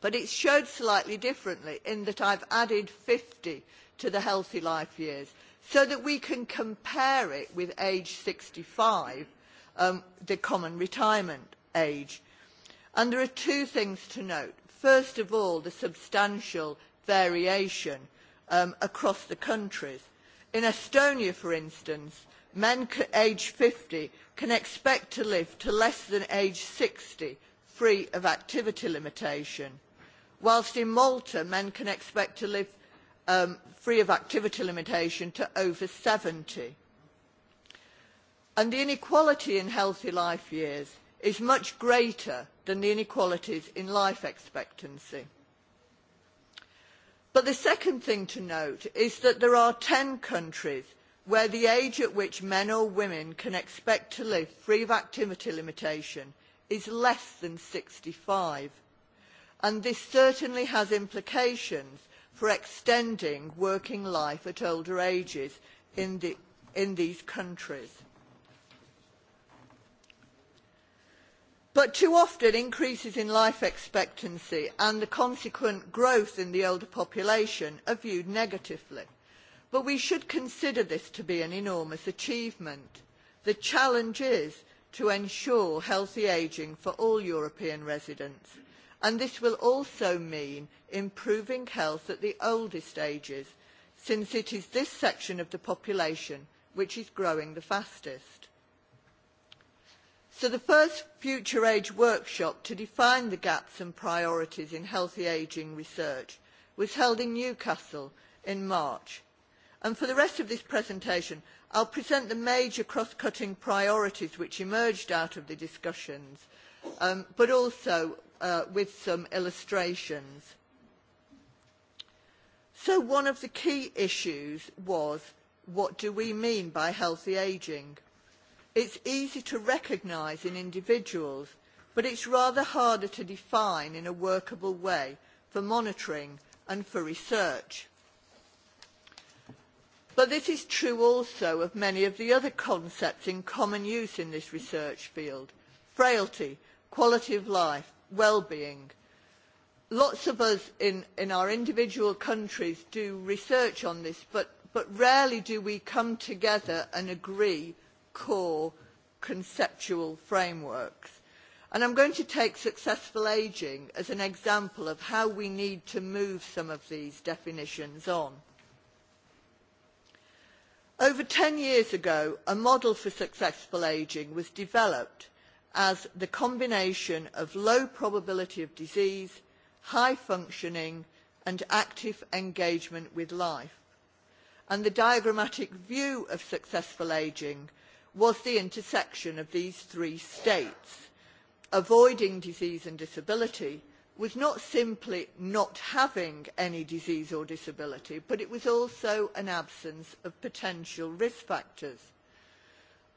But it's showed slightly differently in that I've added 50 to the healthy life years so that we can compare it with age 65, um, the common retirement age. And there are two things to note. First of all, the substantial variation um, across the countries. In Estonia, for instance, men aged 50 can expect to live to less than age 60 free of activity limitation, whilst in Malta men can expect to live free of activity limitation to over seventy. And the inequality in healthy life years is much greater than the inequalities in life expectancy. But the second thing to note is that there are ten countries where the age at which men or women can expect to live free of activity limitation is less than sixty five, And this certainly has implications for extending working life at older ages in, the, in these countries. But too often, increases in life expectancy and the consequent growth in the older population are viewed negatively. But we should consider this to be an enormous achievement. The challenge is to ensure healthy ageing for all European residents and this will also mean improving health at the oldest ages, since it is this section of the population which is growing the fastest. So the first Future Age workshop to define the gaps and priorities in healthy ageing research was held in Newcastle in March. And for the rest of this presentation, I will present the major cross-cutting priorities which emerged out of the discussions, but also with some illustrations. So one of the key issues was what do we mean by healthy ageing? It's easy to recognise in individuals, but it's rather harder to define in a workable way for monitoring and for research. But this is true also of many of the other concepts in common use in this research field. Frailty, quality of life, well-being. Lots of us in, in our individual countries do research on this, but, but rarely do we come together and agree core conceptual frameworks. And I'm going to take successful ageing as an example of how we need to move some of these definitions on. Over 10 years ago, a model for successful ageing was developed – as the combination of low probability of disease, high functioning and active engagement with life. And the diagrammatic view of successful ageing was the intersection of these three states. Avoiding disease and disability was not simply not having any disease or disability, but it was also an absence of potential risk factors.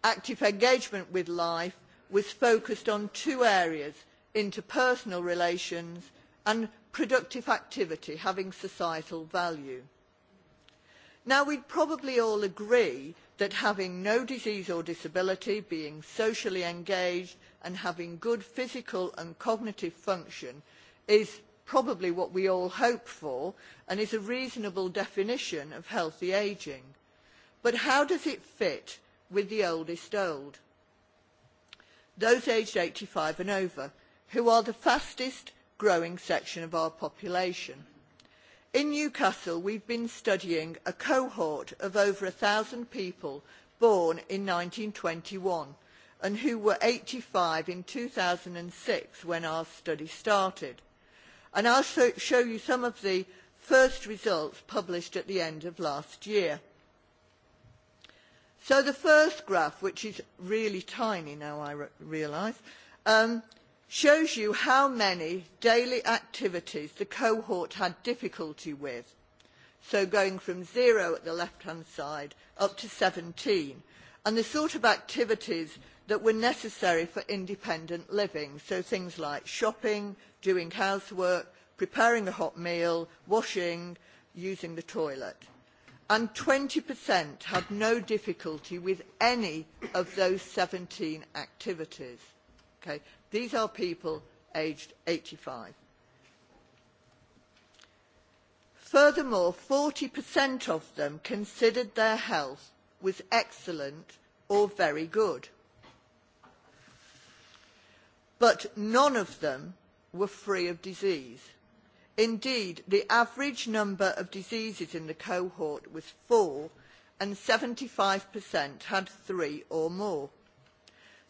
Active engagement with life was focused on two areas, interpersonal relations and productive activity having societal value. Now, we'd probably all agree that having no disease or disability, being socially engaged and having good physical and cognitive function is probably what we all hope for and is a reasonable definition of healthy ageing. But how does it fit with the oldest old? those aged eighty five and over, who are the fastest growing section of our population. In Newcastle, we have been studying a cohort of over a thousand people born in twenty one and who were eighty five in two thousand and six when our study started. I will show you some of the first results published at the end of last year. So the first graph, which is really tiny now, I realise, um, shows you how many daily activities the cohort had difficulty with. So going from zero at the left-hand side up to 17. And the sort of activities that were necessary for independent living. So things like shopping, doing housework, preparing a hot meal, washing, using the toilet and 20% had no difficulty with any of those 17 activities. Okay? These are people aged 85. Furthermore, 40% of them considered their health was excellent or very good. But none of them were free of disease Indeed, the average number of diseases in the cohort was four, and 75% had three or more.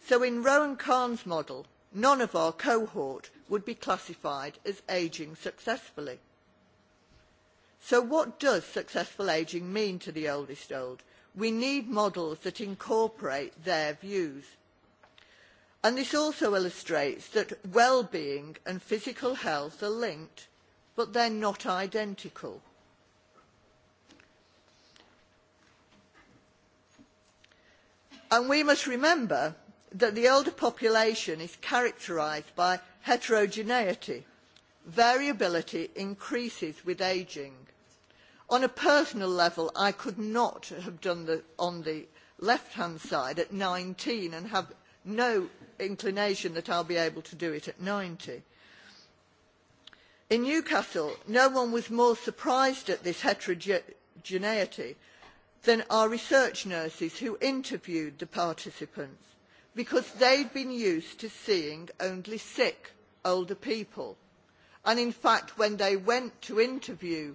So in Rowan Kahn's model, none of our cohort would be classified as ageing successfully. So what does successful ageing mean to the oldest old? We need models that incorporate their views. And this also illustrates that well-being and physical health are linked but they're not identical. And we must remember that the older population is characterised by heterogeneity. Variability increases with ageing. On a personal level, I could not have done the, on the left-hand side at nineteen and have no inclination that I will be able to do it at ninety in newcastle no one was more surprised at this heterogeneity than our research nurses who interviewed the participants because they had been used to seeing only sick older people and in fact when they went to interview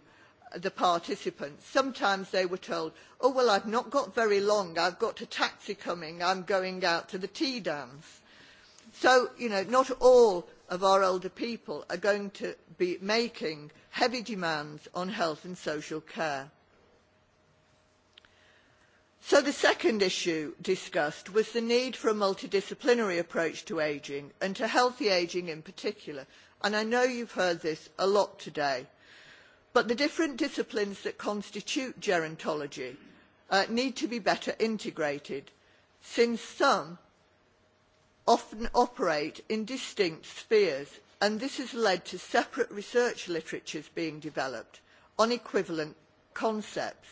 the participants sometimes they were told oh well i've not got very long i've got a taxi coming i'm going out to the tea dance so you know not all of our older people are going to be making heavy demands on health and social care. So the second issue discussed was the need for a multidisciplinary approach to ageing and to healthy ageing in particular. And I know you've heard this a lot today. But the different disciplines that constitute gerontology need to be better integrated since some often operate in distinct spheres and this has led to separate research literatures being developed on equivalent concepts.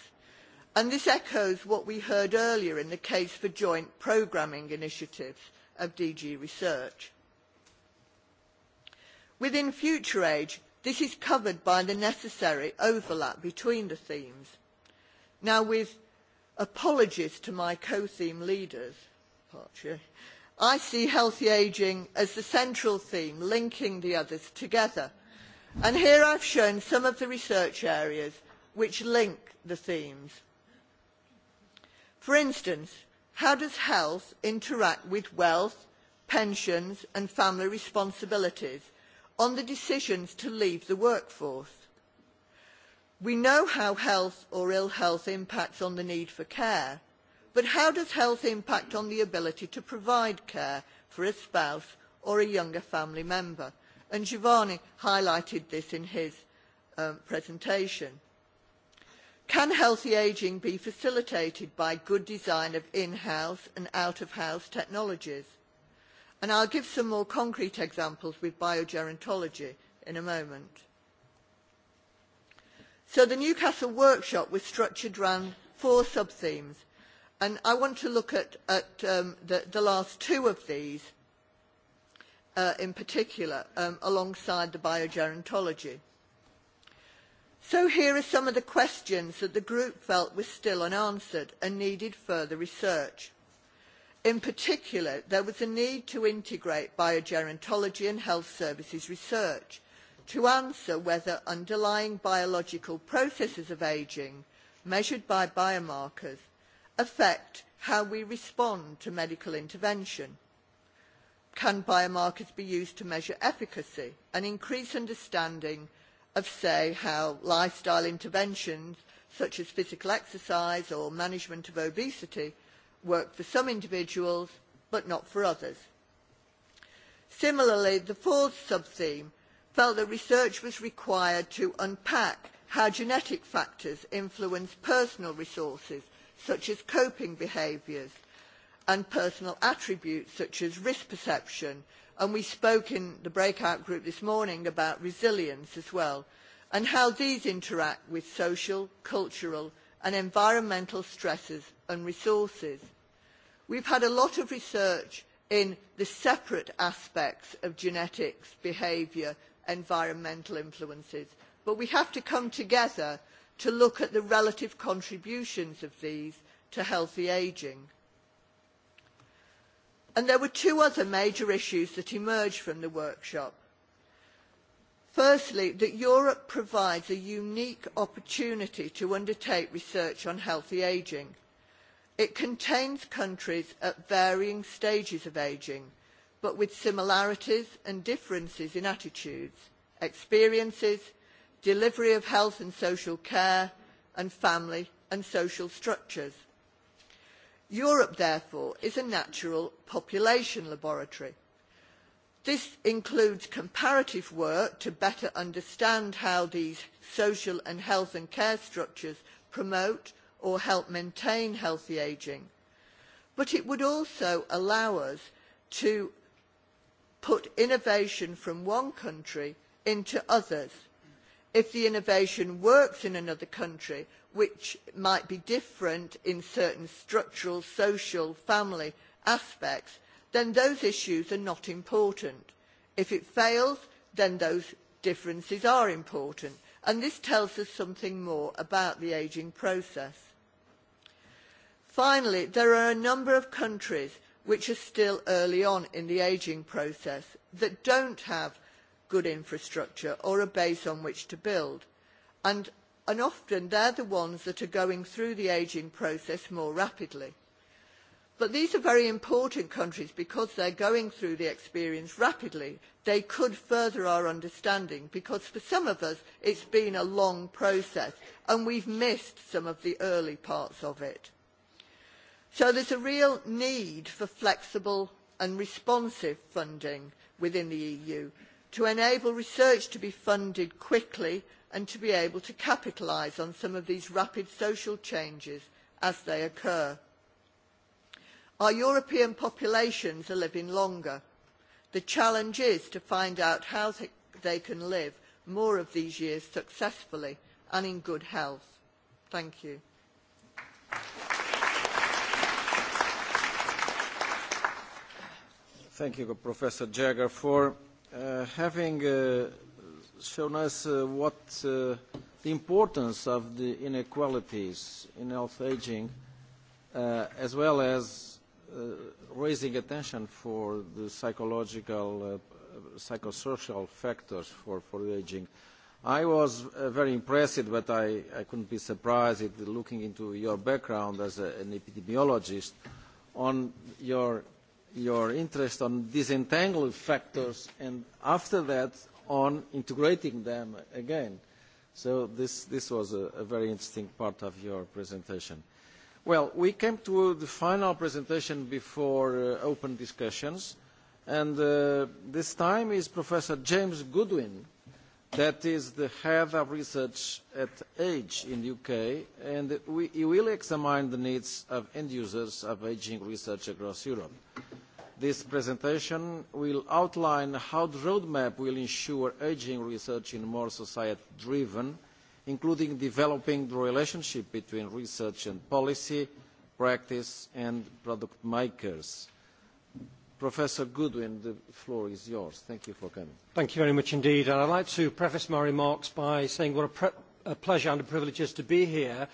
And this echoes what we heard earlier in the case for joint programming initiatives of DG Research. Within Future Age, this is covered by the necessary overlap between the themes. Now, with apologies to my co-theme leaders, I see healthy ageing as the central theme linking the others together. And here I've shown some of the research areas which link the themes. For instance, how does health interact with wealth, pensions and family responsibilities on the decisions to leave the workforce? We know how health or ill health impacts on the need for care – but how does health impact on the ability to provide care for a spouse or a younger family member? And Giovanni highlighted this in his um, presentation. Can healthy ageing be facilitated by good design of in-house and out-of-house technologies? And I'll give some more concrete examples with biogerontology in a moment. So the Newcastle workshop was structured around four sub-themes – And I want to look at, at um, the, the last two of these uh, in particular, um, alongside the biogerontology. So here are some of the questions that the group felt were still unanswered and needed further research. In particular, there was a need to integrate biogerontology and health services research to answer whether underlying biological processes of ageing, measured by biomarkers, affect how we respond to medical intervention? Can biomarkers be used to measure efficacy and increase understanding of, say, how lifestyle interventions such as physical exercise or management of obesity work for some individuals but not for others? Similarly, the fourth sub-theme felt that research was required to unpack how genetic factors influence personal resources such as coping behaviours and personal attributes such as risk perception. And we spoke in the breakout group this morning about resilience as well and how these interact with social, cultural and environmental stresses and resources. We've had a lot of research in the separate aspects of genetics, behaviour, environmental influences, but we have to come together to look at the relative contributions of these to healthy ageing. And there were two other major issues that emerged from the workshop. Firstly, that Europe provides a unique opportunity to undertake research on healthy ageing. It contains countries at varying stages of ageing, but with similarities and differences in attitudes, experiences, delivery of health and social care, and family and social structures. Europe, therefore, is a natural population laboratory. This includes comparative work to better understand how these social and health and care structures promote or help maintain healthy ageing. But it would also allow us to put innovation from one country into others – if the innovation works in another country, which might be different in certain structural, social, family aspects, then those issues are not important. If it fails, then those differences are important. And this tells us something more about the ageing process. Finally, there are a number of countries which are still early on in the ageing process that don't have good infrastructure or a base on which to build. And, and often they're the ones that are going through the ageing process more rapidly. But these are very important countries because they're going through the experience rapidly. They could further our understanding because for some of us it's been a long process and we've missed some of the early parts of it. So there's a real need for flexible and responsive funding within the EU to enable research to be funded quickly and to be able to capitalise on some of these rapid social changes as they occur. Our European populations are living longer. The challenge is to find out how they can live more of these years successfully and in good health. Thank you. Thank you, Professor Jagger, for having shown us what the importance of the inequalities in health aging, as well as raising attention for the psychological, psychosocial factors for, for aging. I was very impressed, but I, I couldn't be surprised looking into your background as an epidemiologist on your your interest on disentangling factors and after that on integrating them again. So this, this was a, a very interesting part of your presentation. Well, we came to the final presentation before uh, open discussions, and uh, this time is Professor James Goodwin, that is the head of research at AGE in the UK, and we, he will examine the needs of end users of ageing research across Europe. This presentation will outline how the roadmap will ensure aging research in more society-driven, including developing the relationship between research and policy, practice and product makers. Professor Goodwin, the floor is yours. Thank you for coming. Thank you very much indeed. And I'd like to preface my remarks by saying what a, a pleasure and a privilege it is to be here,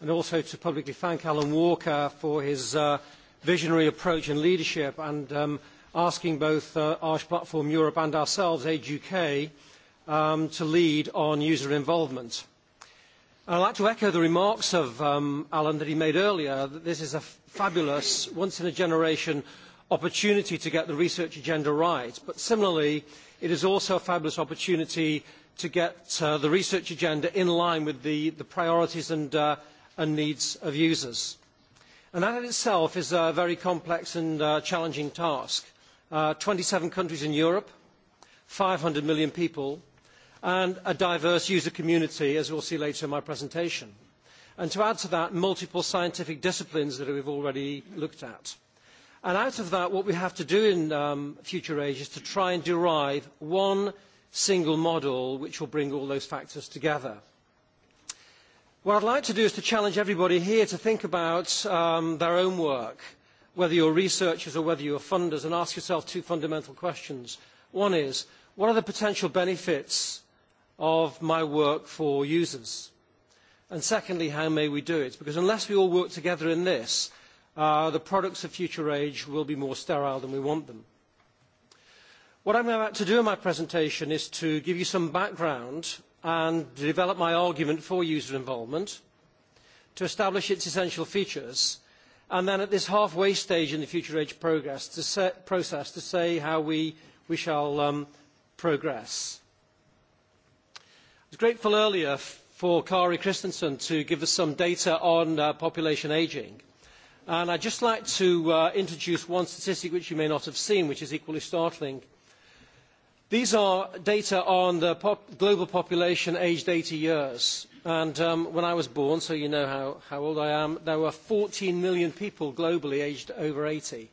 and also to publicly thank Alan Walker for his uh, visionary approach and leadership and asking both Arch Platform Europe and ourselves, Age UK, to lead on user involvement. I would like to echo the remarks of Alan that he made earlier that this is a fabulous, once-in-a-generation opportunity to get the research agenda right. But similarly, it is also a fabulous opportunity to get the research agenda in line with the priorities and needs of users that in itself is a very complex and challenging task. Twenty seven countries in Europe, five hundred million people, and a diverse user community, as we will see later in my presentation. And to add to that, multiple scientific disciplines that we have already looked at. And out of that, what we have to do in future age is to try and derive one single model which will bring all those factors together What I would like to do is to challenge everybody here to think about their own work, whether you are researchers or whether you are funders, and ask yourself two fundamental questions. One is, what are the potential benefits of my work for users? And secondly, how may we do it? Because unless we all work together in this, the products of future age will be more sterile than we want them. What I am about to do in my presentation is to give you some background and develop my argument for user involvement, to establish its essential features, and then at this halfway stage in the Future Age progress to set, process to say how we, we shall um, progress. I was grateful earlier for Kari Christensen to give us some data on uh, population ageing. And I'd just like to uh, introduce one statistic which you may not have seen, which is equally startling – These are data on the global population aged eighty years. And when I was born, so you know how, how old I am, there were fourteen million people globally aged over eighty.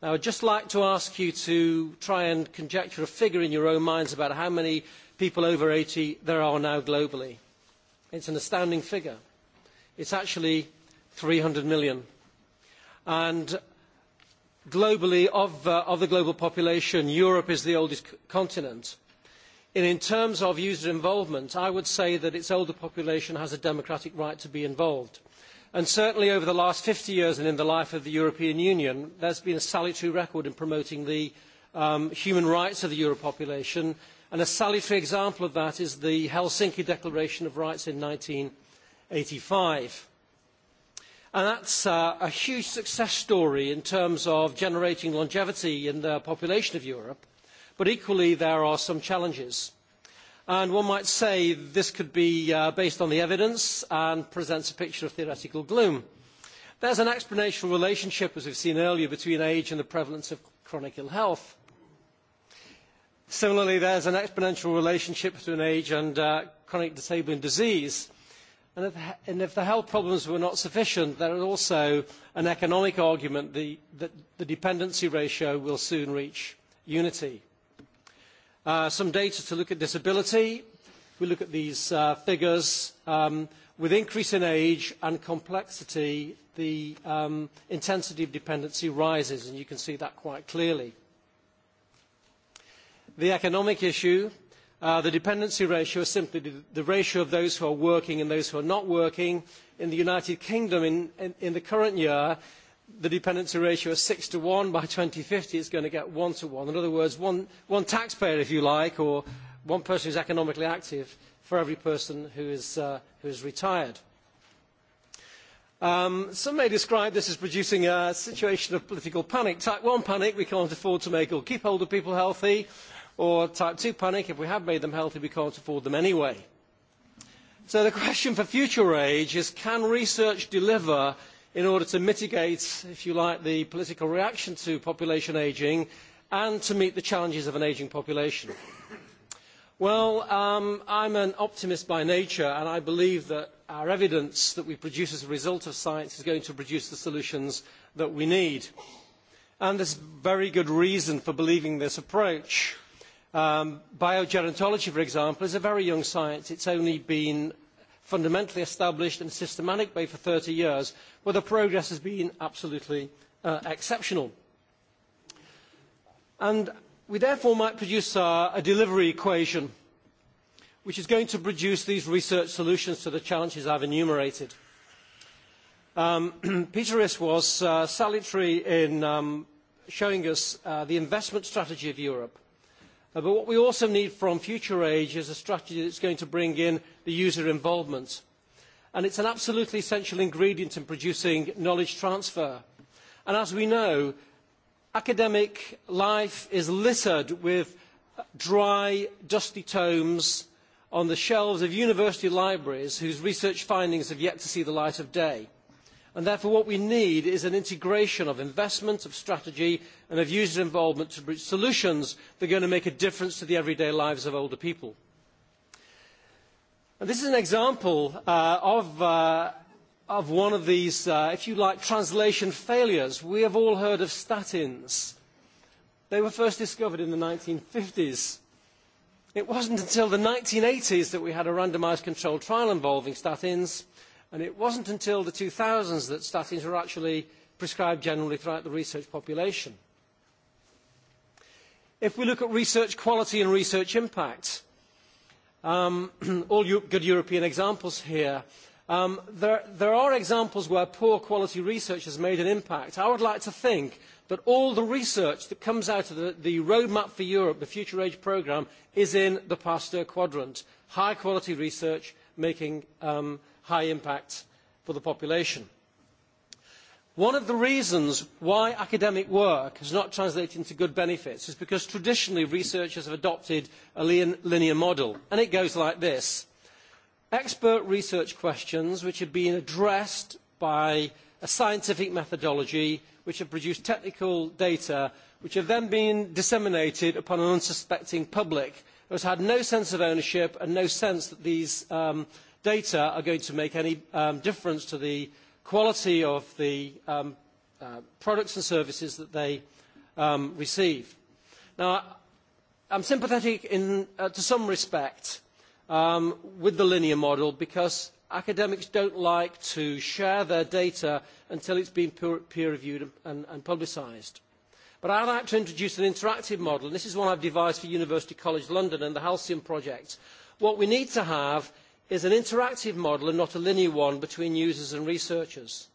Now, I would just like to ask you to try and conjecture a figure in your own minds about how many people over eighty there are now globally. It is an astounding figure. It is actually three hundred million. And globally of, the global population, Europe is the oldest continent. And in terms of user involvement, I would say that its older population has a democratic right to be involved. And certainly over the last fifty years and in the life of the European Union, there has been a salutary record in promoting the human rights of the Euro population. And a salutary example of that is the Helsinki Declaration of Rights in eighty five And that's uh, a huge success story in terms of generating longevity in the population of Europe. But equally, there are some challenges. And one might say this could be uh, based on the evidence and presents a picture of theoretical gloom. There's an exponential relationship, as we've seen earlier, between age and the prevalence of chronic ill health. Similarly, there is an exponential relationship between age and chronic disabling disease. And if, the health problems were not sufficient, there is also an economic argument that the dependency ratio will soon reach unity. some data to look at disability. We look at these figures. with increase in age and complexity, the intensity of dependency rises, and you can see that quite clearly. The economic issue the dependency ratio is simply the ratio of those who are working and those who are not working. In the United Kingdom, in, the current year, the dependency ratio is six to one. By fifty it is going to get one to one. In other words, one, one taxpayer, if you like, or one person who is economically active for every person who is, retired. some may describe this as producing a situation of political panic. Type one panic, we cannot afford to make or keep older people healthy or type two panic if we have made them healthy we cannot afford them anyway. So the question for future age is can research deliver in order to mitigate, if you like, the political reaction to population ageing and to meet the challenges of an ageing population? Well, I am an optimist by nature, and I believe that our evidence that we produce as a result of science is going to produce the solutions that we need. And there is very good reason for believing this approach biogerontology, for example, is a very young science. It has only been fundamentally established in a systematic way for thirty years, where the progress has been absolutely exceptional. we therefore might produce a delivery equation which is going to produce these research solutions to the challenges I have enumerated. Ries was salutary in showing us the investment strategy of Europe but what we also need from Future Age is a strategy that is going to bring in the user involvement. And is an absolutely essential ingredient in producing knowledge transfer. And as we know, academic life is littered with dry, dusty tomes on the shelves of university libraries whose research findings have yet to see the light of day therefore what we need is an integration of investment of strategy and of user involvement to reach solutions that are going to make a difference to the everyday lives of older people. this is an example of one of these, if you like, translation failures. We have all heard of statins. They were first discovered in the 1950s. It wasn't until the 1980s that we had a randomised controlled trial involving statins, And it wasn't until the 2000s that statins were actually prescribed generally throughout the research population. If we look at research quality and research impact, um, all good European examples here, um, there, there are examples where poor quality research has made an impact. I would like to think that all the research that comes out of the, the Roadmap for Europe, the Future Age programme, is in the Pasteur quadrant. High quality research making um, – high impact for the population. One of the reasons why academic work has not translated into good benefits is because traditionally researchers have adopted a linear model, and it goes like this. Expert research questions which have been addressed by a scientific methodology which have produced technical data which have then been disseminated upon an unsuspecting public who has had no sense of ownership and no sense that these data are going to make any difference to the quality of the products and services that they receive. Now, I'm sympathetic in, to some respect with the linear model because academics don't like to share their data until it's been peer-reviewed and, and publicised. But I like to introduce an interactive model, and this is one I've devised for University College London and the Halcyon Project. What we need to have is an interactive model and not a linear one between users and researchers.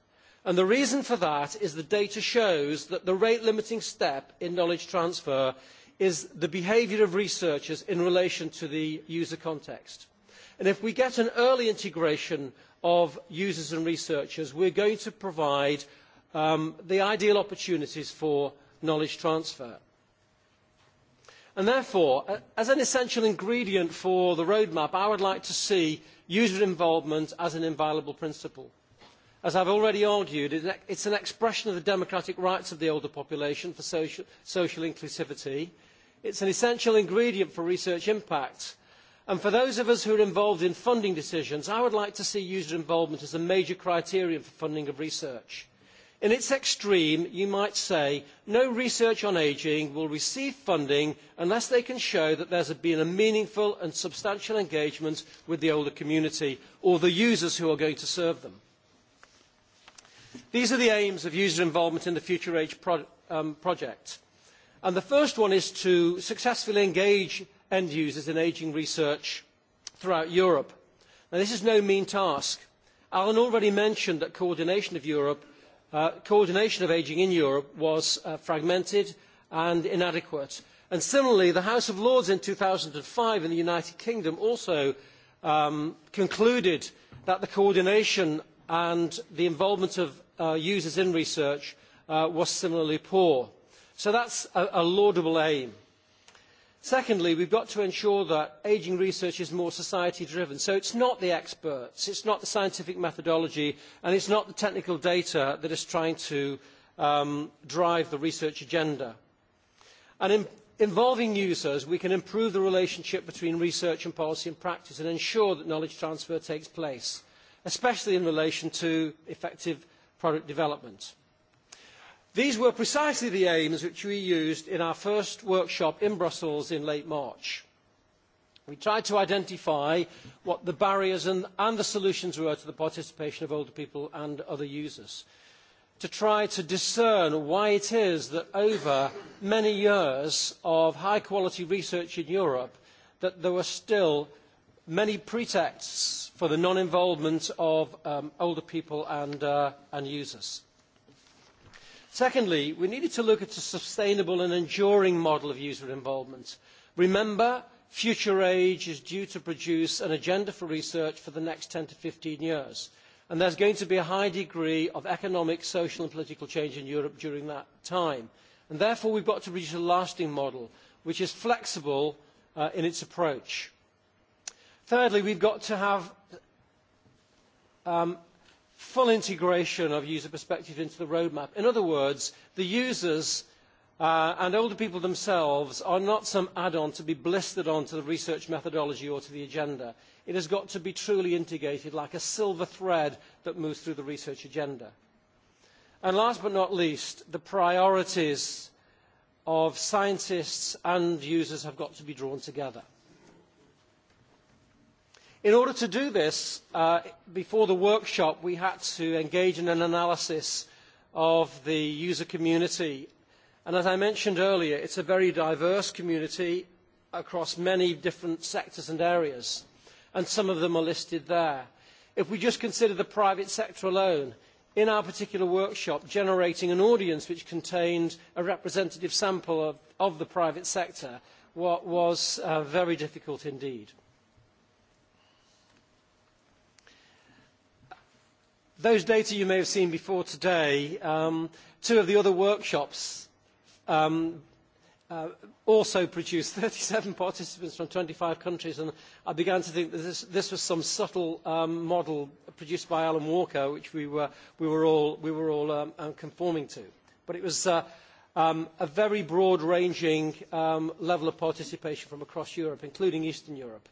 the reason for that is that the data shows that the rate limiting step in knowledge transfer is the behaviour of researchers in relation to the user context. if we get an early integration of users and researchers, we are going to provide the ideal opportunities for knowledge transfer therefore, as an essential ingredient for the roadmap, I would like to see user involvement as an inviolable principle. As I have already argued, it is an expression of the democratic rights of the older population for social, inclusivity. It is an essential ingredient for research impact. And for those of us who are involved in funding decisions, I would like to see user involvement as a major criterion for funding of research In its extreme, you might say no research on ageing will receive funding unless they can show that there has been a meaningful and substantial engagement with the older community or the users who are going to serve them. These are the aims of user involvement in the Future Age project. the first one is to successfully engage end users in ageing research throughout Europe. this is no mean task. Alan already mentioned that coordination of Europe coordination of ageing in Europe was fragmented and inadequate. similarly, the House of Lords in two thousand five in the United Kingdom also concluded that the coordination and the involvement of users in research was similarly poor. So that is a laudable aim Secondly, we have got to ensure that ageing research is more society driven. So it is not the experts, it is not the scientific methodology, and it is not the technical data that is trying to drive the research agenda. in involving users, we can improve the relationship between research and policy and practice and ensure that knowledge transfer takes place, especially in relation to effective product development. These were precisely the aims which we used in our first workshop in Brussels in late March. We tried to identify what the barriers and, the solutions were to the participation of older people and other users, to try to discern why it is that over many years of high-quality research in Europe that there were still many pretexts for the non-involvement of older people and users secondly we needed to look at a sustainable and enduring model of user involvement. remember future age is due to produce an agenda for research for the next ten to fifteen years and there is going to be a high degree of economic social and political change in europe during that time therefore we have got to reach a lasting model which is flexible in its approach. thirdly we have got to have full integration of user perspective into the roadmap. In other words, the users and older people themselves are not some add-on to be blistered onto the research methodology or to the agenda. It has got to be truly integrated like a silver thread that moves through the research agenda. And last but not least, the priorities of scientists and users have got to be drawn together. In order to do this, before the workshop, we had to engage in an analysis of the user community. And as I mentioned earlier, it is a very diverse community across many different sectors and areas, and some of them are listed there. If we just consider the private sector alone, in our particular workshop, generating an audience which contained a representative sample of, the private sector was very difficult indeed. Those data you may have seen before today, two of the other workshops also produced thirty seven participants from twenty five countries, and I began to think that this, this was some subtle um model produced by Alan Walker, which we were, we were all, we were all um conforming to. But it was uh, um a very broad-ranging um level of participation from across Europe, including Eastern Europe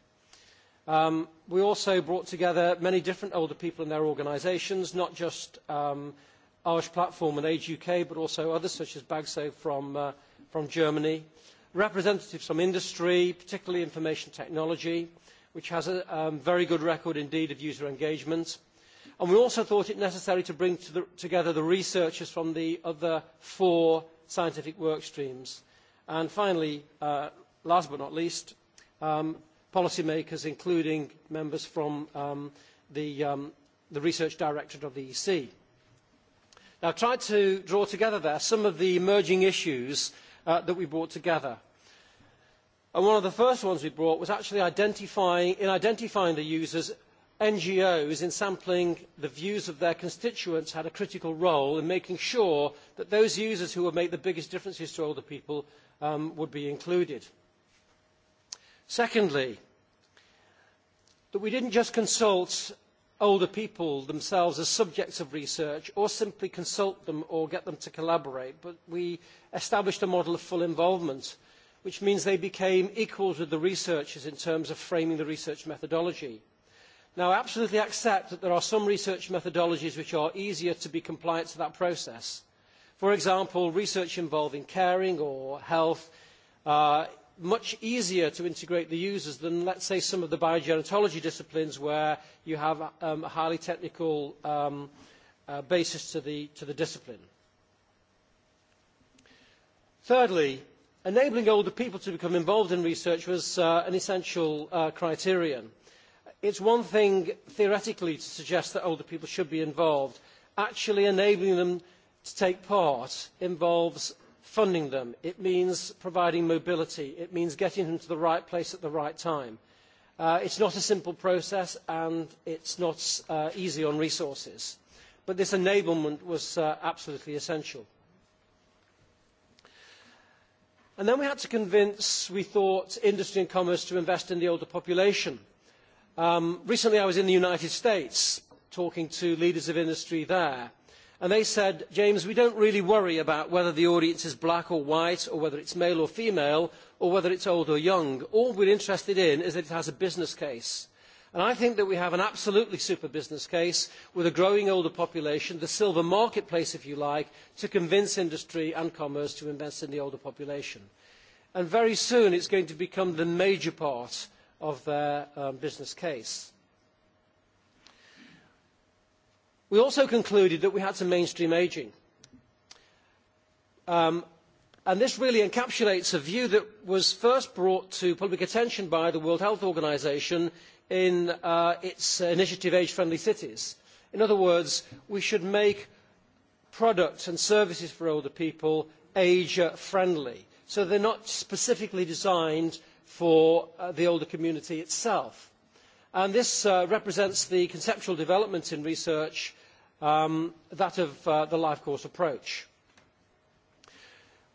we also brought together many different older people and their organisations, not just Irish Platform and Age UK, but also others such as Bagso from Germany, representatives from industry, particularly information technology, which has a very good record indeed of user engagement. And we also thought it necessary to bring together the researchers from the other four scientific work streams. And finally, last but not least, policymakers, including members from the, Research Directorate of the EC. I have tried to draw together there some of the emerging issues that we brought together. And one of the first ones we brought was actually identifying, in identifying the users, NGOs in sampling the views of their constituents had a critical role in making sure that those users who would make the biggest differences to older people would be included. Secondly, that we did not just consult older people themselves as subjects of research or simply consult them or get them to collaborate, but we established a model of full involvement, which means they became equals with the researchers in terms of framing the research methodology. Now, I absolutely accept that there are some research methodologies which are easier to be compliant to that process. For example, research involving caring or health much easier to integrate the users than, let us say, some of the biogerontology disciplines where you have a highly technical basis to the discipline. Thirdly, enabling older people to become involved in research was an essential criterion. It is one thing theoretically to suggest that older people should be involved. Actually enabling them to take part involves funding them. It means providing mobility. It means getting them to the right place at the right time. It is not a simple process and it is not easy on resources. But this enablement was absolutely essential. And then we had to convince, we thought, industry and commerce to invest in the older population. recently I was in the United States talking to leaders of industry there and they said james we do not really worry about whether the audience is black or white or whether it is male or female or whether it is old or young all we are interested in is that it has a business case and i think that we have an absolutely super business case with a growing older population the silver marketplace if you like to convince industry and commerce to invest in the older population and very soon it is going to become the major part of their business case. We also concluded that we had to mainstream ageing. and this really encapsulates a view that was first brought to public attention by the World Health Organisation in its initiative Age Friendly Cities. In other words, we should make products and services for older people age friendly so they are not specifically designed for the older community itself this represents the conceptual development in research that of the life course approach.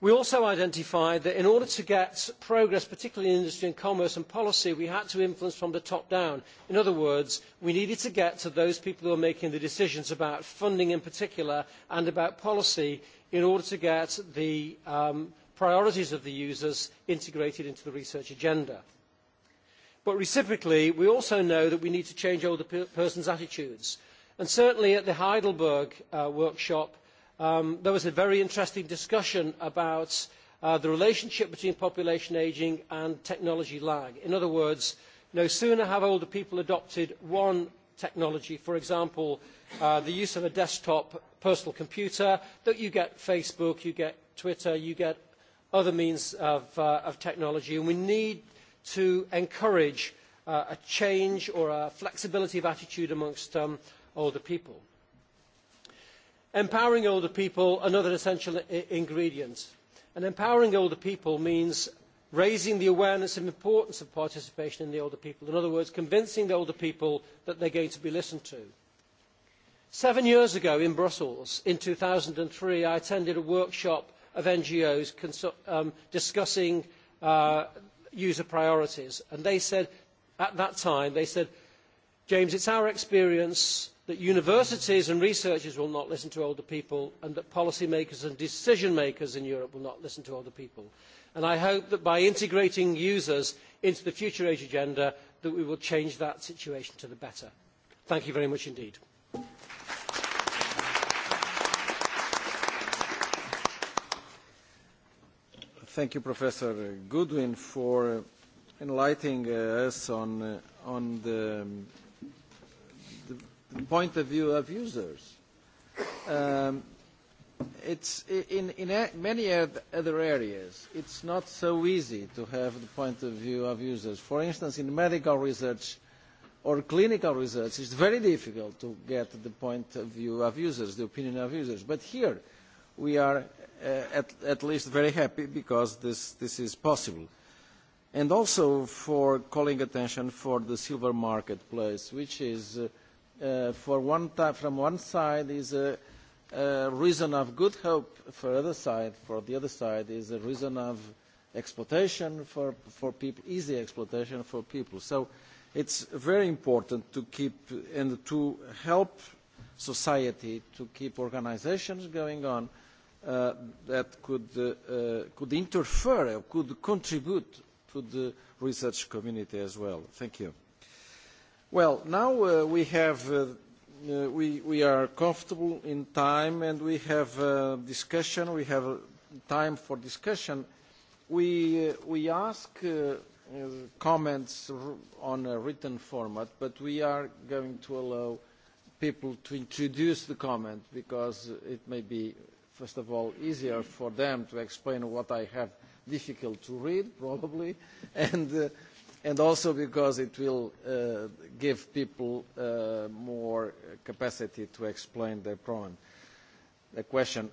We also identified that in order to get progress, particularly in industry and commerce and policy, we had to influence from the top down. In other words, we needed to get to those people who are making the decisions about funding in particular and about policy in order to get the priorities of the users integrated into the research agenda. But reciprocally, we also know that we need to change older persons' attitudes. And certainly at the Heidelberg workshop, there was a very interesting discussion about the relationship between population ageing and technology lag. In other words, no sooner have older people adopted one technology, for example, the use of a desktop personal computer, that you get Facebook, you get Twitter, you get other means of, technology. And we need to encourage a change or a flexibility of attitude amongst older people. Empowering older people, another essential ingredient. And empowering older people means raising the awareness and importance of participation in the older people. In other words, convincing the older people that they are going to be listened to. Seven years ago in Brussels, in two thousand three I attended a workshop of NGOs discussing user priorities. And they said, at that time, they said, James, it's our experience that universities and researchers will not listen to older people and that policymakers and decision makers in Europe will not listen to older people. And I hope that by integrating users into the future age agenda, that we will change that situation to the better. Thank you very much indeed. thank you, Professor Goodwin, for enlightening us on, on the, the point of view of users. Um, it's in, in many other areas, it's not so easy to have the point of view of users. For instance, in medical research or clinical research, it's very difficult to get the point of view of users, the opinion of users. But here, we are at, least very happy because this, this is possible. And also for calling attention for the silver marketplace, which is for one from one side is a, a reason of good hope, for other side, for the other side is a reason of exploitation for, for people, easy exploitation for people. So it's very important to keep and to help society to keep organisations going on that could interfere or could contribute to the research community as well. Thank you. Well, now we have we are comfortable in time, and we have discussion. We have time for discussion. We ask comments on a written format, but we are going to allow people to introduce the comment because it may be first of all, easier for them to explain what I have difficult to read, probably, and, and also because it will give people more capacity to explain their problem. The question.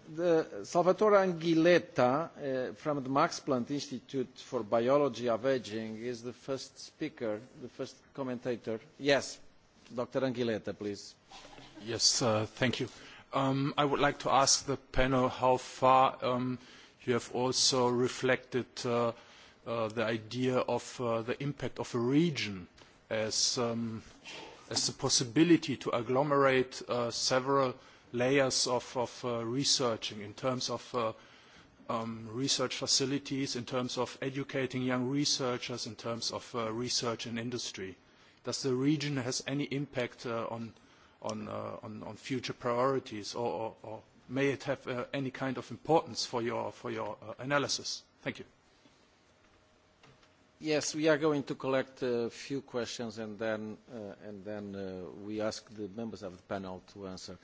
Salvatore uh from the Max Planck Institute for Biology of Aging is the first speaker, the first commentator. Yes, Dr. Anguileta, please. Yes, thank you. I would like to ask the panel how far you have also reflected the idea of the impact of a region as the possibility to agglomerate several layers of researching in terms of research facilities, in terms of educating young researchers, in terms of research and industry. Does the region have any impact on on, on, on future priorities, or, or, or may it have uh, any kind of importance for your, for your uh, analysis? Thank you. Yes, we are going to collect a few questions and then, uh, and then uh, we ask the members of the panel to answer.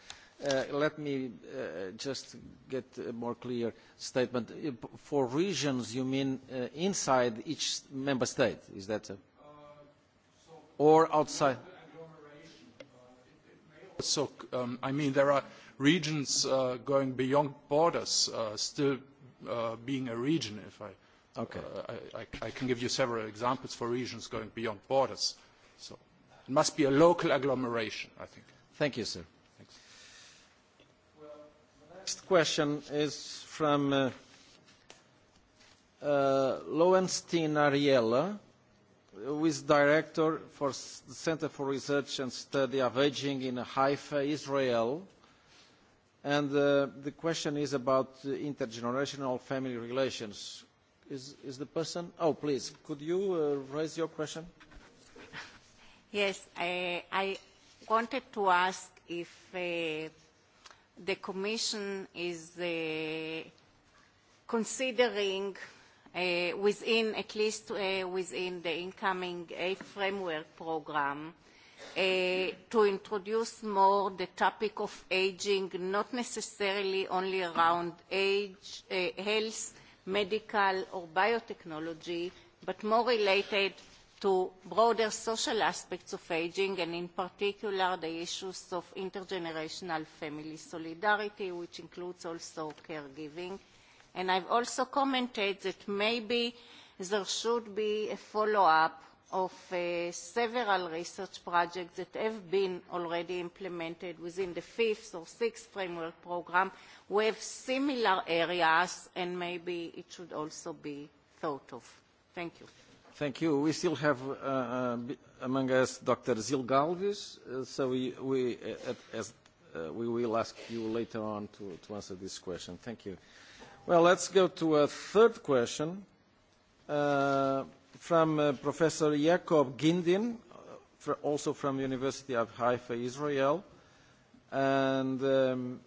Uh, let me uh, just get a more clear statement. For regions, you mean uh, inside each member state? Is that a, or outside? So, I mean, there are regions going beyond borders still being a region, if I... Okay. I can give you several examples for regions going beyond borders. So it must be a local agglomeration, I think. Thank you, sir. Thanks. Well, the next question is from Lowenstein Ariella who is director for the Center for Research and Study of Aging in Haifa, Israel. And the question is about intergenerational family relations. Is, is the person? Oh, please, could you raise your question? Yes, I, I wanted to ask if the Commission is considering within, at least within the incoming A framework program, to introduce more the topic of aging, not necessarily only around age, health, medical, or biotechnology, but more related to broader social aspects of aging, and in particular, the issues of intergenerational family solidarity, which includes also caregiving And I've also commented that maybe there should be a follow-up of uh, several research projects that have been already implemented within the fifth or sixth framework program with similar areas, and maybe it should also be thought of. Thank you. Thank you. We still have uh, uh, among us Dr. Zil Galvis, uh, so we, we, uh, as, uh, we will ask you later on to, to answer this question. Thank you. Well, let's go to a third question from Professor Jacob Gindin, also from University of Haifa, Israel. And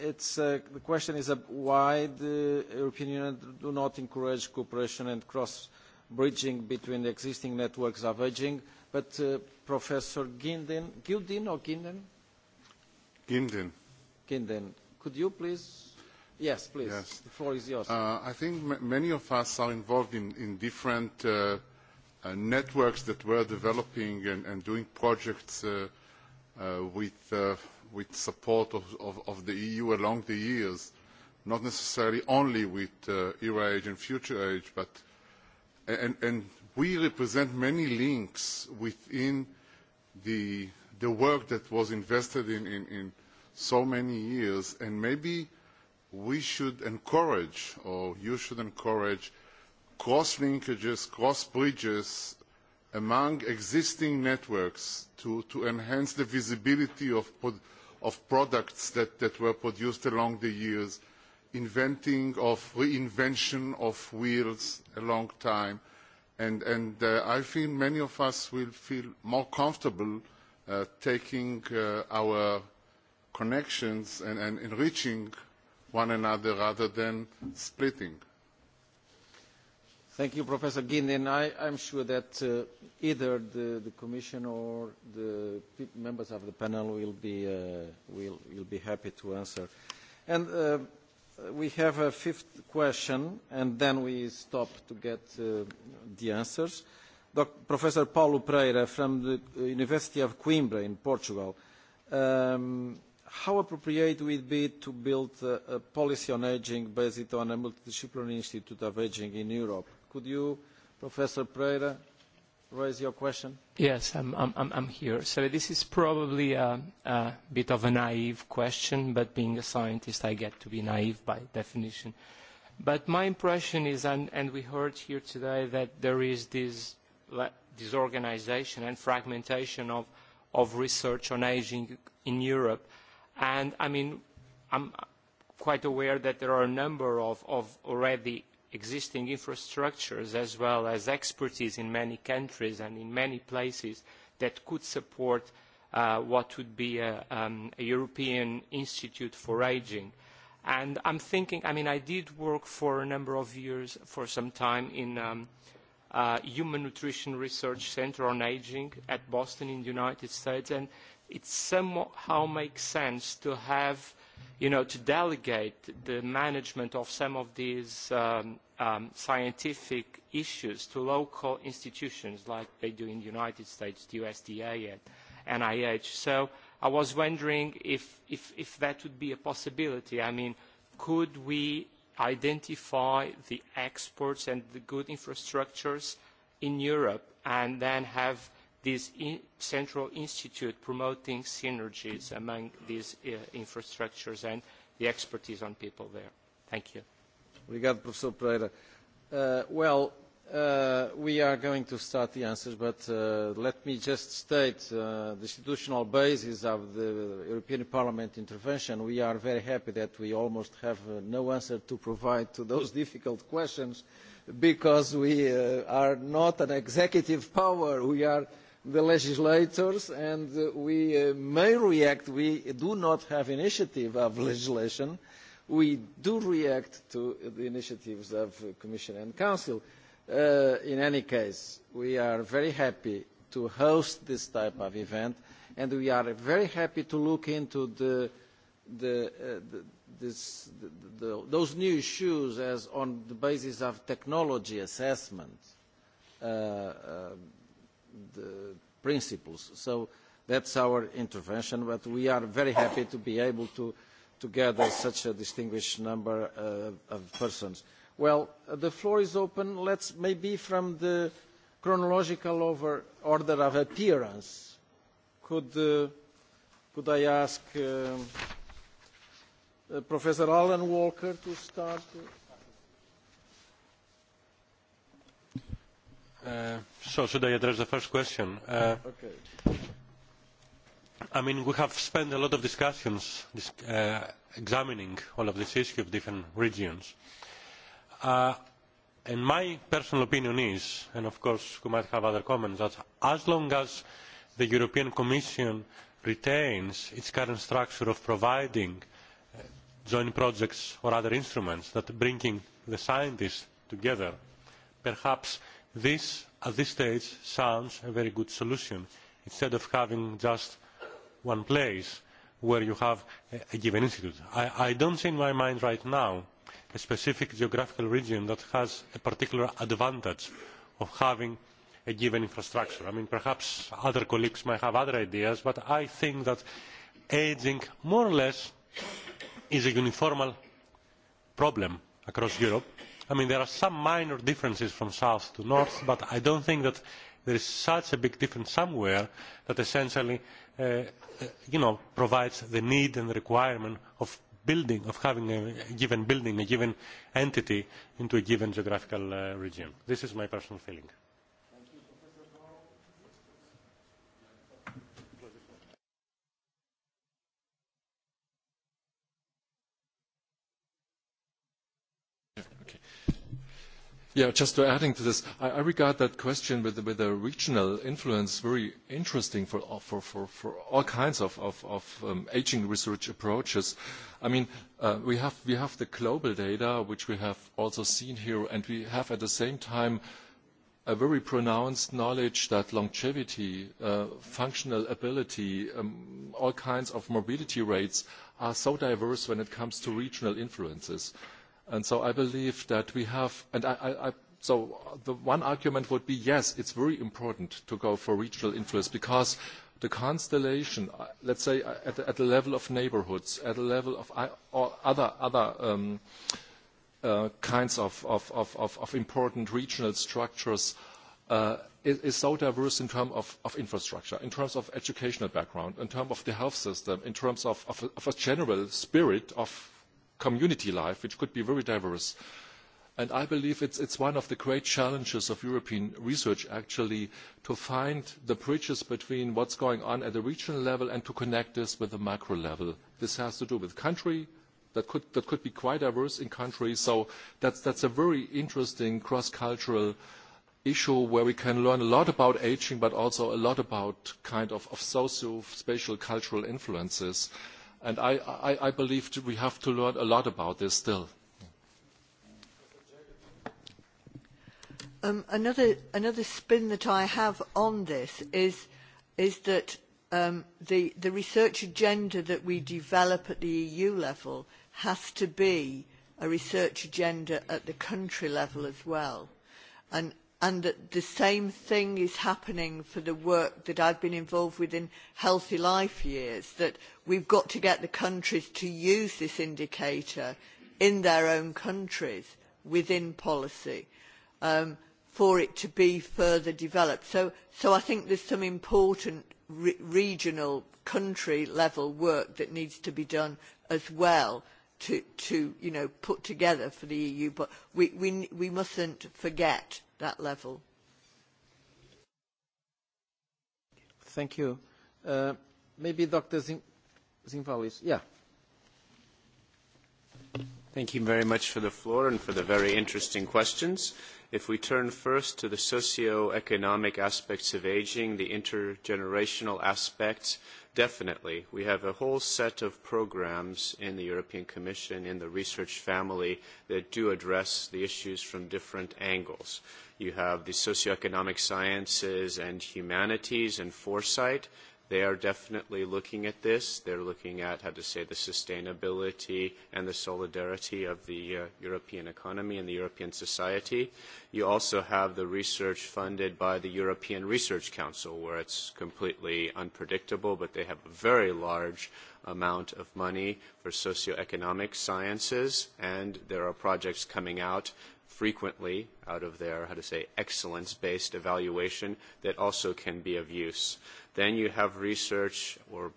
it's, uh the question is uh why the European Union do not encourage cooperation and cross-bridging between the existing networks of aging. But uh Professor Gindin, Gildin or Gindin? Gindin. Gindin. Could you please Yes, please. Yes. The floor is yours. Uh, I think m- many of us are involved in, in different uh, uh, networks that we're developing and, and doing projects uh, uh, with, uh, with support of, of, of the EU along the years, not necessarily only with uh, ERA Age and Future Age, but and, and we represent many links within the, the work that was invested in, in, in so many years, and maybe – we should encourage, or you should encourage, cross linkages, cross bridges among existing networks to, to enhance the visibility of, of products that, that were produced along the years, inventing of reinvention of wheels a long time. And, and uh, I think many of us will feel more comfortable uh, taking uh, our connections and, and enriching one another rather than splitting. Thank you, Professor Gindin. I, I'm sure that uh, either the, the Commission or the members of the panel will be, uh, will, will be happy to answer. And uh, we have a fifth question, and then we stop to get uh, the answers. Doc, Professor Paulo Pereira from the University of Coimbra in Portugal. Um, how appropriate would it be to build a policy on ageing based on a multidisciplinary institute of ageing in Europe? Could you, Professor Pereira, raise your question? Yes, I'm, I'm, I'm here. So this is probably a, a bit of a naive question, but being a scientist, I get to be naive by definition. But my impression is, and, and we heard here today, that there is this disorganization and fragmentation of, of research on aging in Europe – And I mean, I'm quite aware that there are a number of, already existing infrastructures as well as expertise in many countries and in many places that could support what would be a, European Institute for Aging. And I'm thinking, I mean, I did work for a number of years, for some time in Human Nutrition Research Center on Aging at Boston in the United States, and it somehow makes sense to have, you know, to delegate the management of some of these um, um, scientific issues to local institutions like they do in the United States, the USDA and NIH. So I was wondering if, if, if that would be a possibility. I mean, could we identify the exports and the good infrastructures in Europe and then have this central institute promoting synergies among these infrastructures and the expertise on people there. Thank you. Obrigado, professor Pereira. well, we are going to start the answers, but let me just state the institutional basis of the European Parliament intervention. We are very happy that we almost have no answer to provide to those difficult questions because we are not an executive power. We are the legislators and we may react. We do not have initiative of legislation. We do react to the initiatives of the Commission and Council in any case, we are very happy to host this type of event, and we are very happy to look into the, the, uh, this, the, those new issues as on the basis of technology assessment the principles. So that's our intervention, but we are very happy to be able to, to gather such a distinguished number of persons. Well, the floor is open. Let's maybe from the chronological over order of appearance. Could, uh, could I ask uh, uh, Professor Alan Walker to start? Uh, so should I address the first question? Uh, okay. I mean, we have spent a lot of discussions uh, examining all of this issue of different regions. Uh, and my personal opinion is and of course you might have other comments that as long as the european commission retains its current structure of providing joint projects or other instruments that bring the scientists together perhaps this at this stage sounds a very good solution instead of having just one place where you have a given institute. i do not see in my mind right now a specific geographical region that has a particular advantage of having a given infrastructure. perhaps other colleagues might have other ideas but i think that ageing more or less is a uniform problem across europe. there are some minor differences from south to north but i do not think that there is such a big difference somewhere that essentially provides the need and the requirement building, of having a given building, a given entity into a given geographical region. This is my personal feeling. Yeah, just adding to this, I regard that question with a regional influence very interesting for all kinds of aging research approaches. I mean, we have the global data, which we have also seen here, and we have, at the same time, a very pronounced knowledge that longevity, functional ability, all kinds of morbidity rates are so diverse when it comes to regional influences. And so I believe that we have, and I, I, I so the one argument would be yes, it's very important to go for regional influence because the constellation, let's say at the, at the level of neighborhoods, at the level of or other other um, uh, kinds of, of, of, of, of important regional structures, uh, is, is so diverse in terms of, of infrastructure, in terms of educational background, in terms of the health system, in terms of, of, of a general spirit of community life, which could be very diverse. And I believe it is one of the great challenges of European research, actually, to find the bridges between what is going on at the regional level and to connect this with the macro level. This has to do with country, that could, be quite diverse in countries. So that is a very interesting cross-cultural issue where we can learn a lot about ageing, but also a lot about kind of, of socio-spatial cultural influences. Uh, And I, I, I believe we have to learn a lot about this still. Um, another, another spin that I have on this is, is that um, the, the research agenda that we develop at the EU level has to be a research agenda at the country level as well. And, and that the same thing is happening for the work that I've been involved with in Healthy Life years, that we've got to get the countries to use this indicator in their own countries within policy um, for it to be further developed. So, so I think there's some important re regional country level work that needs to be done as well to, to you know, put together for the EU, but we, we, we mustn't forget that level. Thank you. Uh, maybe Dr. Zing Zimvalis. Yeah. Thank you very much for the floor and for the very interesting questions. If we turn first to the socio-economic aspects of aging, the intergenerational aspects, Definitely. We have a whole set of programs in the European Commission, in the research family, that do address the issues from different angles. You have the socioeconomic sciences and humanities and foresight, they are definitely looking at this. They're looking at how to say the sustainability and the solidarity of the uh, European economy and the European society. You also have the research funded by the European Research Council, where it's completely unpredictable, but they have a very large amount of money for socioeconomic sciences, and there are projects coming out frequently out of their, how to say, excellence-based evaluation that also can be of use. Then you have research, or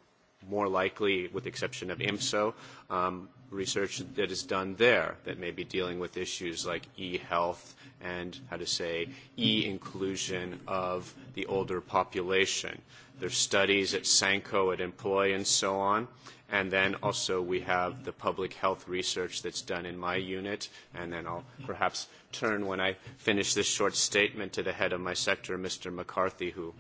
more likely, with the exception of IMSO, um, research that is done there that may be dealing with issues like e-health and how to say e-inclusion of the older population. There's studies at Sanko, at Employ, and so on. And then also we have the public health research that's done in my unit. And then I'll perhaps turn when I finish this short statement to the head of my sector, Mr. McCarthy, who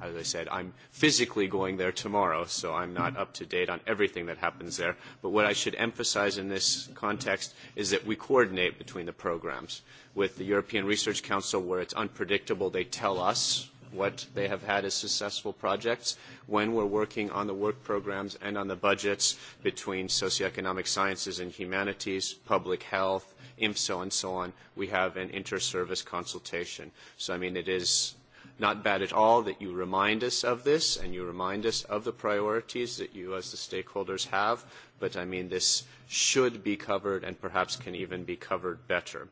as I said, I'm physically going there tomorrow, so I'm not up to date on everything that happens there. But what I should emphasize in this context is that we coordinate between the programs. With the European Research Council, where it's unpredictable, they tell us what they have had as successful projects. When we're working on the work programs and on the budgets between socioeconomic sciences and humanities, public health, IMSO, and so on, we have an inter-service consultation. So, I mean, it is not bad at all that you remind us of this and you remind us of the priorities that you as the stakeholders have, but I mean this should be covered and perhaps can even be covered better.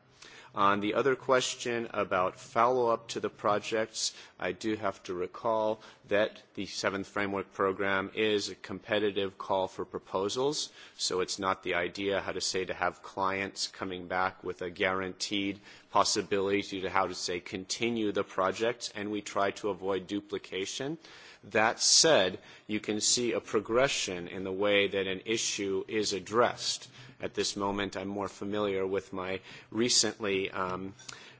On the other question about follow-up to the projects, I do have to recall that the seventh framework program is a competitive call for proposals. So it's not the idea how to say to have clients coming back with a guaranteed possibility to how to say continue the project and we try to avoid duplication. That said, you can see a progression in the way that an issue is addressed at this moment. I'm more familiar with my recently um,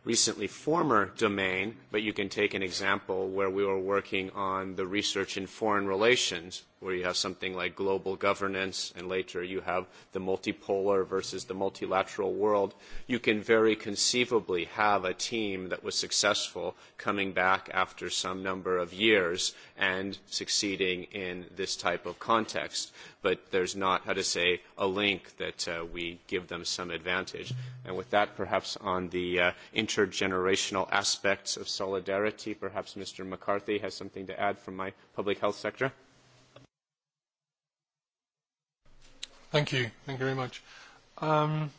recently former domain, but you can take an example where we were working on the research in foreign relations where you have something like global governance, and later you have the multipolar versus the multilateral world, you can very conceivably have a team that was successful coming back after some number of years and succeeding in this type of context. But there's not, how to say, a link that uh, we give them some advantage. And with that, perhaps on the uh, intergenerational aspects of solidarity, perhaps Mr. McCarthy has something to add from my public health sector. Thank you. Thank you very much. Um,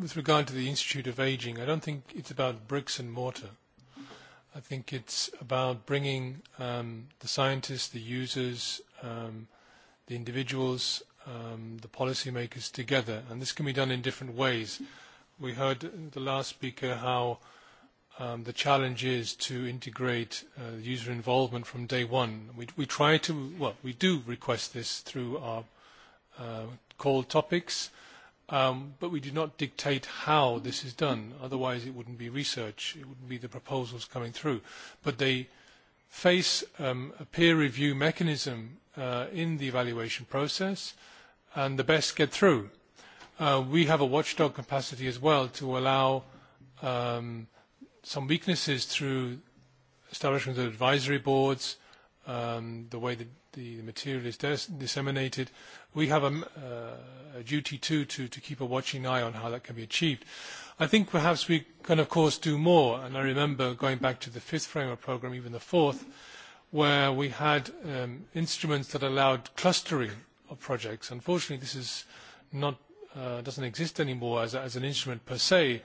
with regard to the Institute of Aging, I don't think it's about bricks and mortar. I think it's about bringing um, the scientists, the users, um, the individuals, um, the policymakers together. And this can be done in different ways. We heard the last speaker how um, the challenge is to integrate uh, user involvement from day one. We, we try to, well, we do request this through our – call topics, but we do not dictate how this is done. Otherwise, it wouldn't be research. It wouldn't be the proposals coming through. But they face a peer review mechanism in the evaluation process, and the best get through. we have a watchdog capacity as well to allow some weaknesses through establishment of advisory boards, the way that the material is disseminated. We have a duty too to keep a watching eye on how that can be achieved. I think perhaps we can, of course, do more. and I remember going back to the fifth framework programme, even the fourth, where we had instruments that allowed clustering of projects. Unfortunately, this is not doesn't exist anymore as as an instrument per se.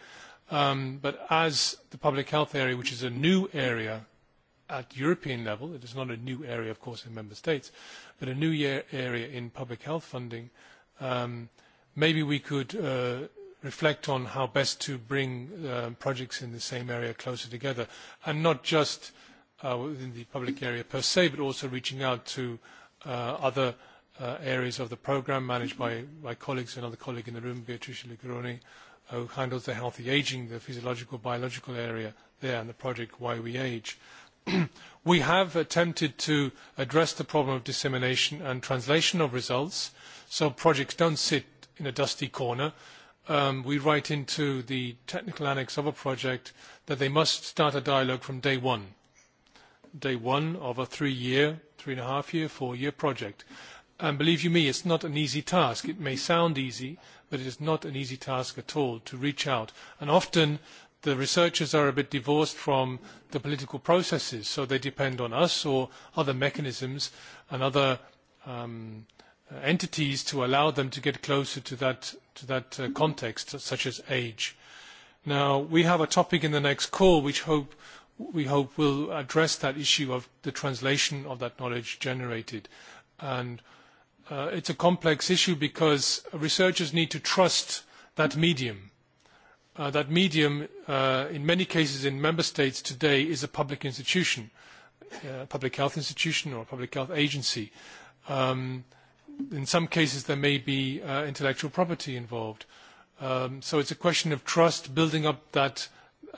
But As the public health area, which is a new area at European level, it is not a new area, of course, in member states, but a new year area in public health funding, maybe we could uh, reflect on how best to bring uh, projects in the same area closer together, and not just uh, within the public area per se, but also reaching out to uh, other uh, areas of the program managed by my colleagues, another colleague in the room, Beatrice Ligroni, who handles the healthy aging, the physiological, biological area there, and the project Why We Age we have attempted to address the problem of dissemination and translation of results so projects don't sit in a dusty corner. we write into the technical annex of a project that they must start a dialogue from day one, day one of a three-year, three-and-a-half-year, four-year project. And believe you me, it's not an easy task. It may sound easy, but it is not an easy task at all to reach out. And often the researchers are a bit divorced from the political processes, so they depend on us or other mechanisms and other um, entities to allow them to get closer to that, to that uh, context, such as age. Now, we have a topic in the next call which hope, we hope will address that issue of the translation of that knowledge generated. And uh, it's a complex issue because researchers need to trust that medium that medium, in many cases in member states today, is a public institution, a public health institution or a public health agency. in some cases, there may be intellectual property involved. so it's a question of trust, building up that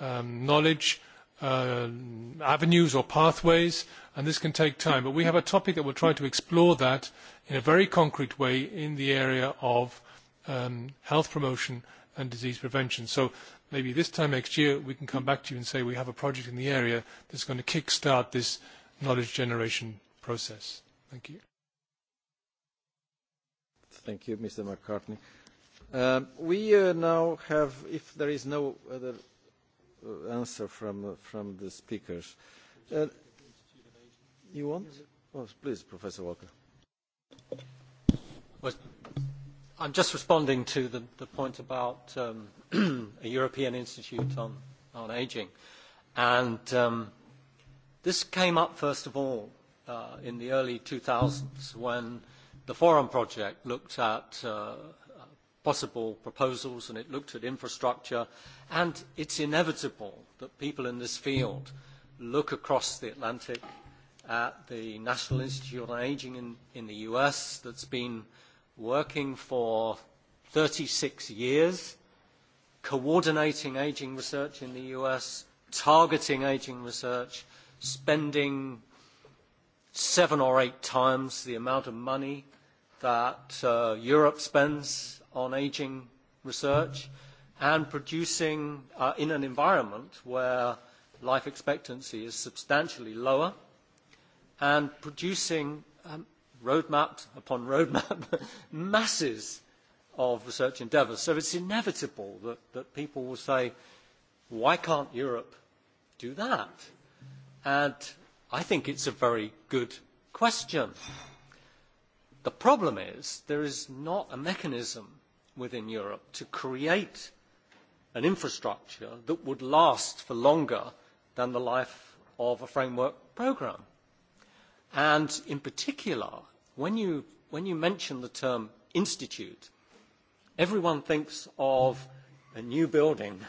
knowledge, avenues or pathways, and this can take time. But we have a topic that will try to explore that in a very concrete way in the area of health promotion and disease prevention. So maybe this time next year we can come back to you and say we have a project in the area that's going to kick-start this knowledge generation process. Thank you. Thank you, Mr. McCartney. Um, we uh, now have, if there is no other answer from, uh, from the speakers, uh, you want? Oh, please, Professor Walker. Well, I'm am just responding to the, the point about um, a European Institute on, on Aging. And um, this came up, first of all, uh, in the early 2000s when the Forum Project looked at uh, possible proposals and it looked at infrastructure. And it's inevitable that people in this field look across the Atlantic at the National Institute on Aging in, in the US that's been – working for 36 years, coordinating aging research in the US, targeting aging research, spending seven or eight times the amount of money that uh, Europe spends on aging research and producing uh, in an environment where life expectancy is substantially lower and producing um, roadmap upon roadmap, masses of research endeavours. So it's inevitable that, that people will say, why can't Europe do that? And I think it's a very good question. The problem is there is not a mechanism within Europe to create an infrastructure that would last for longer than the life of a framework programme And in particular, when you, when you mention the term institute, everyone thinks of a new building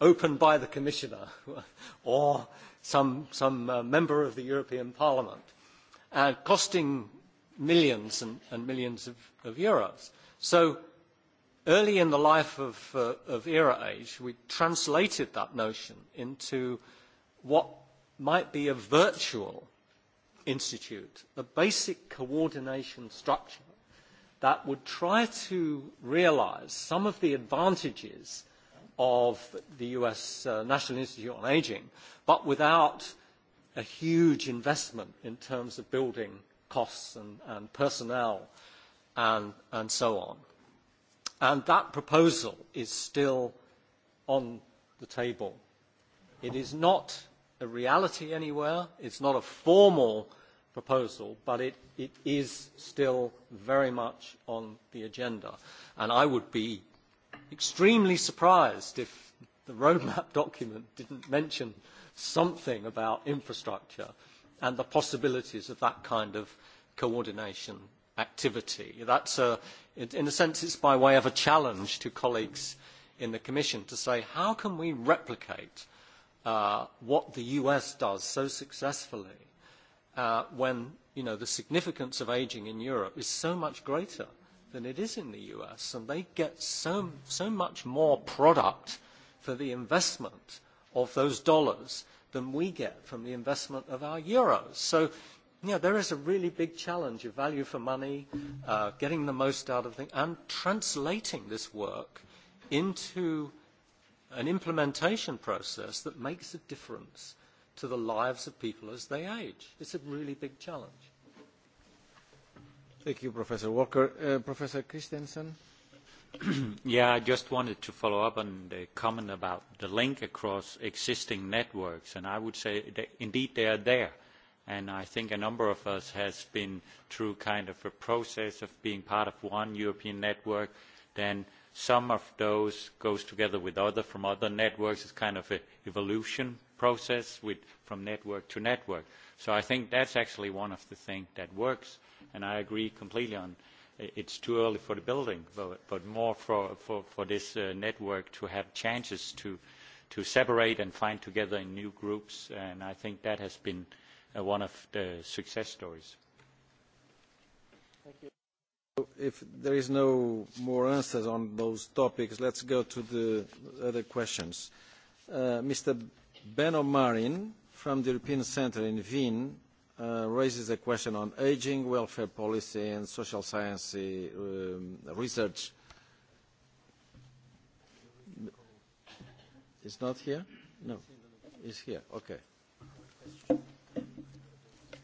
opened by the commissioner or some, some uh, member of the European Parliament and costing millions and, and millions of, of euros. So early in the life of, uh, of era age, we translated that notion into what might be a virtual Institute, a basic coordination structure that would try to realise some of the advantages of the US National Institute on Aging, but without a huge investment in terms of building costs and, and personnel and, and so on. And that proposal is still on the table. It is not a reality anywhere. It's not a formal proposal, but it, it is still very much on the agenda. And I would be extremely surprised if the roadmap document didn't mention something about infrastructure and the possibilities of that kind of coordination activity. That's a, in a sense, it's by way of a challenge to colleagues in the Commission to say, how can we replicate what the US does so successfully when you know, the significance of aging in Europe is so much greater than it is in the US, and they get so, so much more product for the investment of those dollars than we get from the investment of our euros. So you know, there is a really big challenge of value for money, uh, getting the most out of things, and translating this work into – an implementation process that makes a difference to the lives of people as they age. It's a really big challenge. Thank you, Professor Walker. Uh, Professor Christensen? yeah, I just wanted to follow up on the comment about the link across existing networks, and I would say that indeed they are there. And I think a number of us has been through kind of a process of being part of one European network, then Some of those goes together with other from other networks. It's kind of an evolution process with, from network to network. So I think that's actually one of the things that works, and I agree completely on it's too early for the building, but, but more for, for, for this uh, network to have chances to, to separate and find together in new groups, and I think that has been uh, one of the success stories. Thank you. If there is no more answers on those topics, let's go to the other questions. Mr. Ben O'Marin from the European Centre in Wien raises a question on ageing, welfare policy and social science research. Is not here? No. Is here. Okay.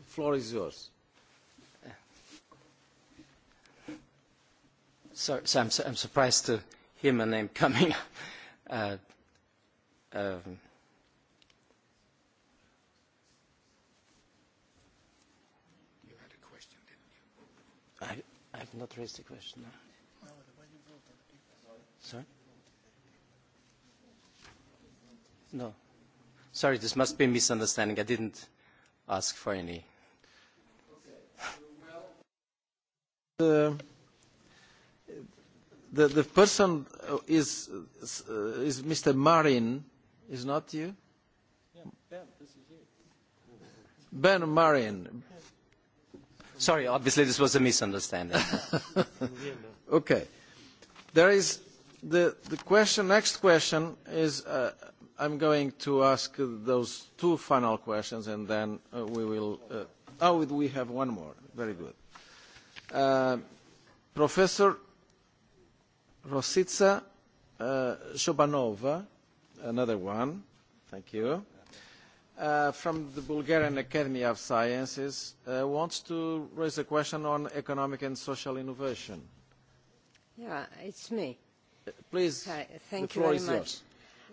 Floor is yours. So, so I'm, su I'm surprised to hear my name coming. uh, um, you had a question, didn't you? I, I've not raised a question. No. Sorry? No. Sorry, this must be a misunderstanding. I didn't ask for any. Okay. Well, the, the person is, is Mr. Marin, is not you? Yeah, ben, this is you. Ben Marin. Sorry, obviously this was a misunderstanding. okay. There is the, the question, next question is, uh, I'm going to ask those two final questions and then uh, we will, uh, oh, we have one more. Very good. Uh, Professor Rosica Shobanova, another one, thank you, from the Bulgarian Academy of Sciences, wants to raise a question on economic and social innovation. Yeah, it's me. Please, the floor is yours.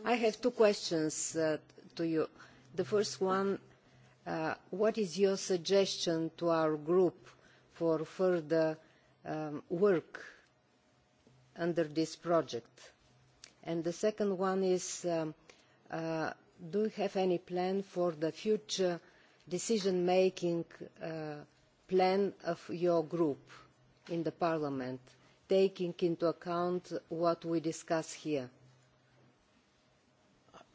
I have two questions to you. The first one, what is your suggestion to our group for further work under this project? And the second one is, do you have any plan for the future decision-making plan of your group in the Parliament, taking into account what we discuss here?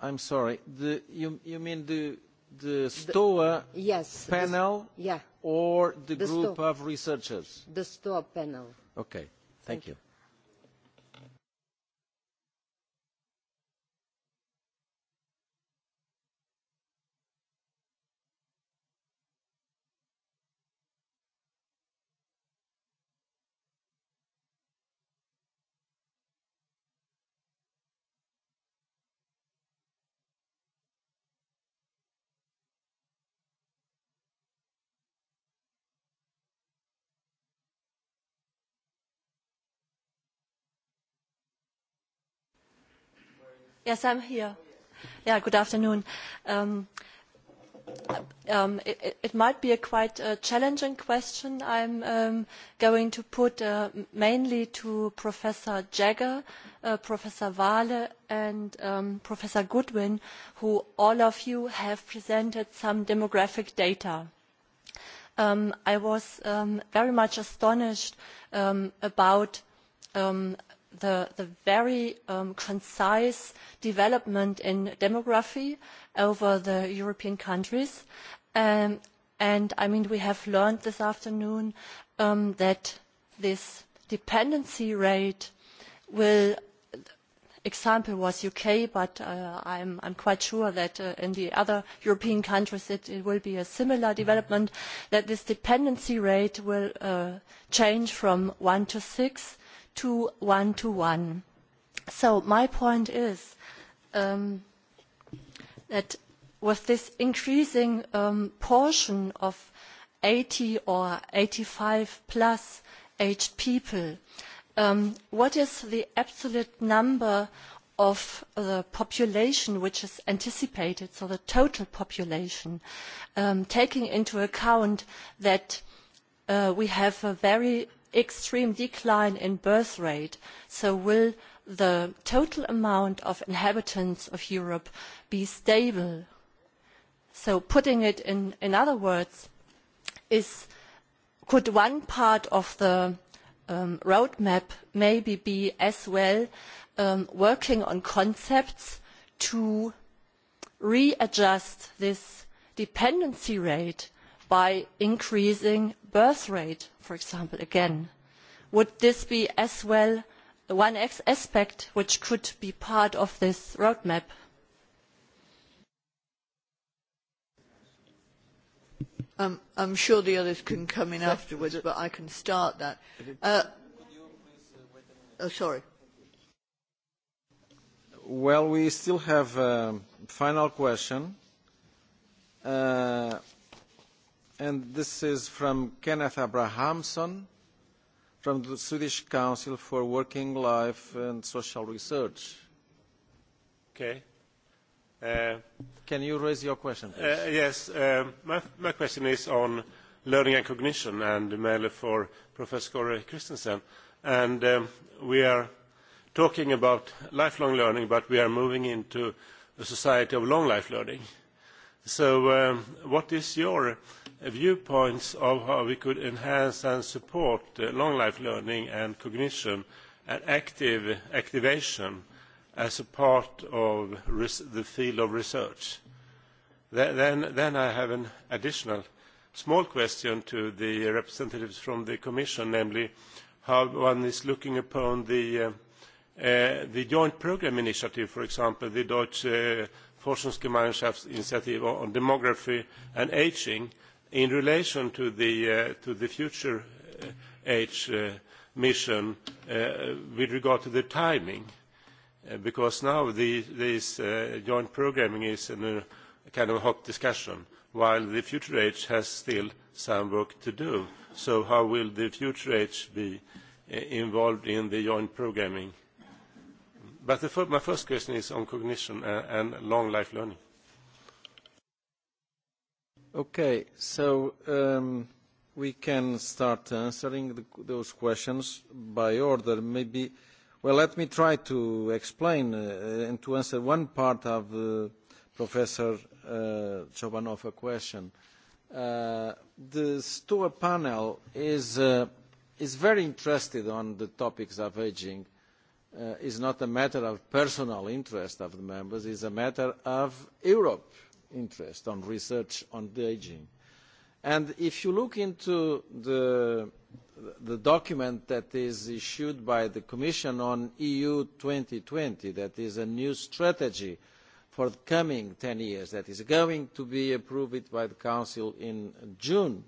I'm sorry, the, you, you mean the, the STOA yes, panel yeah. or the, group of researchers? The STOA panel. Okay, thank, you. Yes, I'm here. good afternoon. it, might be a quite challenging question I'm am going to put mainly to Professor Jagger, Professor Wahle and Professor Goodwin, who all of you have presented some demographic data. I was very much astonished about um, the, the very um, concise development in demography over the European countries. Um, and I mean, we have learned this afternoon um, that this dependency rate will example was UK, but uh, I'm, I'm quite sure that uh, in the other European countries it, it will be a similar development, that this dependency rate will uh, change from 1 to 6 to one to one. So my point is um, that with this increasing um, portion of 80 or 85 plus aged people, um, what is the absolute number of the population which is anticipated, so the total population, um, taking into account that uh, we have a very extreme decline in birth rate, so will the total amount of inhabitants of Europe be stable? So putting it in, in other words, is could one part of the roadmap maybe be as well working on concepts to readjust this dependency rate by increasing birth rate, for example, again? Would this be as well one aspect which could be part of this roadmap? Um, I'm sure the others can come in afterwards, but I can start that. Uh, oh, sorry. Well, we still have a final question. Uh, and this is from Kenneth Abrahamson from the Swedish Council for Working Life and Social Research. Okay. Uh, Can you raise your question, please? Uh, yes. Um, my, my question is on learning and cognition and mainly for Professor Gore Christensen. And um, we are talking about lifelong learning, but we are moving into a society of long life learning. So um, what is your viewpoints of how we could enhance and support long life learning and cognition and active activation as a part of the field of research. Then I have an additional small question to the representatives from the Commission, namely how one is looking upon the joint programme initiative, for example, the Deutsche Forschungsgemeinschaftsinitiative on demography and ageing, In relation to the to the future age mission with regard to the timing, because now the this uh joint programming is in a kind of hot discussion, while the future age has still some work to do. So how will the future age be involved in the joint programming? But the my first question is on cognition and and long life learning. Okay. So we can start answering those questions by order. Maybe, well, let me try to explain and to answer one part of Professor Chobanova's question. The STOA panel is very interested on the topics of aging. It's not a matter of personal interest of the members, it's a matter of Europe interest on research on aging. And if you look into the, the document that is issued by the Commission on EU twenty, that is a new strategy for the coming ten years, that is going to be approved by the Council in June,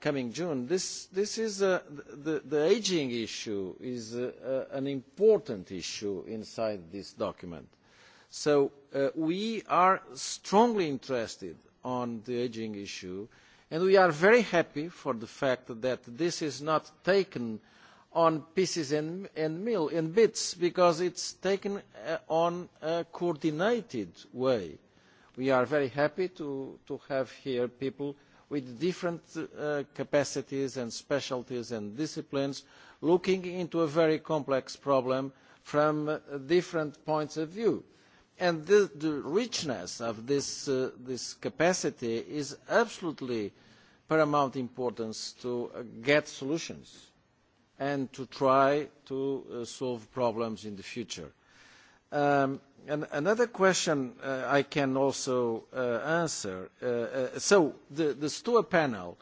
coming June, this, this is a, the, the aging issue is an important issue inside this document So we are strongly interested on the ageing issue, and we are very happy for the fact that this is not taken on pieces and, and meal and bits because it's taken on a coordinated way. We are very happy to, to have here people with different capacities and specialties and disciplines looking into a very complex problem from different points of view And the, the richness of this, uh, this capacity is absolutely paramount importance to uh, get solutions and to try to uh, solve problems in the future. Um, and another question uh, I can also uh, answer. Uh, uh, so the, the STOA panel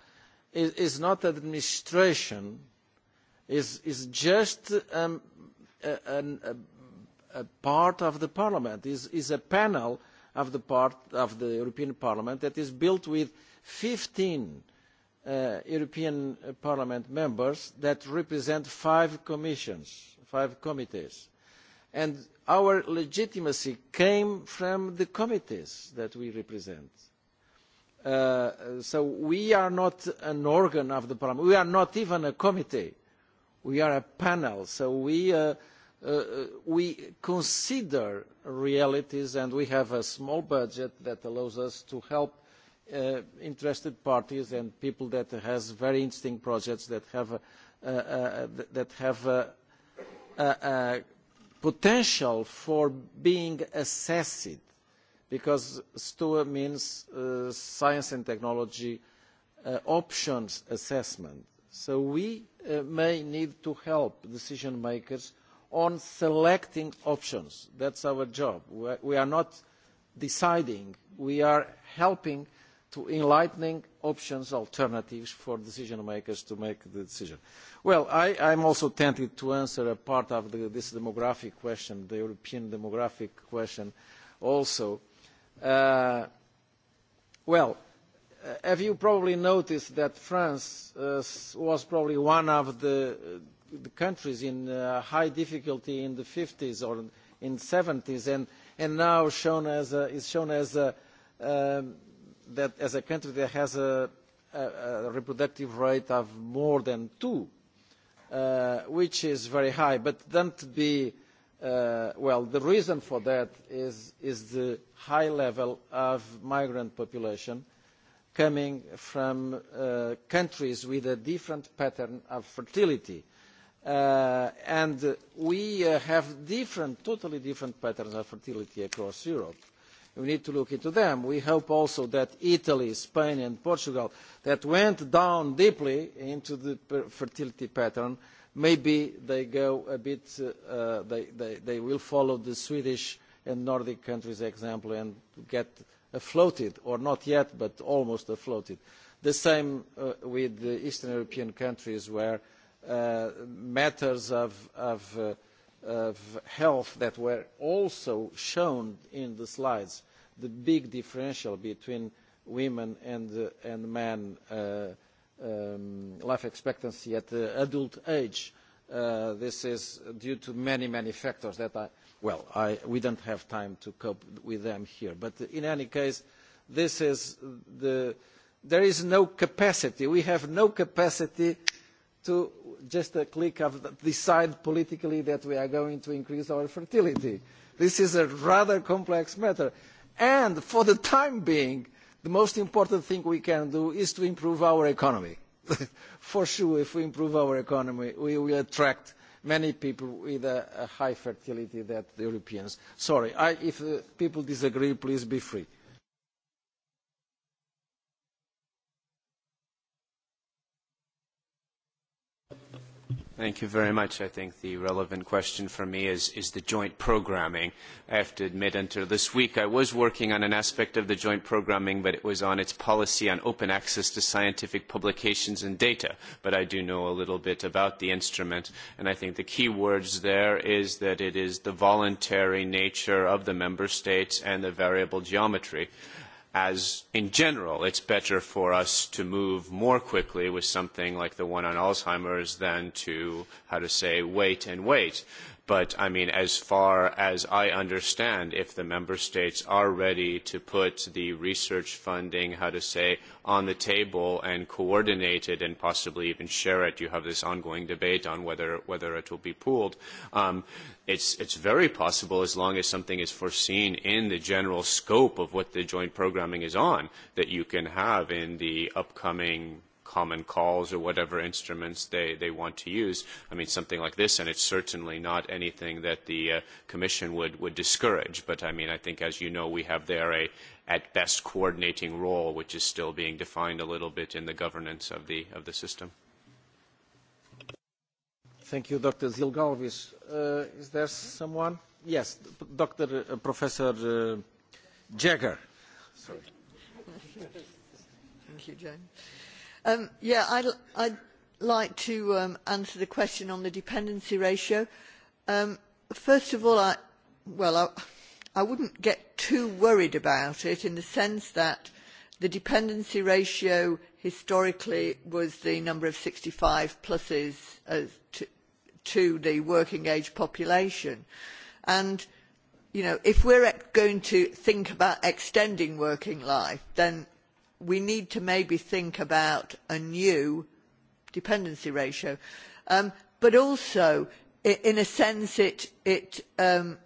is, is not administration, is, is just um, a, a, a a part of the parliament, is, is a panel of the part of the European Parliament that is built with fifteen European Parliament members that represent five commissions, five committees. And our legitimacy came from the committees that we represent. so we are not an organ of the Parliament. We are not even a committee. We are a panel. So we we consider realities and we have a small budget that allows us to help interested parties and people that have very interesting projects that have a potential for being assessed because STOA means science and technology options assessment. So we may need to help decision makers on selecting options. That's our job. We are not deciding. We are helping to enlightening options, alternatives for decision makers to make the decision. Well, I, I'm also tempted to answer a part of the, this demographic question, the European demographic question also. Uh, well, have you probably noticed that France uh, was probably one of the the countries in uh, high difficulty in the 50s or in 70s and, and now shown as a, is shown as a, um, that as a country that has a, a, a reproductive rate of more than two, uh, which is very high. But don't be, uh, well, the reason for that is, is the high level of migrant population coming from uh, countries with a different pattern of fertility and we have different, totally different patterns of fertility across Europe. We need to look into them. We hope also that Italy, Spain and Portugal, that went down deeply into the fertility pattern, maybe they go a bit, they, will follow the Swedish and Nordic countries example and get afloated or not yet, but almost afloated. The same with the Eastern European countries where matters of, health that were also shown in the slides, the big differential between women and, men life expectancy at the adult age. this is due to many, many factors that I, well, I, we don't have time to cope with them here. But in any case, this is the, there is no capacity. We have no capacity to just a click of decide politically that we are going to increase our fertility. This is a rather complex matter. And for the time being, the most important thing we can do is to improve our economy. for sure, if we improve our economy, we will attract many people with a, high fertility that the Europeans. Sorry, I, if people disagree, please be free. Thank you very much. I think the relevant question for me is, is the joint programming. I have to admit, until this week, I was working on an aspect of the joint programming, but it was on its policy on open access to scientific publications and data. But I do know a little bit about the instrument, and I think the key words there is that it is the voluntary nature of the member states and the variable geometry as in general, it's better for us to move more quickly with something like the one on Alzheimer's than to, how to say, wait and wait. But I mean, as far as I understand, if the member states are ready to put the research funding, how to say, on the table and coordinate it and possibly even share it, you have this ongoing debate on whether whether it will be pooled. Um, it's it's very possible as long as something is foreseen in the general scope of what the joint programming is on that you can have in the upcoming common calls or whatever instruments they, they want to use. I mean, something like this, and it's certainly not anything that the uh, Commission would, would discourage. But I mean, I think, as you know, we have there a, at best, coordinating role, which is still being defined a little bit in the governance of the, of the system. Thank you, Dr. Zilgalvis. Uh, is there someone? Yes, Dr. Uh, Professor uh, Jagger. Sorry. Thank you, Jane. Um, yeah, I'd, I'd like to um, answer the question on the dependency ratio. Um, first of all, I, well, I, I wouldn't get too worried about it in the sense that the dependency ratio historically was the number of 65 pluses as to, to the working age population. And, you know, if we're going to think about extending working life, then we need to maybe think about a new dependency ratio. Um, but also, in a sense, it, it um,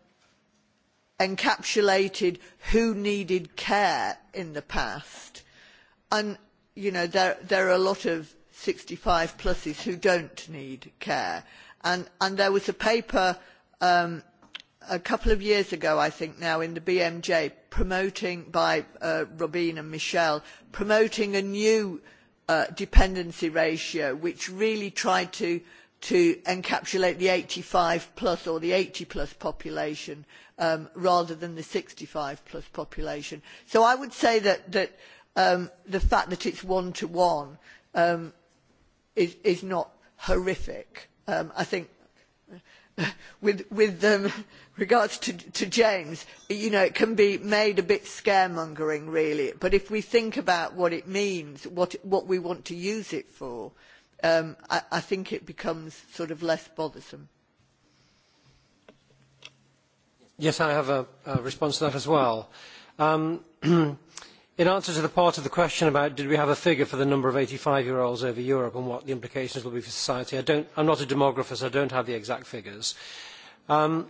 encapsulated who needed care in the past. And, you know, there, there are a lot of 65 pluses who don't need care. And, and there was a paper um, a couple of years ago, I think now, in the BMJ, promoting by uh, Robin and Michelle, promoting a new uh, dependency ratio, which really tried to to encapsulate the eighty five plus or the eighty plus population rather than the sixty five plus population. So I would say that, the fact that it is one to one is, not horrific. I think with with um, regards to, to James, you know, it can be made a bit scaremongering, really. But if we think about what it means, what what we want to use it for, um, I, I think it becomes sort of less bothersome. Yes, I have a, a response to that as well. Um, in answer to the part of the question about did we have a figure for the number of eighty five year olds over Europe and what the implications will be for society, I don't, not a demographer, so I don't have the exact figures. but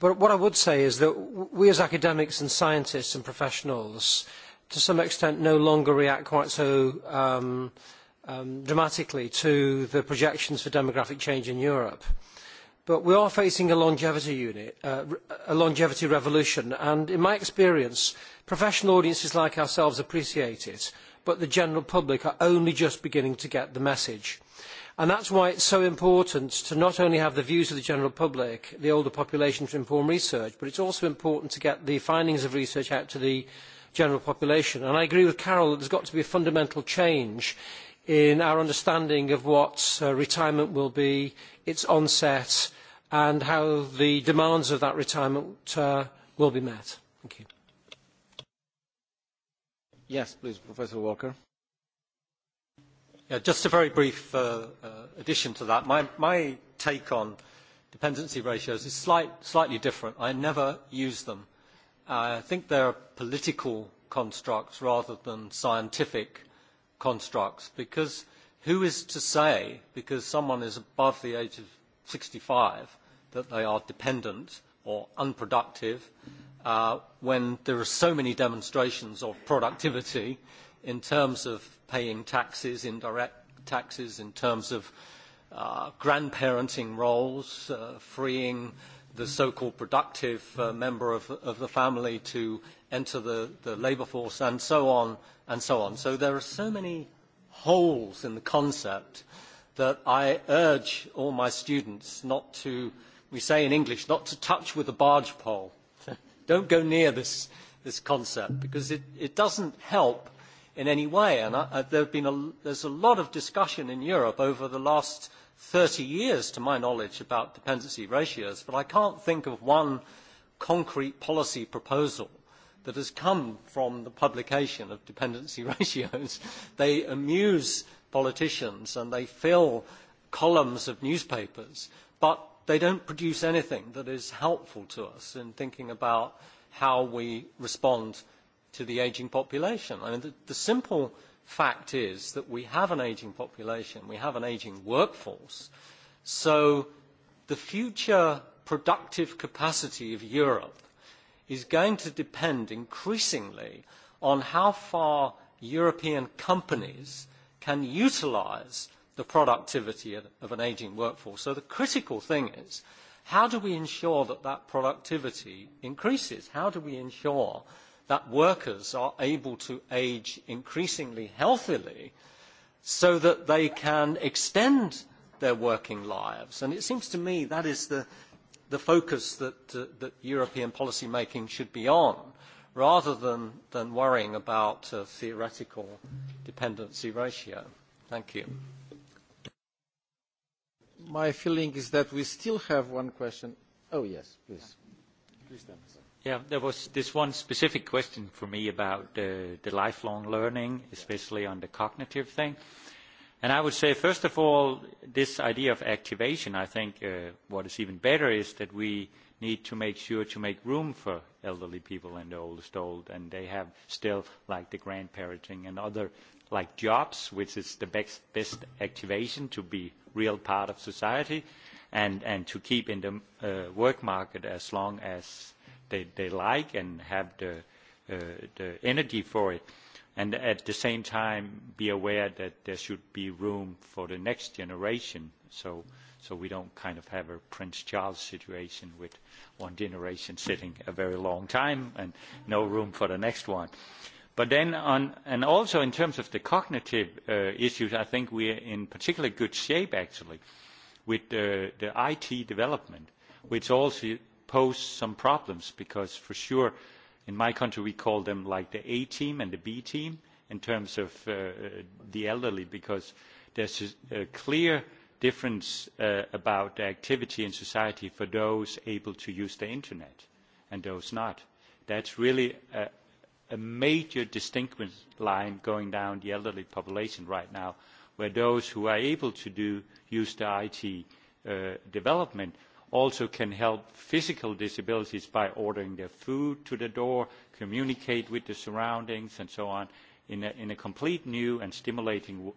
what I would say is that we as academics and scientists and professionals, to some extent, no longer react quite so dramatically to the projections for demographic change in Europe. But we are facing a longevity, unit, a longevity revolution, and in my experience, Professional audiences like ourselves appreciate it, but the general public are only just beginning to get the message. And is why it is so important to not only have the views of the general public, the older population, to inform research, but it is also important to get the findings of research out to the general population. I agree with Carol that there has got to be a fundamental change in our understanding of what retirement will be, its onset, and how the demands of that retirement will be met. Thank you. Professor Walker. Yeah, just a very brief uh, uh, addition to that. My, my take on dependency ratios is slight, slightly different. I never use them. I think they're political constructs rather than scientific constructs because who is to say, because someone is above the age of sixty five that they are dependent or unproductive when there are so many demonstrations of productivity in terms of paying taxes, indirect taxes, in terms of grandparenting roles, freeing the so-called productive member of, the family to enter the, the labour force, and so on and so on. So there are so many holes in the concept that I urge all my students not to, we say in English, not to touch with a barge pole Don't go near this, this concept because it, it doesn't help in any way. And I, I, there've been a, there's a lot of discussion in Europe over the last 30 years, to my knowledge, about dependency ratios, but I can't think of one concrete policy proposal that has come from the publication of dependency ratios. They amuse politicians and they fill columns of newspapers, but they don't produce anything that is helpful to us in thinking about how we respond to the ageing population. I mean, the, the simple fact is that we have an ageing population, we have an ageing workforce, so the future productive capacity of Europe is going to depend increasingly on how far European companies can utilise the productivity of an ageing workforce. So the critical thing is how do we ensure that that productivity increases? How do we ensure that workers are able to age increasingly healthily so that they can extend their working lives? And it seems to me that is the, the focus that, that European policy making should be on rather than, than worrying about a theoretical dependency ratio. Thank you my feeling is that we still have one question. Oh, yes, please. Yeah, there was this one specific question for me about uh the lifelong learning, especially on the cognitive thing. And I would say, first of all, this idea of activation, I think uh what is even better is that we need to make sure to make room for elderly people and the oldest old, and they have still like the grandparenting and other like jobs, which is the best, best activation to be real part of society and, and to keep in the uh, work market as long as they, they like and have the, uh, the energy for it. And at the same time, be aware that there should be room for the next generation. So, so we don't kind of have a Prince Charles situation with one generation sitting a very long time and no room for the next one. Uh, But then on, and also in terms of the cognitive uh, issues, I think we are in particularly good shape actually with uh, the IT development, which also poses some problems because for sure in my country we call them like the A team and the B team in terms of uh, the elderly because there's a clear difference uh, about the activity in society for those able to use the internet and those not. That's really a, a major distinction line going down the elderly population right now, where those who are able to do, use the IT uh, development also can help physical disabilities by ordering their food to the door, communicate with the surroundings and so on in a, in a complete new and stimulating w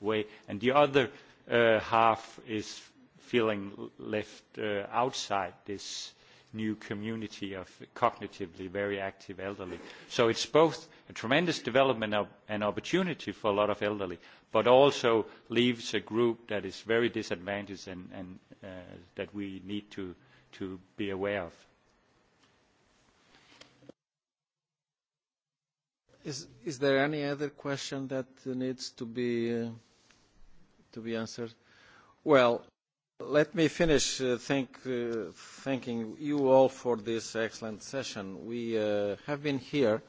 way. And the other uh, half is feeling left uh, outside this new community of cognitively very active elderly. So it's both a tremendous development of, and opportunity for a lot of elderly, but also leaves a group that is very disadvantaged and, and uh, that we need to, to be aware of. Is, is there any other question that needs to be, uh, to be answered? Well, Let me finish thanking you all for this excellent session. We have been here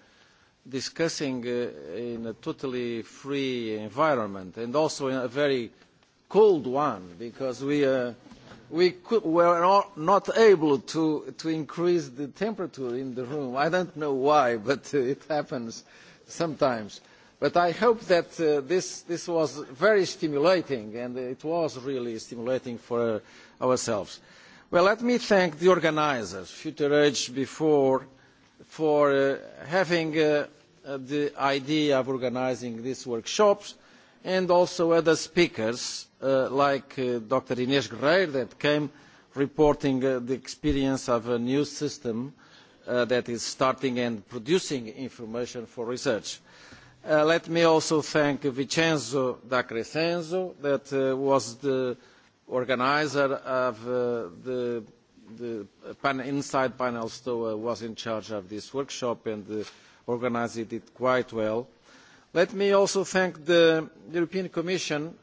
discussing in a totally free environment and also in a very cold one because we, we could, were not able to, to increase the temperature in the room. I don't know why, but it happens sometimes But I hope that this, this was very stimulating, and it was really stimulating for ourselves. Well, let me thank the organisers, Future Age before, for having the idea of organising these workshops, and also other speakers like Dr. ines Guerreiro that came reporting the experience of a new system that is starting and producing information for research let me also thank Vincenzo da Crescenzo, that was the organiser of the, Inside Panel Stoa, was in charge of this workshop and organised it quite well. Let me also thank the European Commission,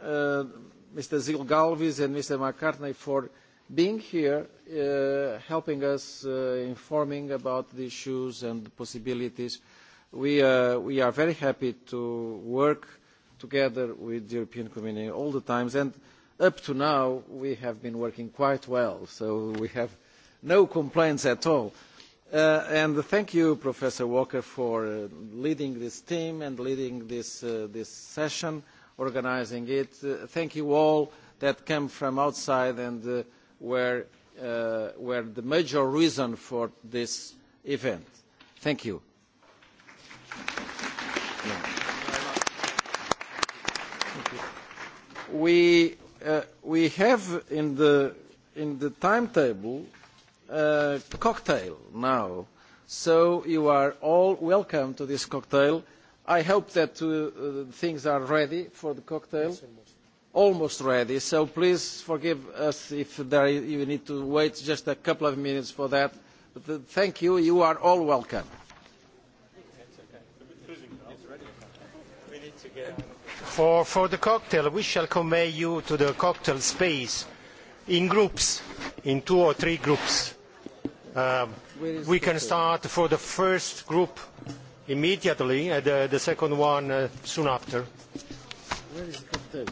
Mr. Zil Galvis and Mr. McCartney for being here, helping us, informing about the issues and the possibilities we, are very happy to work together with the European Community all the time. And up to now, we have been working quite well, so we have no complaints at all. and thank you, Professor Walker, for leading this team and leading this, session, organising it. thank you all that came from outside and were the major reason for this event. Thank you. We we have in the in the timetable a cocktail now, so you are all welcome to this cocktail. I hope that things are ready for the cocktail, almost ready. So please forgive us if there you need to wait just a couple of minutes for that. But thank you. You are all welcome. for, for the cocktail, we shall convey you to the cocktail space in groups, in two or three groups. we can start for the first group immediately, and the, the second one soon after. Where is the cocktail?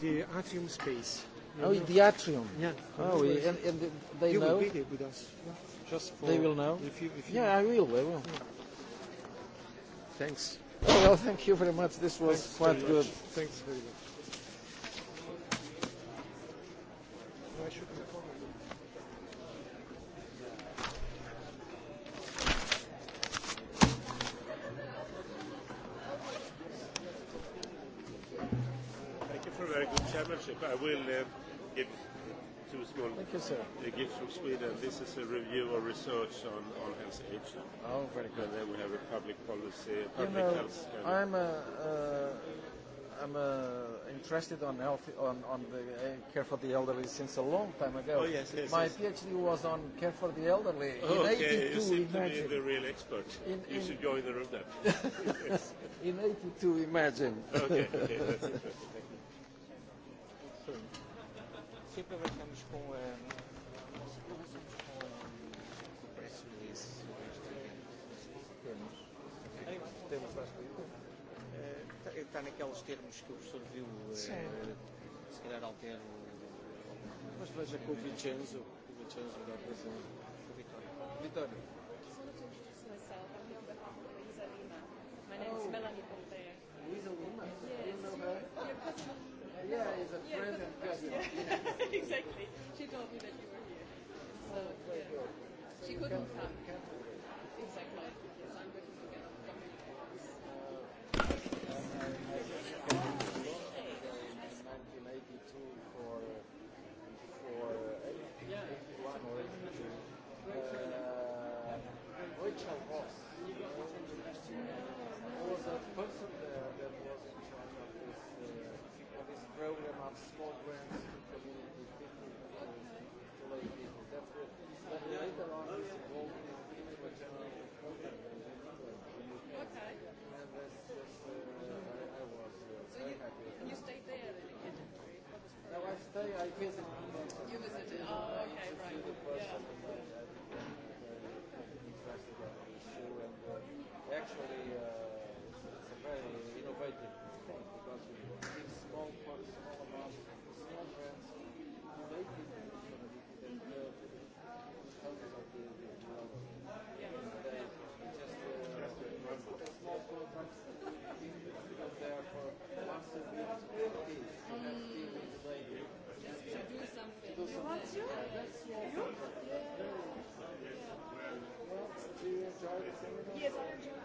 The atrium space. Oh, the atrium. Yeah. Oh, we, and, and they you know. will be there with us. Just for they will know. If you, if you yeah, I will. I will. Thanks. Well, thank you very much. This was Thanks quite very good. Much. Thanks very much. Thank you for a very good chairmanship. I will. Uh, useful. Thank you, sir. The gift from Sweden. This is a review of research on, on health aging. Oh, very good. And then we have a public policy, public you know, health. I'm a, uh, I'm a interested on health, on, on the uh, care for the elderly since a long time ago. Oh, yes, yes. My yes. PhD was on care for the elderly oh, in okay. 82. You seem imagine. to be the real expert. In, you in, should join the room then. in 82, imagine. Okay, okay. Thank you sempre arrancamos com a. com o press release Temos Está naqueles termos que o professor viu, se calhar altero. Mas veja com o Vincenzo, o Vincenzo da O Vitória. Vitória. Só não temos de seleção, a minha é o Gabriel Marisa Lima. My name is Melanie yeah, he's a yeah, friend and cousin. Yeah. exactly. She told me that you were here. So, yeah. She couldn't come. Exactly. visit. You visited. Oh, okay, right. Yeah. Actually, Yes, I am.